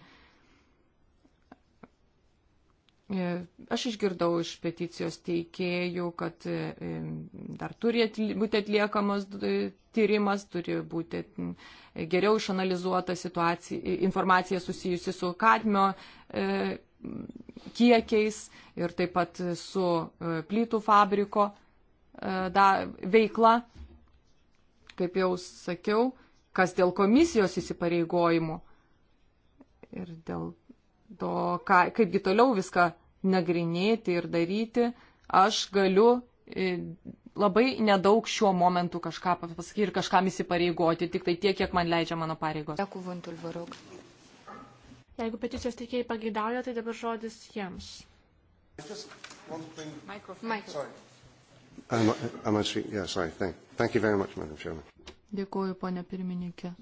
E, aš išgirdau iš peticijos teikėjų, kad e, dar turi būti atliekamas tyrimas, turi būti geriau išanalizuota informacija susijusi su kadmio kiekiais ir taip pat su e, plytų fabriko e, da, veikla, kaip jau sakiau, kas dėl komisijos įsipareigojimų ir dėl to, ką, kaipgi toliau viską nagrinėti ir daryti, aš galiu e, labai nedaug šiuo momentu kažką pasakyti ir kažkam įsipareigoti, tik tai tiek, kiek man leidžia mano pareigos. Dėkui, Vantul Varok. Jeigu peticijos teikėjai pageidauja, tai dabar žodis jiems. Dėkuoju, ponė pirmininkė.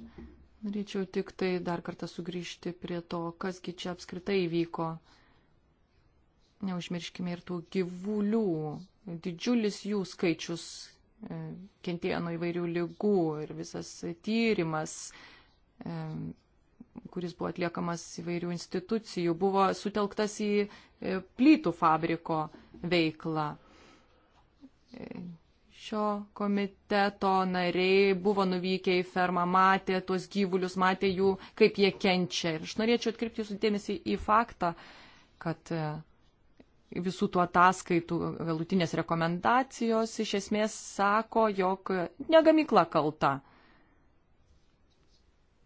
Norėčiau tik tai dar kartą sugrįžti prie to, kasgi čia apskritai įvyko. Neužmirškime ir tų gyvulių. Didžiulis jų skaičius e, kentėjo nuo įvairių lygų ir visas tyrimas e, kuris buvo atliekamas įvairių institucijų, buvo sutelktas į e, plytų fabriko veiklą. E, šio komiteto nariai buvo nuvykę į fermą, matė tuos gyvulius, matė jų, kaip jie kenčia. Ir aš norėčiau atkreipti jūsų dėmesį į faktą, kad e, visų tų ataskaitų galutinės rekomendacijos iš esmės sako, jog negamykla kalta.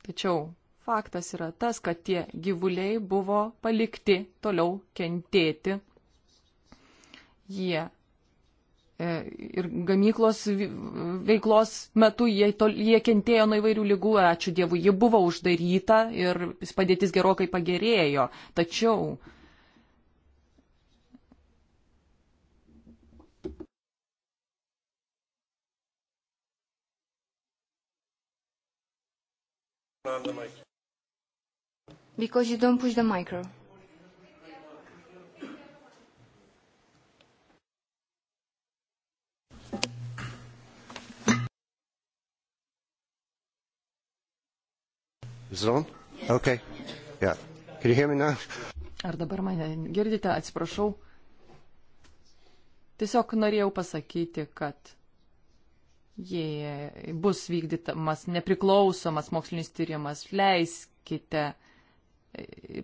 Tačiau faktas yra tas, kad tie gyvuliai buvo palikti toliau kentėti. Jie e, ir gamyklos veiklos metu jie, tol, jie kentėjo nuo įvairių lygų, ačiū Dievui, ji buvo uždaryta ir padėtis gerokai pagerėjo. Tačiau on the mic because you don't push the micro. Is it on? Okay. Yeah. Can you hear me now? Ar dabar mane girdite? Atsiprašau. Tiesiog norėjau pasakyti, kad jei bus vykdytamas nepriklausomas mokslinis tyrimas, leiskite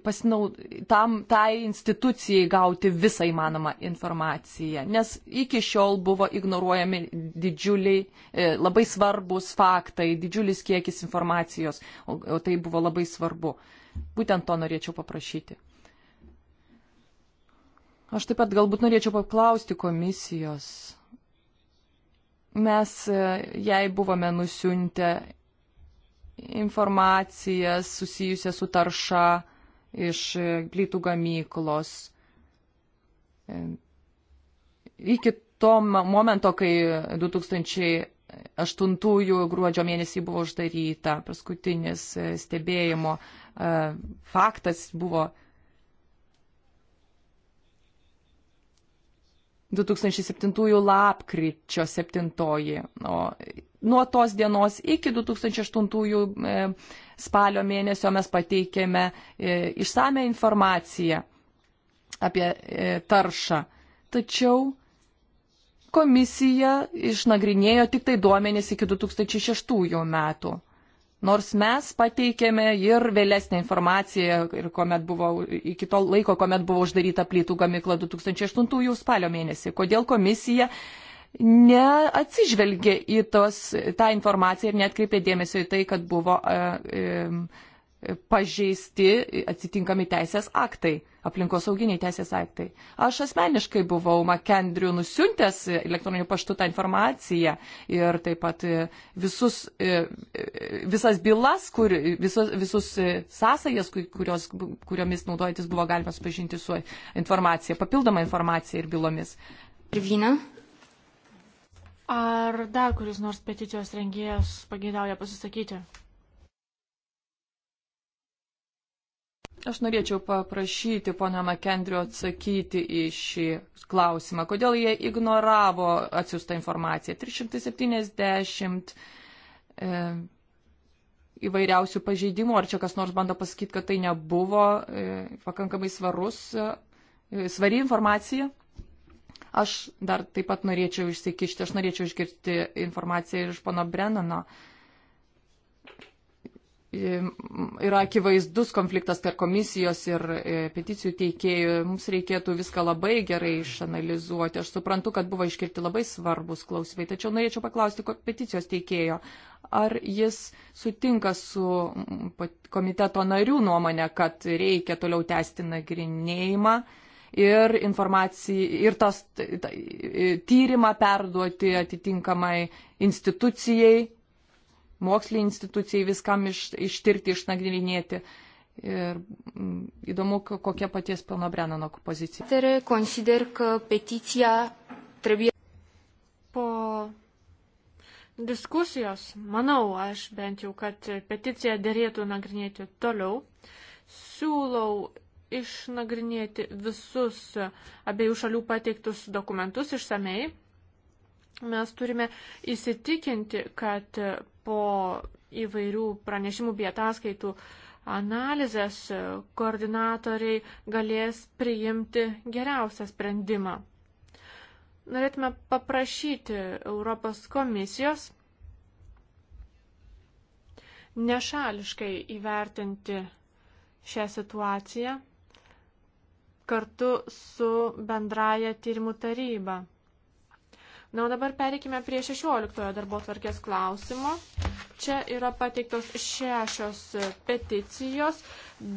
pasinaud, tam, tai institucijai gauti visą įmanomą informaciją, nes iki šiol buvo ignoruojami didžiuliai, e, labai svarbus faktai, didžiulis kiekis informacijos, o, o tai buvo labai svarbu. Būtent to norėčiau paprašyti. Aš taip pat galbūt norėčiau paklausti komisijos. Mes e, jai buvome nusiuntę informacijas susijusią su tarša iš plytų gamyklos. Iki to momento, kai 2008 gruodžio mėnesį buvo uždaryta, paskutinis e, stebėjimo e, faktas buvo 2007 lapkričio 7, o nuo tos dienos iki 2008 e, spalio mėnesio mes pateikėme e, išsame informaciją apie e, taršą. Tačiau komisija išnagrinėjo tik tai duomenys iki 2006 metų nors mes pateikėme ir vėlesnę informaciją, ir kuomet buvo, iki to laiko, kuomet buvo uždaryta plytų gamykla 2008 spalio mėnesį. Kodėl komisija neatsižvelgė į tos, tą informaciją ir netkreipė dėmesio į tai, kad buvo. Uh, um, pažeisti atitinkami teisės aktai, aplinkosauginiai teisės aktai. Aš asmeniškai buvau Makendriu nusiuntęs elektroniniu paštu tą informaciją ir taip pat e, visus, e, e, visas bylas, kur, visus, visus sąsajas, kurios, kuriomis naudojantis buvo galima supažinti su informacija, papildoma informacija ir bylomis. Ir vyną. Ar dar kuris nors peticijos rengėjas pageidauja pasisakyti? Aš norėčiau paprašyti poną Makendrių atsakyti į šį klausimą. Kodėl jie ignoravo atsiųstą informaciją? 370 e, įvairiausių pažeidimų. Ar čia kas nors bando pasakyti, kad tai nebuvo e, pakankamai svarus, e, svari informacija? Aš dar taip pat norėčiau išsikišti. Aš norėčiau išgirti informaciją ir iš pono Brenono. E, yra akivaizdus konfliktas tarp komisijos ir e, peticijų teikėjų. Mums reikėtų viską labai gerai išanalizuoti. Aš suprantu, kad buvo iškirti labai svarbus klausimai, tačiau norėčiau paklausti peticijos teikėjo, ar jis sutinka su komiteto narių nuomonė, kad reikia toliau tęsti nagrinėjimą. Ir informaciją, ir tas tyrimą perduoti atitinkamai institucijai, moksliniai institucijai viskam iš, ištirti, išnagrinėti. Ir mm, įdomu, kokia paties pono Brenano pozicija. Consider, kad peticija trebuie... Po diskusijos, manau, aš bent jau, kad peticiją dėrėtų nagrinėti toliau. Siūlau išnagrinėti visus abiejų šalių pateiktus dokumentus išsamei. Mes turime įsitikinti, kad po įvairių pranešimų bei ataskaitų analizės koordinatoriai galės priimti geriausią sprendimą. Norėtume paprašyti Europos komisijos nešališkai įvertinti šią situaciją kartu su bendraja tyrimų taryba. Na, o dabar pereikime prie 16 darbo tvarkės klausimo. Čia yra pateiktos šešios peticijos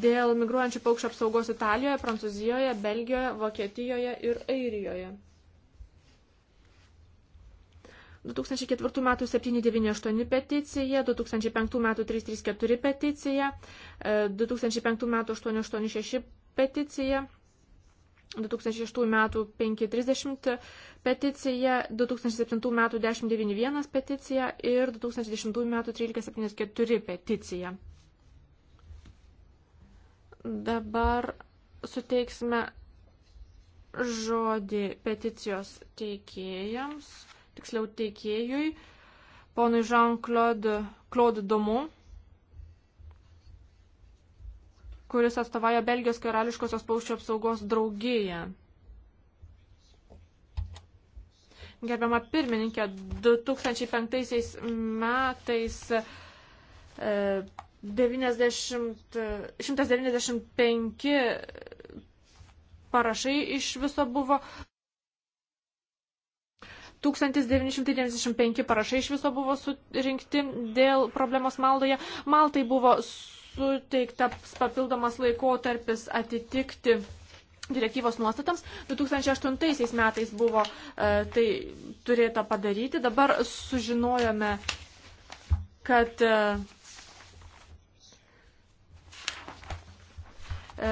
dėl migruojančių paukščių apsaugos Italijoje, Prancūzijoje, Belgijoje, Vokietijoje ir Airijoje. 2004 m. 798 peticija, 2005 m. 334 peticija, 2005 m. 886 peticija, 2006 metų 530 peticija, 2007 metų 1091 peticija ir 2010 metų 1374 peticija. Dabar suteiksime žodį peticijos teikėjams, tiksliau teikėjui, ponui Jean-Claude Claude Domu. kuris atstovauja Belgijos karališkosios paukščių apsaugos draugiją. Gerbiama pirmininkė, 2005 metais 90, e, 195 parašai iš viso buvo. 1995 parašai iš viso buvo surinkti dėl problemos Maldoje. Maltai buvo suteiktas papildomas laikotarpis atitikti direktyvos nuostatams. 2008 metais buvo e, tai turėta padaryti. Dabar sužinojome, kad e, e,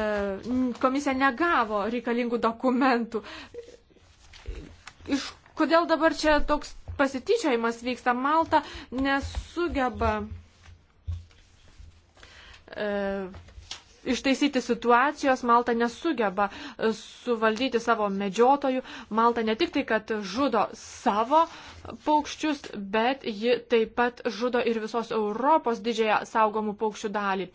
komisija negavo reikalingų dokumentų. Iš kodėl dabar čia toks pasityčiojimas vyksta? Malta nesugeba e, ištaisyti situacijos, Malta nesugeba e, suvaldyti savo medžiotojų, Malta ne tik tai, kad žudo savo paukščius, bet ji taip pat žudo ir visos Europos didžiąją saugomų paukščių dalį.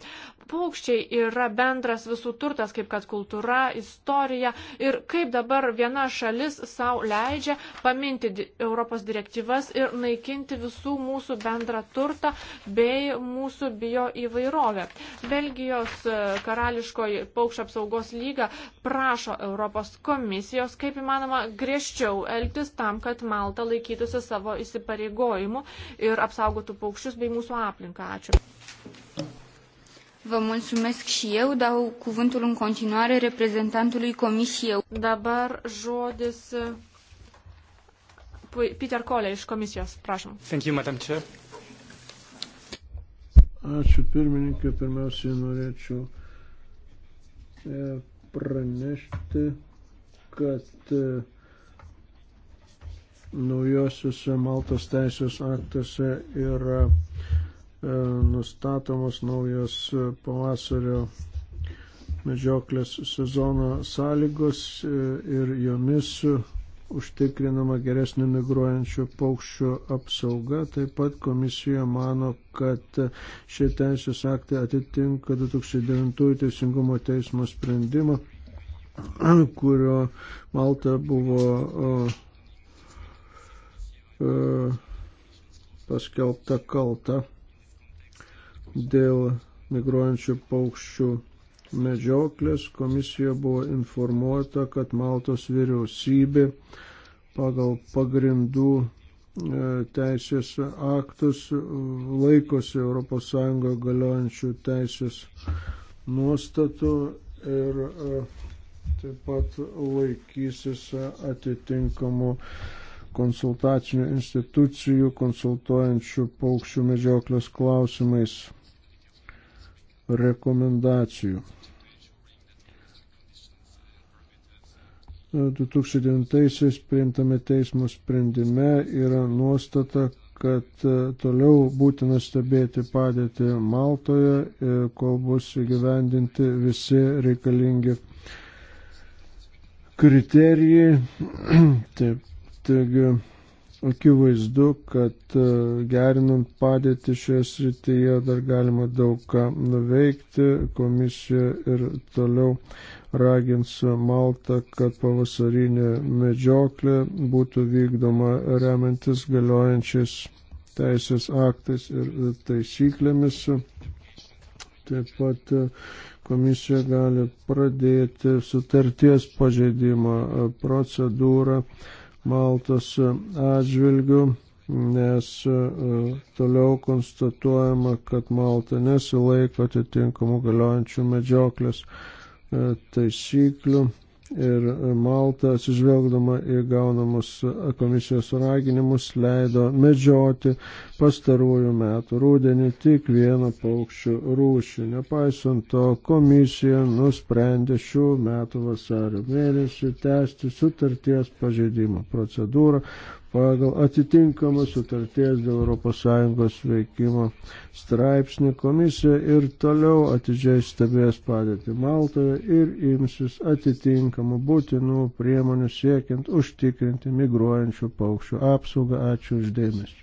Paukščiai yra bendras visų turtas, kaip kad kultūra, istorija ir kaip dabar viena šalis savo leidžia paminti Europos direktyvas ir naikinti visų mūsų bendrą turtą bei mūsų bio įvairovę. Belgijos e, karališkoji paukščio apsaugos lyga prašo Europos komisijos, kaip įmanoma, griežčiau elgtis tam, kad Malta laikytųsi laikytųsi savo įsipareigojimų ir apsaugotų paukščius bei mūsų aplinką. Ačiū. Vă mulțumesc și eu. Dau cuvântul în continuare reprezentantului Comisiei. Dabar žodis Peter Kole iš Komisijos. Prašom. Thank you, Madam Chair. Ačiū pirmininkė. Pirmiausiai norėčiau e, pranešti, kad e, naujosiuose Maltos teisės aktuose yra e, nustatomos naujos pavasario medžioklės sezono sąlygos e, ir jomis užtikrinama geresnė migruojančių paukščių apsauga. Taip pat komisija mano, kad šie teisės aktai atitinka 2009 Teisingumo teismo sprendimą, kurio Malta buvo E, paskelbta kalta dėl migruojančių paukščių medžioklės. Komisija buvo informuota, kad Maltos vyriausybė pagal pagrindų e, teisės aktus laikosi ES galiojančių teisės nuostatų ir e, taip pat laikysis atitinkamų uh, konsultacinių institucijų konsultuojančių paukščių medžioklės klausimais rekomendacijų. 2009-aisiais priimtame teismo sprendime yra nuostata, kad e, toliau būtina stebėti padėtį Maltoje, e, kol bus įgyvendinti visi reikalingi kriterijai, *clears throat* taip Taigi, akivaizdu, kad e, gerinant padėtį šioje srityje dar galima daug ką nuveikti. Komisija ir toliau ragins Maltą, kad pavasarinė medžioklė būtų vykdoma remiantis galiojančiais teisės aktais ir taisyklėmis. Taip pat e, komisija gali pradėti sutarties pažeidimo procedūrą Maltos atžvilgių, nes e, toliau konstatuojama, kad Malta nesilaiko atitinkamų galiojančių medžioklės e, taisyklių ir Malta atsižvelgdama į gaunamus komisijos raginimus leido medžioti pastarųjų metų rūdienį tik vieną paukščių rūšį. Nepaisant to, komisija nusprendė šių metų vasario mėnesį tęsti sutarties pažeidimo procedūrą pagal atitinkamą sutarties dėl ES veikimo straipsnį. Komisija ir toliau atidžiai stebės padėti Maltoje ir imsis atitinkamų būtinų priemonių siekiant užtikrinti migruojančių paukščių apsaugą. Ačiū uždėmesi.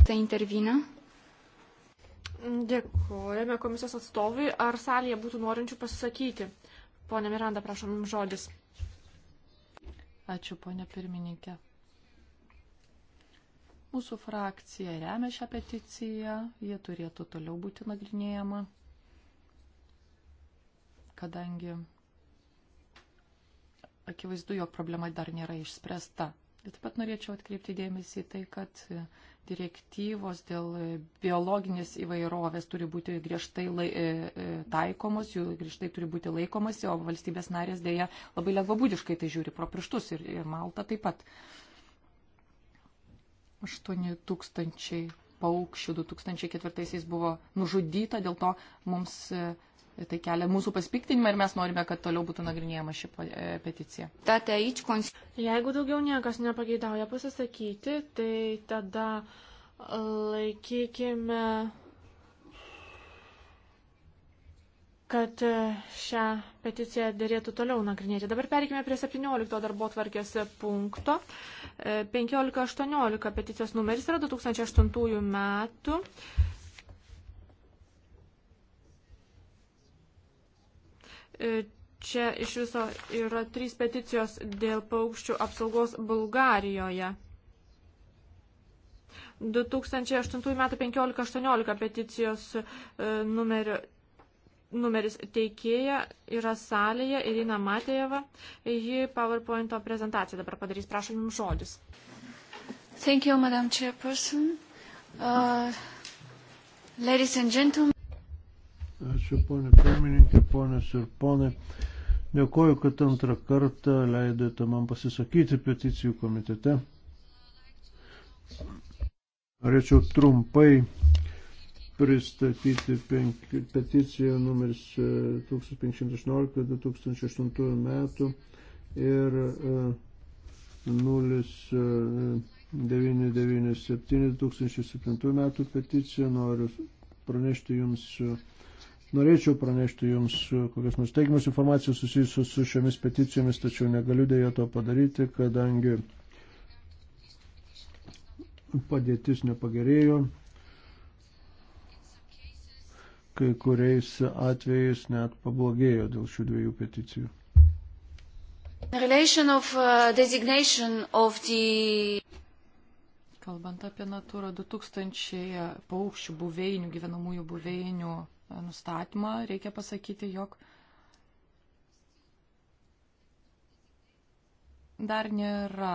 Tai intervina. Dėkojame komisijos atstovui. Ar salėje būtų norinčių pasisakyti? Pone Miranda, prašom jums žodis. Ačiū, ponė pirmininkė. Mūsų frakcija remia šią peticiją, jie turėtų toliau būti nagrinėjama, kadangi akivaizdu, jog problema dar nėra išspręsta. Ir taip pat norėčiau atkreipti dėmesį į tai, kad direktyvos dėl biologinės įvairovės turi būti griežtai lai, e, e, taikomos, jų griežtai turi būti laikomasi, o valstybės narės dėja labai lengvabūdiškai tai žiūri pro pirštus ir, ir Malta taip pat. 8 tūkstančiai paukščių 2004 buvo nužudyta, dėl to mums e, Tai kelia mūsų paspiktinimą ir mes norime, kad toliau būtų nagrinėjama ši e, peticija. Jeigu daugiau niekas nepageidauja pasisakyti, tai tada laikykime, kad šią peticiją dėrėtų toliau nagrinėti. Dabar perikime prie 17 darbo tvarkės punkto. 1518 e, peticijos numeris yra 2008 metų. E, čia iš viso yra trys peticijos dėl paukščių apsaugos Bulgarijoje. 2008 m. 1518 peticijos e, numerio, numeris teikėja yra salėje Irina Matėjeva. Ji PowerPoint prezentaciją dabar padarys. Prašom jums žodis. Thank you, Madam Chairperson. Uh, ladies and gentlemen. Ačiū ponė pirmininkė, ponės ir ponai. Dėkuoju, kad antrą kartą leidote man pasisakyti peticijų komitete. Norėčiau trumpai pristatyti penk... peticiją numeris 1518-2008 e, metų ir 0997-2007 e, e, metų peticiją. Noriu pranešti jums norėčiau pranešti Jums kokias nors teigiamas informacijos susijusius su šiomis peticijomis, tačiau negaliu dėja to padaryti, kadangi padėtis nepagerėjo. Kai kuriais atvejais net pablogėjo dėl šių dviejų peticijų. Of, uh, of the... Kalbant apie Natūra 2000 paukščių buveinių, gyvenamųjų buveinių nustatymą, reikia pasakyti, jog dar nėra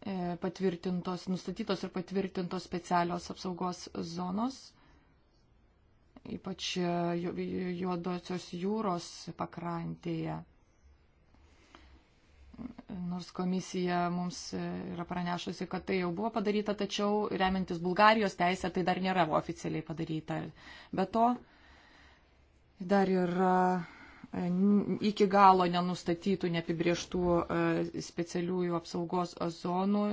e, patvirtintos, nustatytos ir patvirtintos specialios apsaugos zonos, ypač e, juodosios jūros pakrantėje nors komisija mums yra pranešusi, kad tai jau buvo padaryta, tačiau remiantis Bulgarijos teisė tai dar nėra oficialiai padaryta. Be to, dar yra e, iki galo nenustatytų, neapibrieštų e, specialiųjų apsaugos zonų.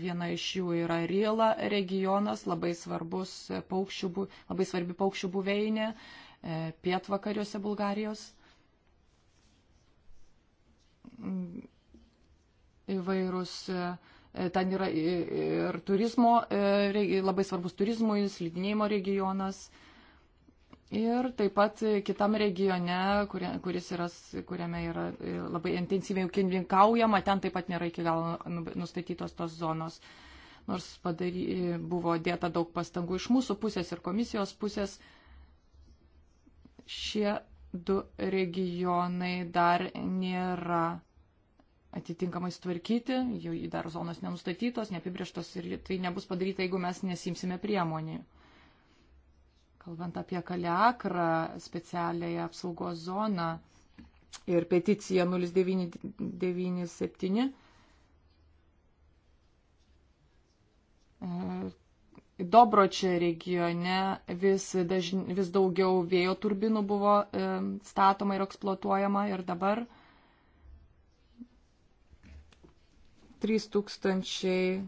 Viena iš jų yra Rila regionas, labai, svarbus paukščių, labai svarbi paukščių buveinė e, pietvakariuose Bulgarijos įvairūs. E, ten yra ir turizmo, e, labai svarbus turizmui, slidinėjimo regionas. Ir taip pat kitam regione, kuria, kuris yra, kuriame yra e, labai intensyviai ūkininkaujama, ten taip pat nėra iki galo nu, nustatytos tos zonos. Nors padary, buvo dėta daug pastangų iš mūsų pusės ir komisijos pusės, šie du regionai dar nėra atitinkamai sutvarkyti, jų dar zonos nenustatytos, neapibrieštos ir tai nebus padaryta, jeigu mes nesimsime priemonių. Kalbant apie Kaliakrą, specialiąją apsaugos zoną ir peticiją 0997, Dobročio regione vis, dažn, vis daugiau vėjo turbinų buvo e, statoma ir eksploatuojama ir dabar 3928 e,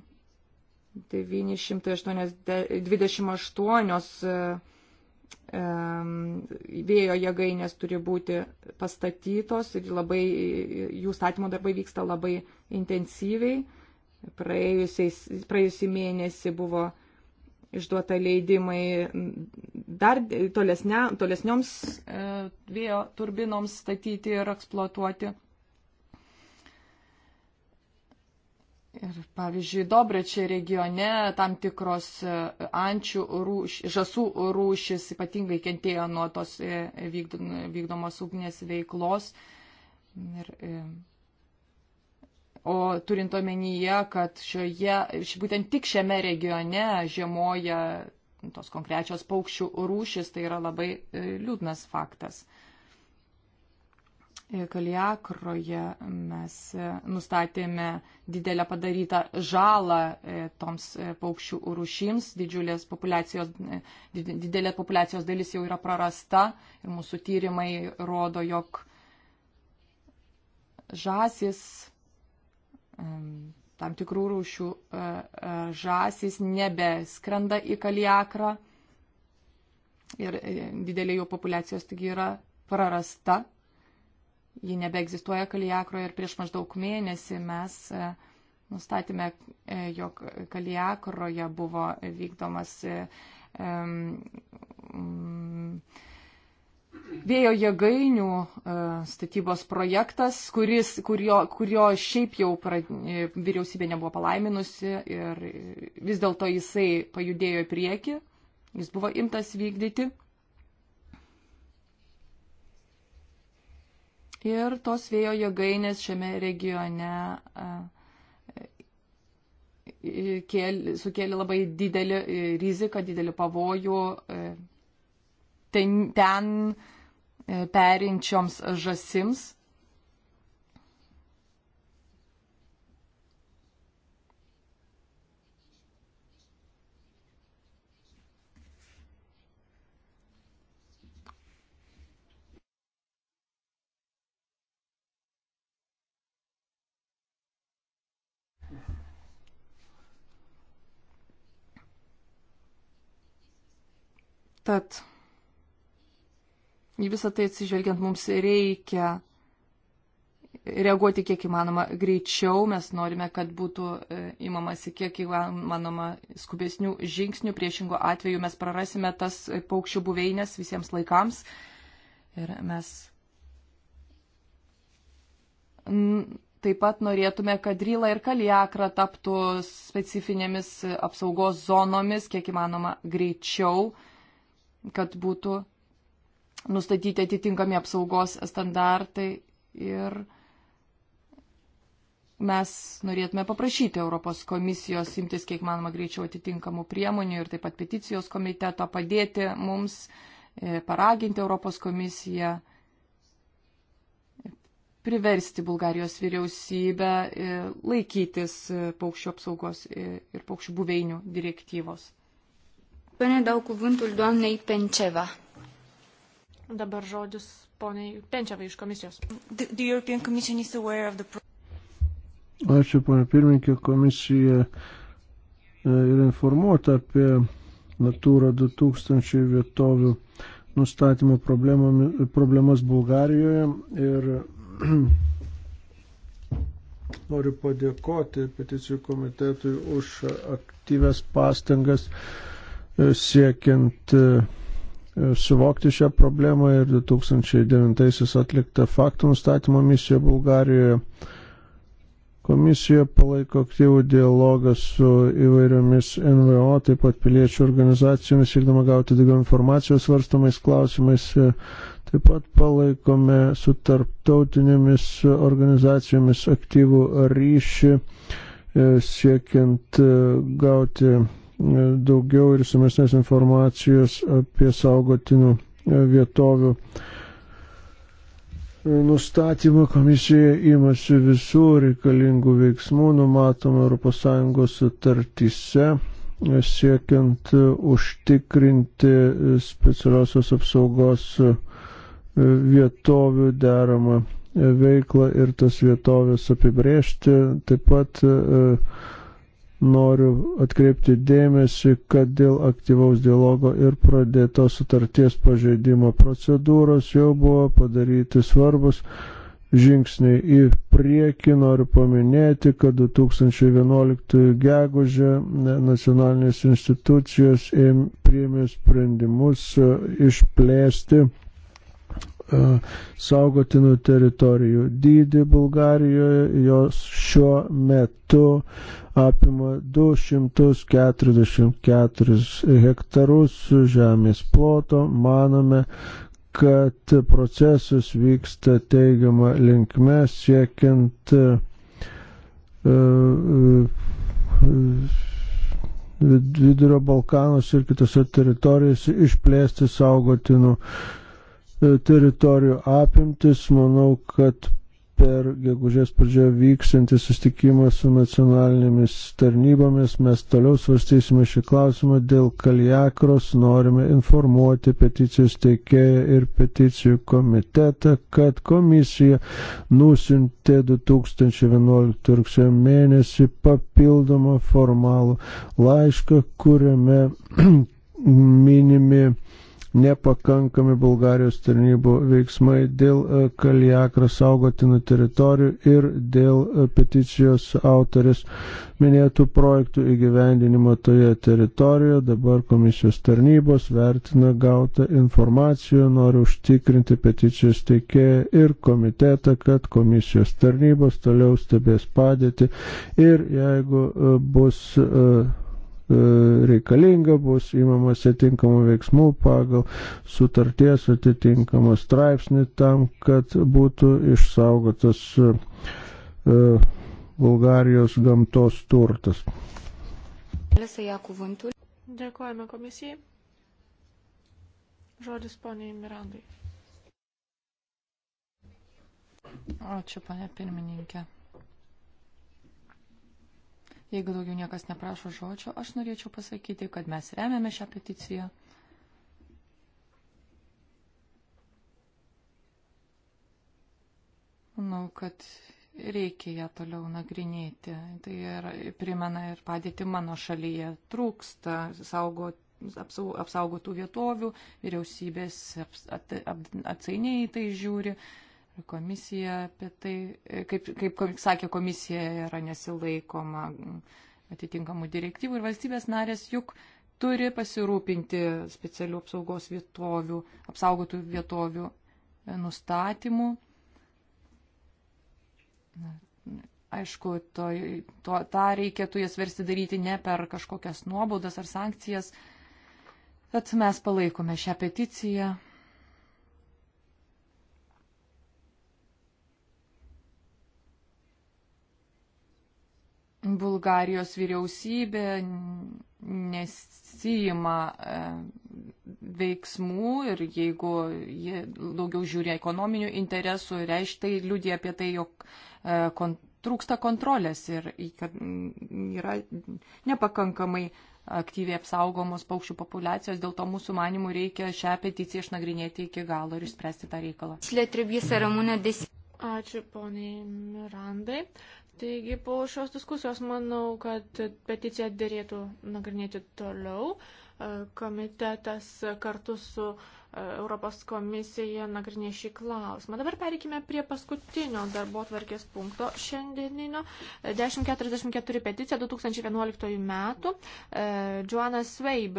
e, vėjo jėgainės turi būti pastatytos ir labai, jų statymo darbai vyksta labai intensyviai. Praėjusį mėnesį buvo išduota leidimai dar tolesne, tolesnioms e, vėjo turbinoms statyti ir eksploatuoti. Ir pavyzdžiui, Dobrečio regione tam tikros e, ančių rūšis, žasų rūšis ypatingai kentėjo nuo tos e, vykdomos ugnės veiklos. Ir, ir O turint omenyje, kad šioje, būtent tik šiame regione žiemoja tos konkrečios paukščių rūšis, tai yra labai e, liūdnas faktas. Kaliakroje mes e, nustatėme didelę padarytą žalą e, toms paukščių rūšims, didžiulės populiacijos, didelė populiacijos dalis jau yra prarasta ir mūsų tyrimai rodo, jog žasis tam tikrų rūšių e, e, žasis nebeskrenda į Kaliakrą ir e, didelė jų populiacijos taigi yra prarasta. Ji nebeegzistuoja Kaliakroje ir prieš maždaug mėnesį mes nustatėme, jog Kaliakroje buvo vykdomas um, vėjo jėgainių e, statybos projektas, kuris, kurio, kurio šiaip jau pra, e, vyriausybė nebuvo palaiminusi ir vis dėlto jisai pajudėjo į priekį, jis buvo imtas vykdyti. Ir tos vėjo jėgainės šiame regione e, sukėlė labai didelį riziką, didelį pavojų ten, ten e, perinčioms žasims. Tad Į visą tai atsižvelgiant mums reikia reaguoti kiek įmanoma greičiau, mes norime, kad būtų įmamasi e, kiek įmanoma skubesnių žingsnių, priešingo atveju mes prarasime tas paukščių buveinės visiems laikams. Ir mes taip pat norėtume, kad Ryla ir Kaliakra taptų specifinėmis apsaugos zonomis kiek įmanoma greičiau, kad būtų nustatyti atitinkami apsaugos standartai ir mes norėtume paprašyti Europos komisijos imtis kiek manoma greičiau atitinkamų priemonių ir taip pat peticijos komiteto padėti mums, e, paraginti Europos komisiją, priversti Bulgarijos vyriausybę e, laikytis e, paukščių apsaugos ir paukščių buveinių direktyvos. Până dau cuvântul doamnei Penceva. Dabar žodis poniai Penčiavai iš komisijos. The, the the... Ačiū, ponia pirmininkė, komisija ir e, informuota apie Natūra 2000 vietovių nustatymo problemas Bulgarijoje ir *clears throat* noriu padėkoti peticijų komitetui už aktyves pastangas e, siekiant uh, E, suvokti šią problemą ir 2009-aisiais atlikta faktų nustatymo misija Bulgarijoje. Komisija palaiko aktyvų dialogą su įvairiomis NVO, taip pat piliečių organizacijomis, siekdama gauti daugiau informacijos svarstamais klausimais. E, taip pat palaikome su tarptautinėmis organizacijomis aktyvų ryšį, e, siekiant gauti daugiau ir sumesnės informacijos apie saugotinų e, vietovių e, nustatymą komisija imasi visų reikalingų veiksmų numatomą ES sutartyse, e, siekiant užtikrinti specialiosios apsaugos vietovių deramą veiklą ir tas vietovės apibrėžti. Taip pat uh, noriu atkreipti dėmesį, kad dėl aktyvaus dialogo ir pradėtos sutarties pažeidimo procedūros jau buvo padaryti svarbus žingsniai į priekį. Noriu paminėti, kad 2011 gegužę nacionalinės institucijos priėmė sprendimus e, išplėsti e, saugotinų teritorijų dydį Bulgarijoje, jos šiuo metu apima 244 hektarus žemės ploto. Manome, kad procesas vyksta teigiama linkme siekiant e, e, vidurio Balkanos ir kitose teritorijose išplėsti saugotinų e, teritorijų apimtis. Manau, kad per gegužės pradžioje vyksantį sustikimą su nacionalinėmis tarnybomis. Mes toliau svarstysime šį klausimą dėl Kaliakros. Norime informuoti peticijos teikėją ir peticijų komitetą, kad komisija nusintė 2011 rugsėjo mėnesį papildomą formalų laišką, kuriame *clears throat* minimi nepakankami Bulgarijos tarnybų veiksmai dėl e, Kaliakra saugotinų teritorijų ir dėl e, peticijos autorės minėtų projektų įgyvendinimo toje teritorijoje. Dabar komisijos tarnybos vertina gautą informaciją, nori užtikrinti peticijos teikėją ir komitetą, kad komisijos tarnybos toliau stebės padėti ir jeigu e, bus reikalinga, bus įmamas atitinkamų veiksmų pagal sutarties atitinkamą straipsnį tam, kad būtų išsaugotas e, Bulgarijos gamtos turtas. Dėkojame komisijai. Žodis poniai Mirandai. Ačiū, ponė pirmininkė. Jeigu daugiau niekas neprašo žodžio, aš norėčiau pasakyti, kad mes remiame šią peticiją. Manau, kad reikia ją toliau nagrinėti. Tai ir primena ir padėti mano šalyje. Trūksta saugo, apsaugotų vietovių, vyriausybės aps, at, at, atsainiai tai žiūri. Uh, Komisija apie tai, kaip, kaip sakė komisija, yra nesilaikoma atitinkamų direktyvų ir valstybės narės juk turi pasirūpinti specialių apsaugos vietovių, apsaugotų vietovių e, nustatymų. Aišku, to, to, tą reikėtų jas versti daryti ne per kažkokias nuobaudas ar sankcijas. Tad mes palaikome šią peticiją Bulgarijos vyriausybė nesijima e, veiksmų ir jeigu jie daugiau žiūri ekonominių interesų, reiškia, tai liūdė apie tai, jog e, kon, trūksta kontrolės ir kad yra nepakankamai aktyviai apsaugomos paukščių populiacijos, dėl to mūsų manimų reikia šią peticiją išnagrinėti iki galo ir išspręsti tą reikalą. Ačiū poniai Mirandai. Taigi po šios diskusijos manau, kad peticiją dėrėtų nagrinėti toliau. E, komitetas kartu su e, Europos komisija nagrinė šį klausimą. Dabar pereikime prie paskutinio darbo tvarkės punkto šiandieninio. 1044 peticija 2011 metų. E, Joanna Sveib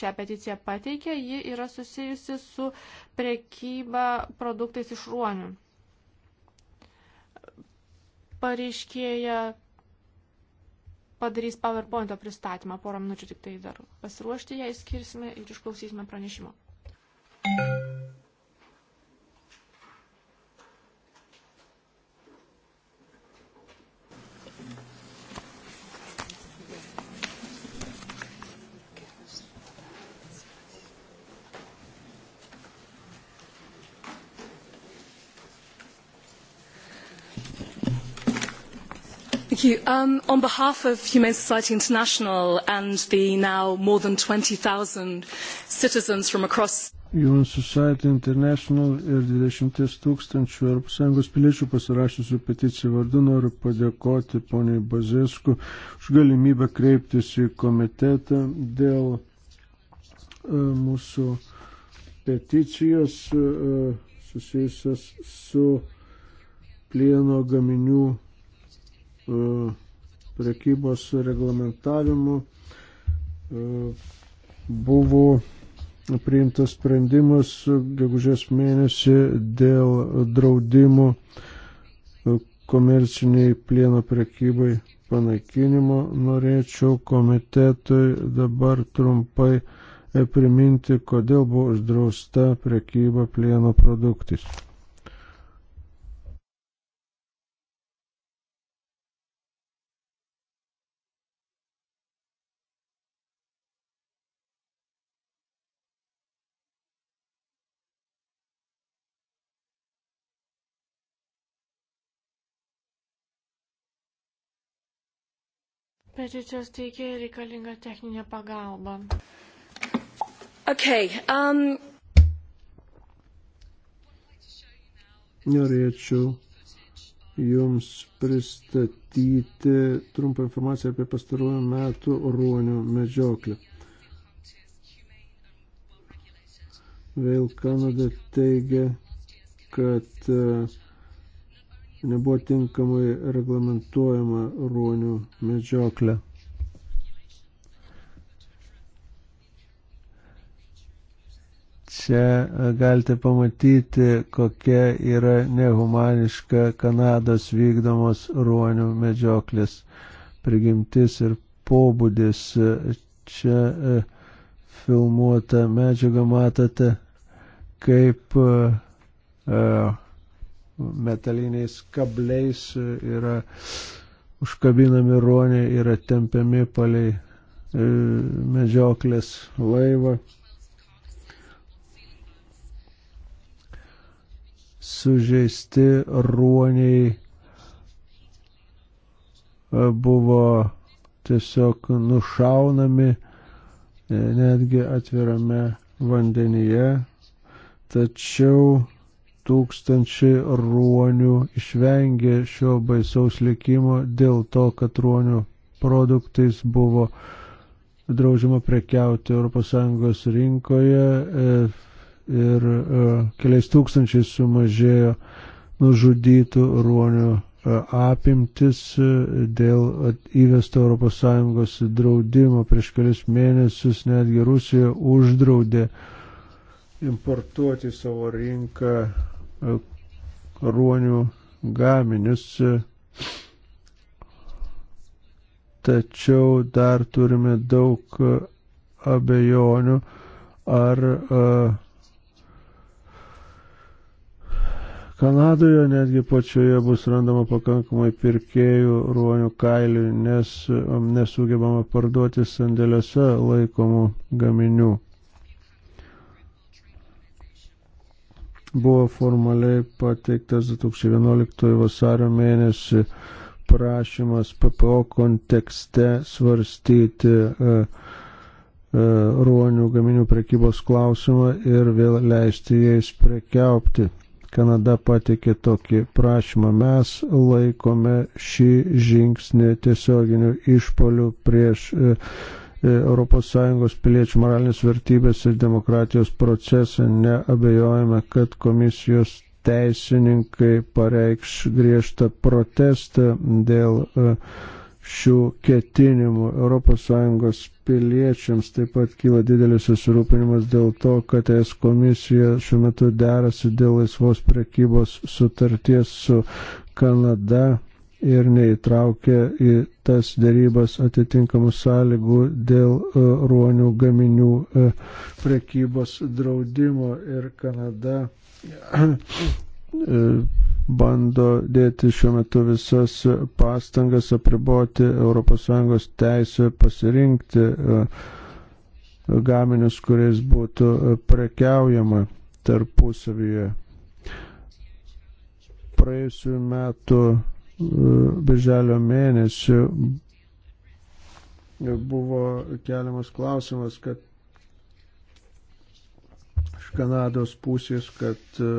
šią peticiją pateikė. Ji yra susijusi su prekyba produktais iš ruonių pareiškėja padarys PowerPoint pristatymą. Porą minučių tik tai dar pasiruošti, jei skirsime ir išklausysime pranešimo. Thank you. Thank you. Um, on behalf of Humane Society International and the now more than 20,000 citizens from across Human Society International ir 20 tūkstančių ES piliečių pasirašysiu peticiją vardu noriu padėkoti poniai Bazėsku už galimybę kreiptis į komitetą dėl e, mūsų peticijos e, susijusios su plieno gaminių E, prekybos reglamentavimu e, buvo priimtas sprendimas gegužės mėnesį dėl draudimų komerciniai plieno prekybai panaikinimo. Norėčiau komitetui dabar trumpai priminti, kodėl buvo uždrausta prekyba plieno produktais. Peticijos teikėjai reikalinga techninė pagalba. Okay, um... Norėčiau Jums pristatyti trumpą informaciją apie pastarųjų metų ruonių medžioklę. Vėl Kanada teigia, kad uh, nebuvo tinkamai reglamentuojama ruonių medžioklė. Čia galite pamatyti, kokia yra nehumaniška Kanados vykdomos ruonių medžioklės prigimtis ir pobūdis. Čia e, filmuota medžiaga matote, kaip uh, uh, metaliniais kabliais yra užkabinami ruoniai, yra tempiami palei e, medžioklės laivą. Sužeisti ruoniai e, buvo tiesiog nušaunami e, netgi atvirame vandenyje, tačiau tūkstančiai ruonių išvengė šio baisaus likimo dėl to, kad ruonių produktais buvo draudžiama prekiauti ES rinkoje e, ir e, keliais tūkstančiais sumažėjo nužudytų ruonių e, apimtis dėl įvesto ES draudimo. Prieš kelias mėnesius netgi Rusija uždraudė importuoti savo rinką ruonių gaminius. Tačiau dar turime daug abejonių, ar Kanadoje netgi pačioje bus randama pakankamai pirkėjų ruonių kailių, nes nesugebama parduoti sandėliuose laikomų gaminių. buvo formaliai pateiktas 2011 vasario mėnesį prašymas PPO kontekste svarstyti e, e, ruonių gaminių prekybos klausimą ir vėl leisti jais prekiaupti. Kanada patikė tokį prašymą. Mes laikome šį žingsnį tiesioginių išpolių prieš e, E, ES piliečių moralinės vertybės ir demokratijos procesą. Neabejojame, kad komisijos teisininkai pareikš griežtą protestą dėl e, šių ketinimų. ES piliečiams taip pat kyla didelis susirūpinimas dėl to, kad ES komisija šiuo metu derasi dėl laisvos prekybos sutarties su Kanada ir neįtraukė į tas dėrybas atitinkamų sąlygų dėl e, ruonių gaminių e, prekybos draudimo ir Kanada e, bando dėti šiuo metu visas pastangas apriboti ES teisę pasirinkti gaminius, kuriais būtų prekiaujama tarpusavyje. Praėjusiu metu birželio mėnesį buvo keliamas klausimas, kad iš Kanados pusės, kad e,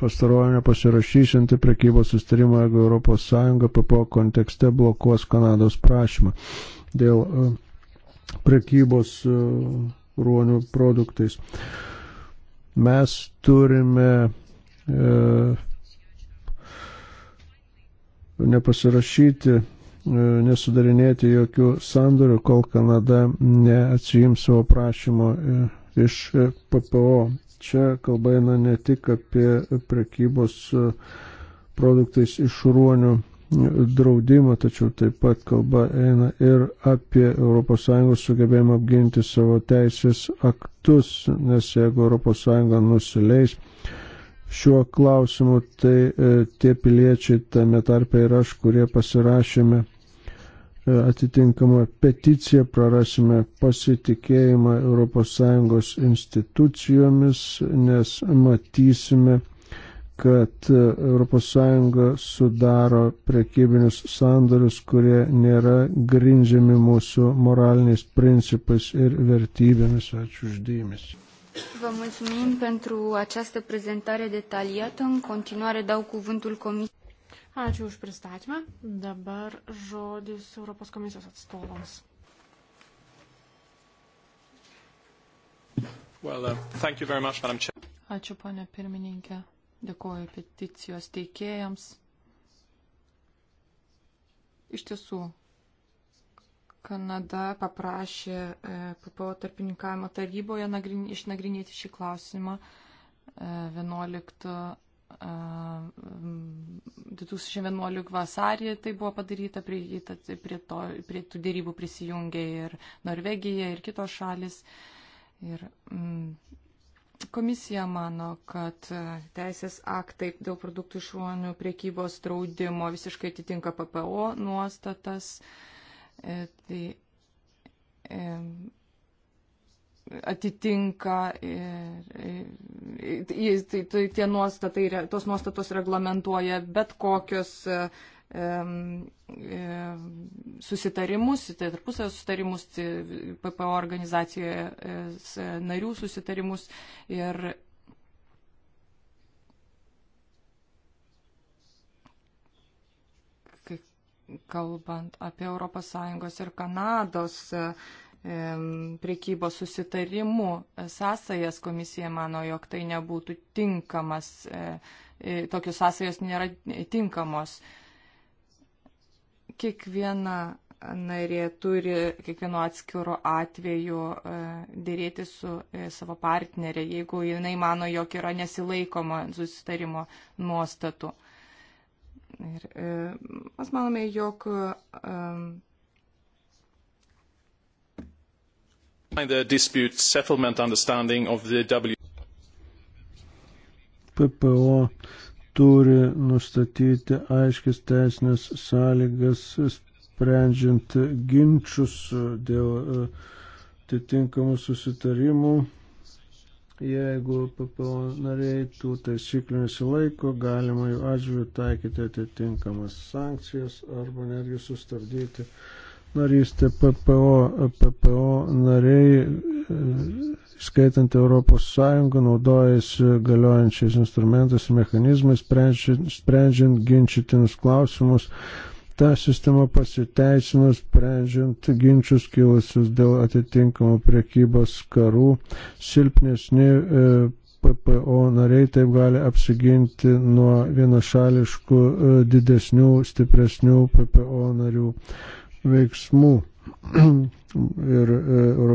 pastarojame pasirašysinti prekybos sustarimą, jeigu Europos Sąjunga PPO kontekste blokuos Kanados prašymą dėl e, prekybos e, ruonių produktais. Mes turime e, nepasirašyti, e, nesudarinėti jokių sandorių, kol Kanada neatsijims savo prašymo e, iš e, PPO. Čia kalba eina ne tik apie prekybos produktais iš ruonių draudimą, tačiau taip pat kalba eina ir apie ES sugebėjimą apginti savo teisės aktus, nes jeigu ES nusileis, šiuo klausimu, tai e, tie piliečiai, tame tarpe ir aš, kurie pasirašėme e, atitinkamą peticiją, prarasime pasitikėjimą ES institucijomis, nes matysime, kad ES sudaro prekybinius sandorius, kurie nėra grindžiami mūsų moraliniais principais ir vertybėmis. Ačiū uždėmesi. Vă mulțumim pentru această prezentare detaliată. În continuare dau cuvântul Comisiei. Ačiū už pristatymą. Dabar žodis Europos komisijos atstovams. Well, uh, thank you very much, Madam Chair. Ačiū, ponė pirmininkė. Dėkuoju peticijos teikėjams. Iš tiesų, Kanada paprašė e, PPO tarpininkavimo taryboje nagrin, išnagrinėti šį klausimą 11, e, 2011 e, vasarį. Tai buvo padaryta, prie, prie, to, prie tų dėrybų prisijungė ir Norvegija, ir kitos šalis. Ir, mm, Komisija mano, kad teisės aktai dėl produktų iš ruonių priekybos draudimo visiškai atitinka PPO nuostatas. Uh, tai atitinka ir, tai, tai, tie nuostatai, tos nuostatos reglamentuoja bet kokios susitarimus, tai tarpusavio susitarimus, tai PPO organizacijoje narių susitarimus ir kalbant apie ES ir Kanados e, priekybos susitarimų sąsajas, komisija mano, jog tai nebūtų tinkamas, e, e, tokios sąsajos nėra tinkamos. Kiekviena narė turi kiekvienu atskiru atveju dėrėti su savo partnerė, jeigu jinai mano, jog yra nesilaikoma susitarimo nuostatų. Ir e, mes manome, jog e, the dispute settlement understanding of the W. PPO turi nustatyti aiškis teisinės sąlygas, sprendžiant ginčius dėl e, atitinkamų susitarimų Jeigu PPO nariai tų taisyklių nesilaiko, galima jų atžvilgių taikyti atitinkamas sankcijas arba netgi sustabdyti narystę PPO. PPO nariai, skaitant Europos Sąjungą, naudojasi galiojančiais instrumentais ir mechanizmais, sprendžiant, sprendžiant ginčytinus klausimus ta sistema pasiteisino sprendžiant ginčius kilusius dėl atitinkamų priekybos karų. Silpnesni e, PPO nariai taip gali apsiginti nuo vienašališkų e, didesnių, stipresnių PPO narių veiksmų. *clears throat* ir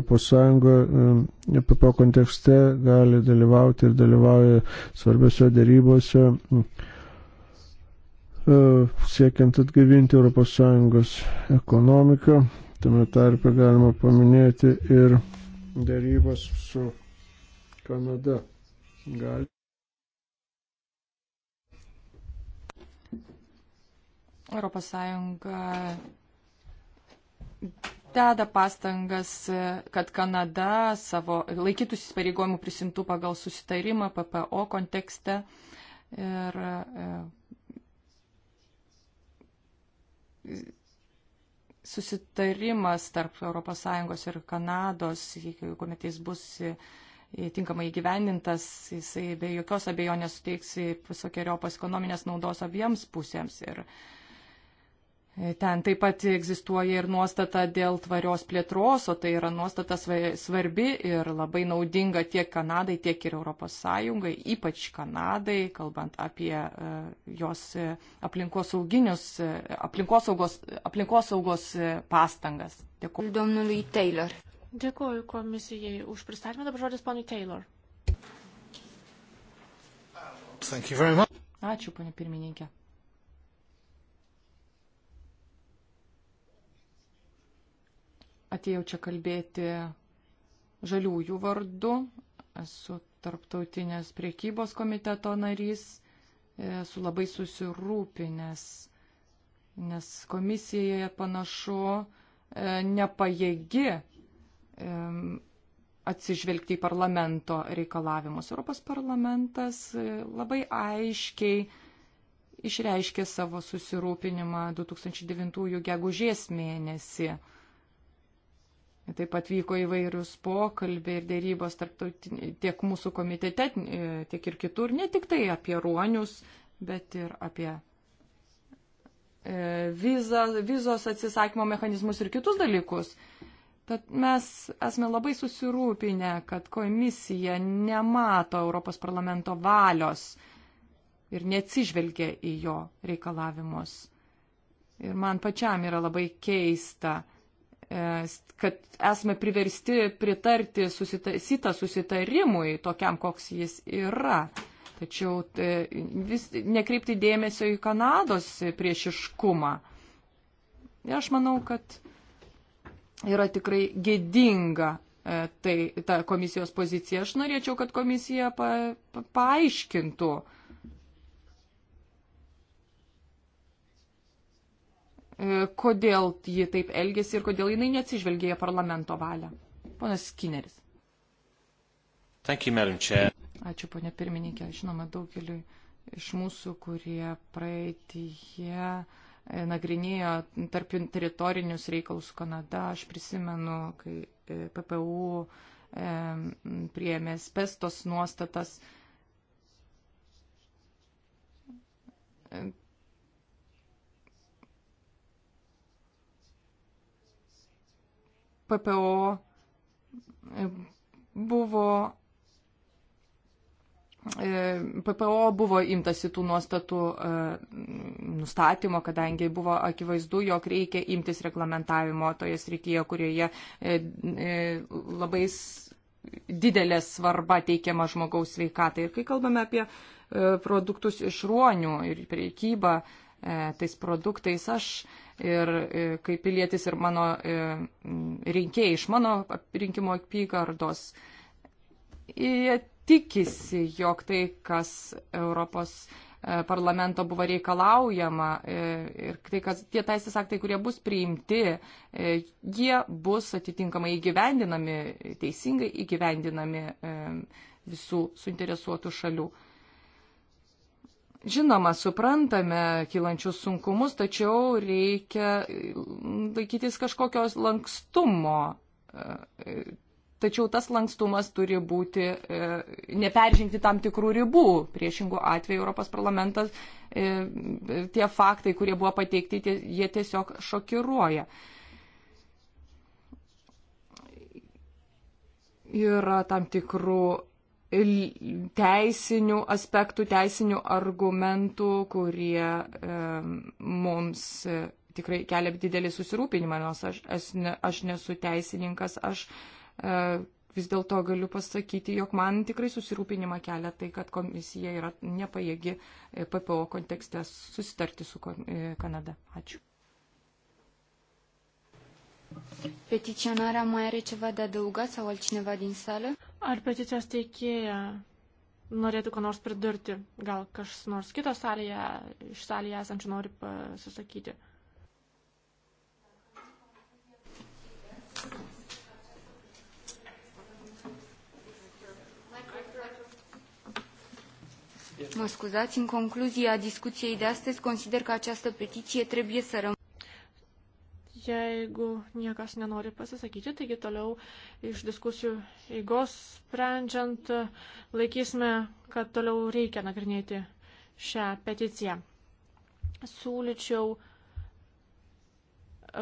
ES e, PPO kontekste gali dalyvauti ir dalyvauja svarbiose dėrybose E, siekiant atgaivinti ES ekonomiką. Tame tarpe galima paminėti ir darybas su Kanada. Gal... Europos Sąjunga deda pastangas, kad Kanada savo laikytųsi įsipareigojimų prisimtų pagal susitarimą PPO kontekste ir e, susitarimas tarp ES ir Kanados, kuomet jis bus tinkamai įgyvendintas, jisai be jokios abejonės suteiks visokiojopas ekonominės naudos abiems pusėms. Ir, uh, E, ten taip pat egzistuoja ir nuostata dėl tvarios plėtros, o tai yra nuostata svarbi ir labai naudinga tiek Kanadai, tiek ir ES, ypač Kanadai, kalbant apie e, jos e, aplinkosaugos aplinkos aplinkos pastangas. Dėkuoju. Domnului Taylor. Dėkuoju komisijai už pristatymą. Dabar žodis ponui Taylor. Ačiū, ponė pirmininkė. atėjau čia kalbėti žaliųjų vardu, esu tarptautinės priekybos komiteto narys, esu labai susirūpinęs, nes komisijoje panašu e, nepajėgi e, atsižvelgti į parlamento reikalavimus. Europos parlamentas e, labai aiškiai išreiškė savo susirūpinimą 2009 gegužės mėnesį Taip pat vyko įvairius pokalbiai ir dėrybos tiek mūsų komitete, e, tiek ir kitur, ne tik tai apie ruonius, bet ir apie e, vizą, vizos atsisakymo mechanizmus ir kitus dalykus. Tad mes esame labai susirūpinę, kad komisija nemato Europos parlamento valios ir neatsižvelgia į jo reikalavimus. Ir man pačiam yra labai keista E, kad esame priversti pritarti susita, sitą susitarimui tokiam, koks jis yra. Tačiau e, vis nekreipti dėmesio į Kanados priešiškumą. Ir aš manau, kad yra tikrai gėdinga e, tai, ta komisijos pozicija. Aš norėčiau, kad komisija pa, pa, paaiškintų, uh, E, kodėl ji taip elgėsi ir kodėl jinai neatsižvelgė į parlamento valią. Ponas Skineris. Ačiū, ponė pirmininkė. Žinoma, daugeliu iš mūsų, kurie praeitįje e, nagrinėjo tarp teritorinius reikalus su Kanada, aš prisimenu, kai e, PPU priėmė spestos nuostatas PPO e, buvo. E, PPO buvo imtasi tų nuostatų e, nustatymo, kadangi buvo akivaizdu, jog reikia imtis reglamentavimo toje srityje, kurioje labai didelė svarba teikiama žmogaus sveikatai. Ir kai kalbame apie produktus iš ruonių ir priekybą tais produktais, aš ir e, kaip pilietis ir mano e, rinkėjai iš mano rinkimo apygardos. Jie tikisi, jog tai, kas Europos e, parlamento buvo reikalaujama ir tai, kas, tie teisės aktai, kurie bus priimti, jie bus atitinkamai įgyvendinami, teisingai įgyvendinami visų suinteresuotų šalių. Žinoma, suprantame kilančius sunkumus, tačiau reikia laikytis kažkokios lankstumo. E, tačiau tas lankstumas turi būti, e, neperžengti tam tikrų ribų. Priešingų atveju Europos parlamentas, e, tie faktai, kurie buvo pateikti, jie tiesiog šokiruoja. Yra tam tikrų teisinių aspektų, teisinių argumentų, kurie e, mums tikrai kelia didelį susirūpinimą, nors aš, aš, ne, aš nesu teisininkas, aš e, vis dėlto galiu pasakyti, jog man tikrai susirūpinimą kelia tai, kad komisija yra nepajėgi e, PPO kontekste susitarti su e, Kanada. Ačiū. Petiționarea mai are ceva de adăugat sau altcineva din sală? Ar peticijos teikėja norėtų ką nors pridurti? Gal kas nors kitos salėje, iš salėje esančių nori pasisakyti? Mă scuzați, în concluzia discuției de astăzi, consider că această petiție trebuie să rămână. Jeigu niekas nenori pasisakyti, taigi toliau iš diskusijų eigos sprendžiant laikysime, kad toliau reikia nagrinėti šią peticiją. Siūlyčiau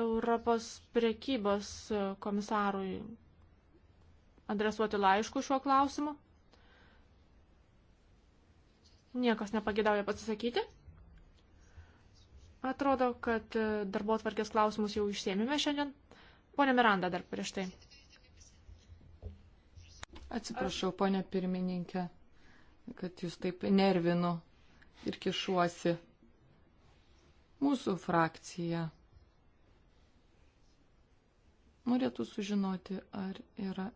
Europos prekybos komisarui adresuoti laiškų šiuo klausimu. Niekas nepagėdauja pasisakyti. Atrodo, kad e, darbo atvarkės klausimus jau išsėmėme šiandien. Pone Miranda dar prieš tai. Atsiprašau, ponė pirmininkė, kad jūs taip nervinu ir kišuosi. Mūsų frakcija norėtų sužinoti, ar yra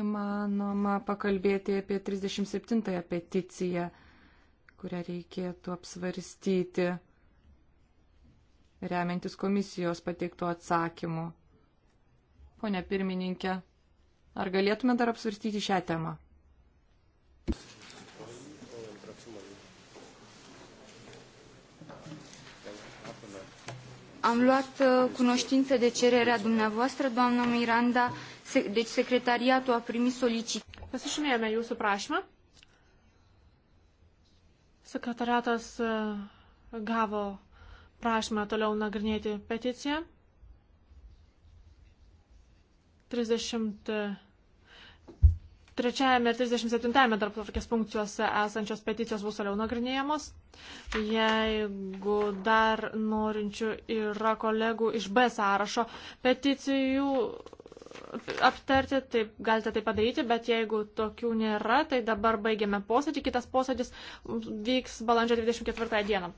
įmanoma pakalbėti apie 37-ąją peticiją, kurią reikėtų apsvarstyti remiantis komisijos pateiktų atsakymų. Pone pirmininkė, ar galėtume dar apsvarstyti šią temą? Am luat uh, cunoștință de cererea dumneavoastră, doamna Miranda, se deci secretariatul a primit solicitări. Pasižymėjome jūsų prašymą. Sekretariatas uh, gavo prašymą toliau nagrinėti peticiją. 33 ir 37 tarp tokias funkcijose esančios peticijos bus toliau nagrinėjamos. Jeigu dar norinčių yra kolegų iš B sąrašo peticijų aptarti, taip, galite tai padaryti, bet jeigu tokių nėra, tai dabar baigiame posėdį. Kitas posėdis vyks balandžio 24 dieną.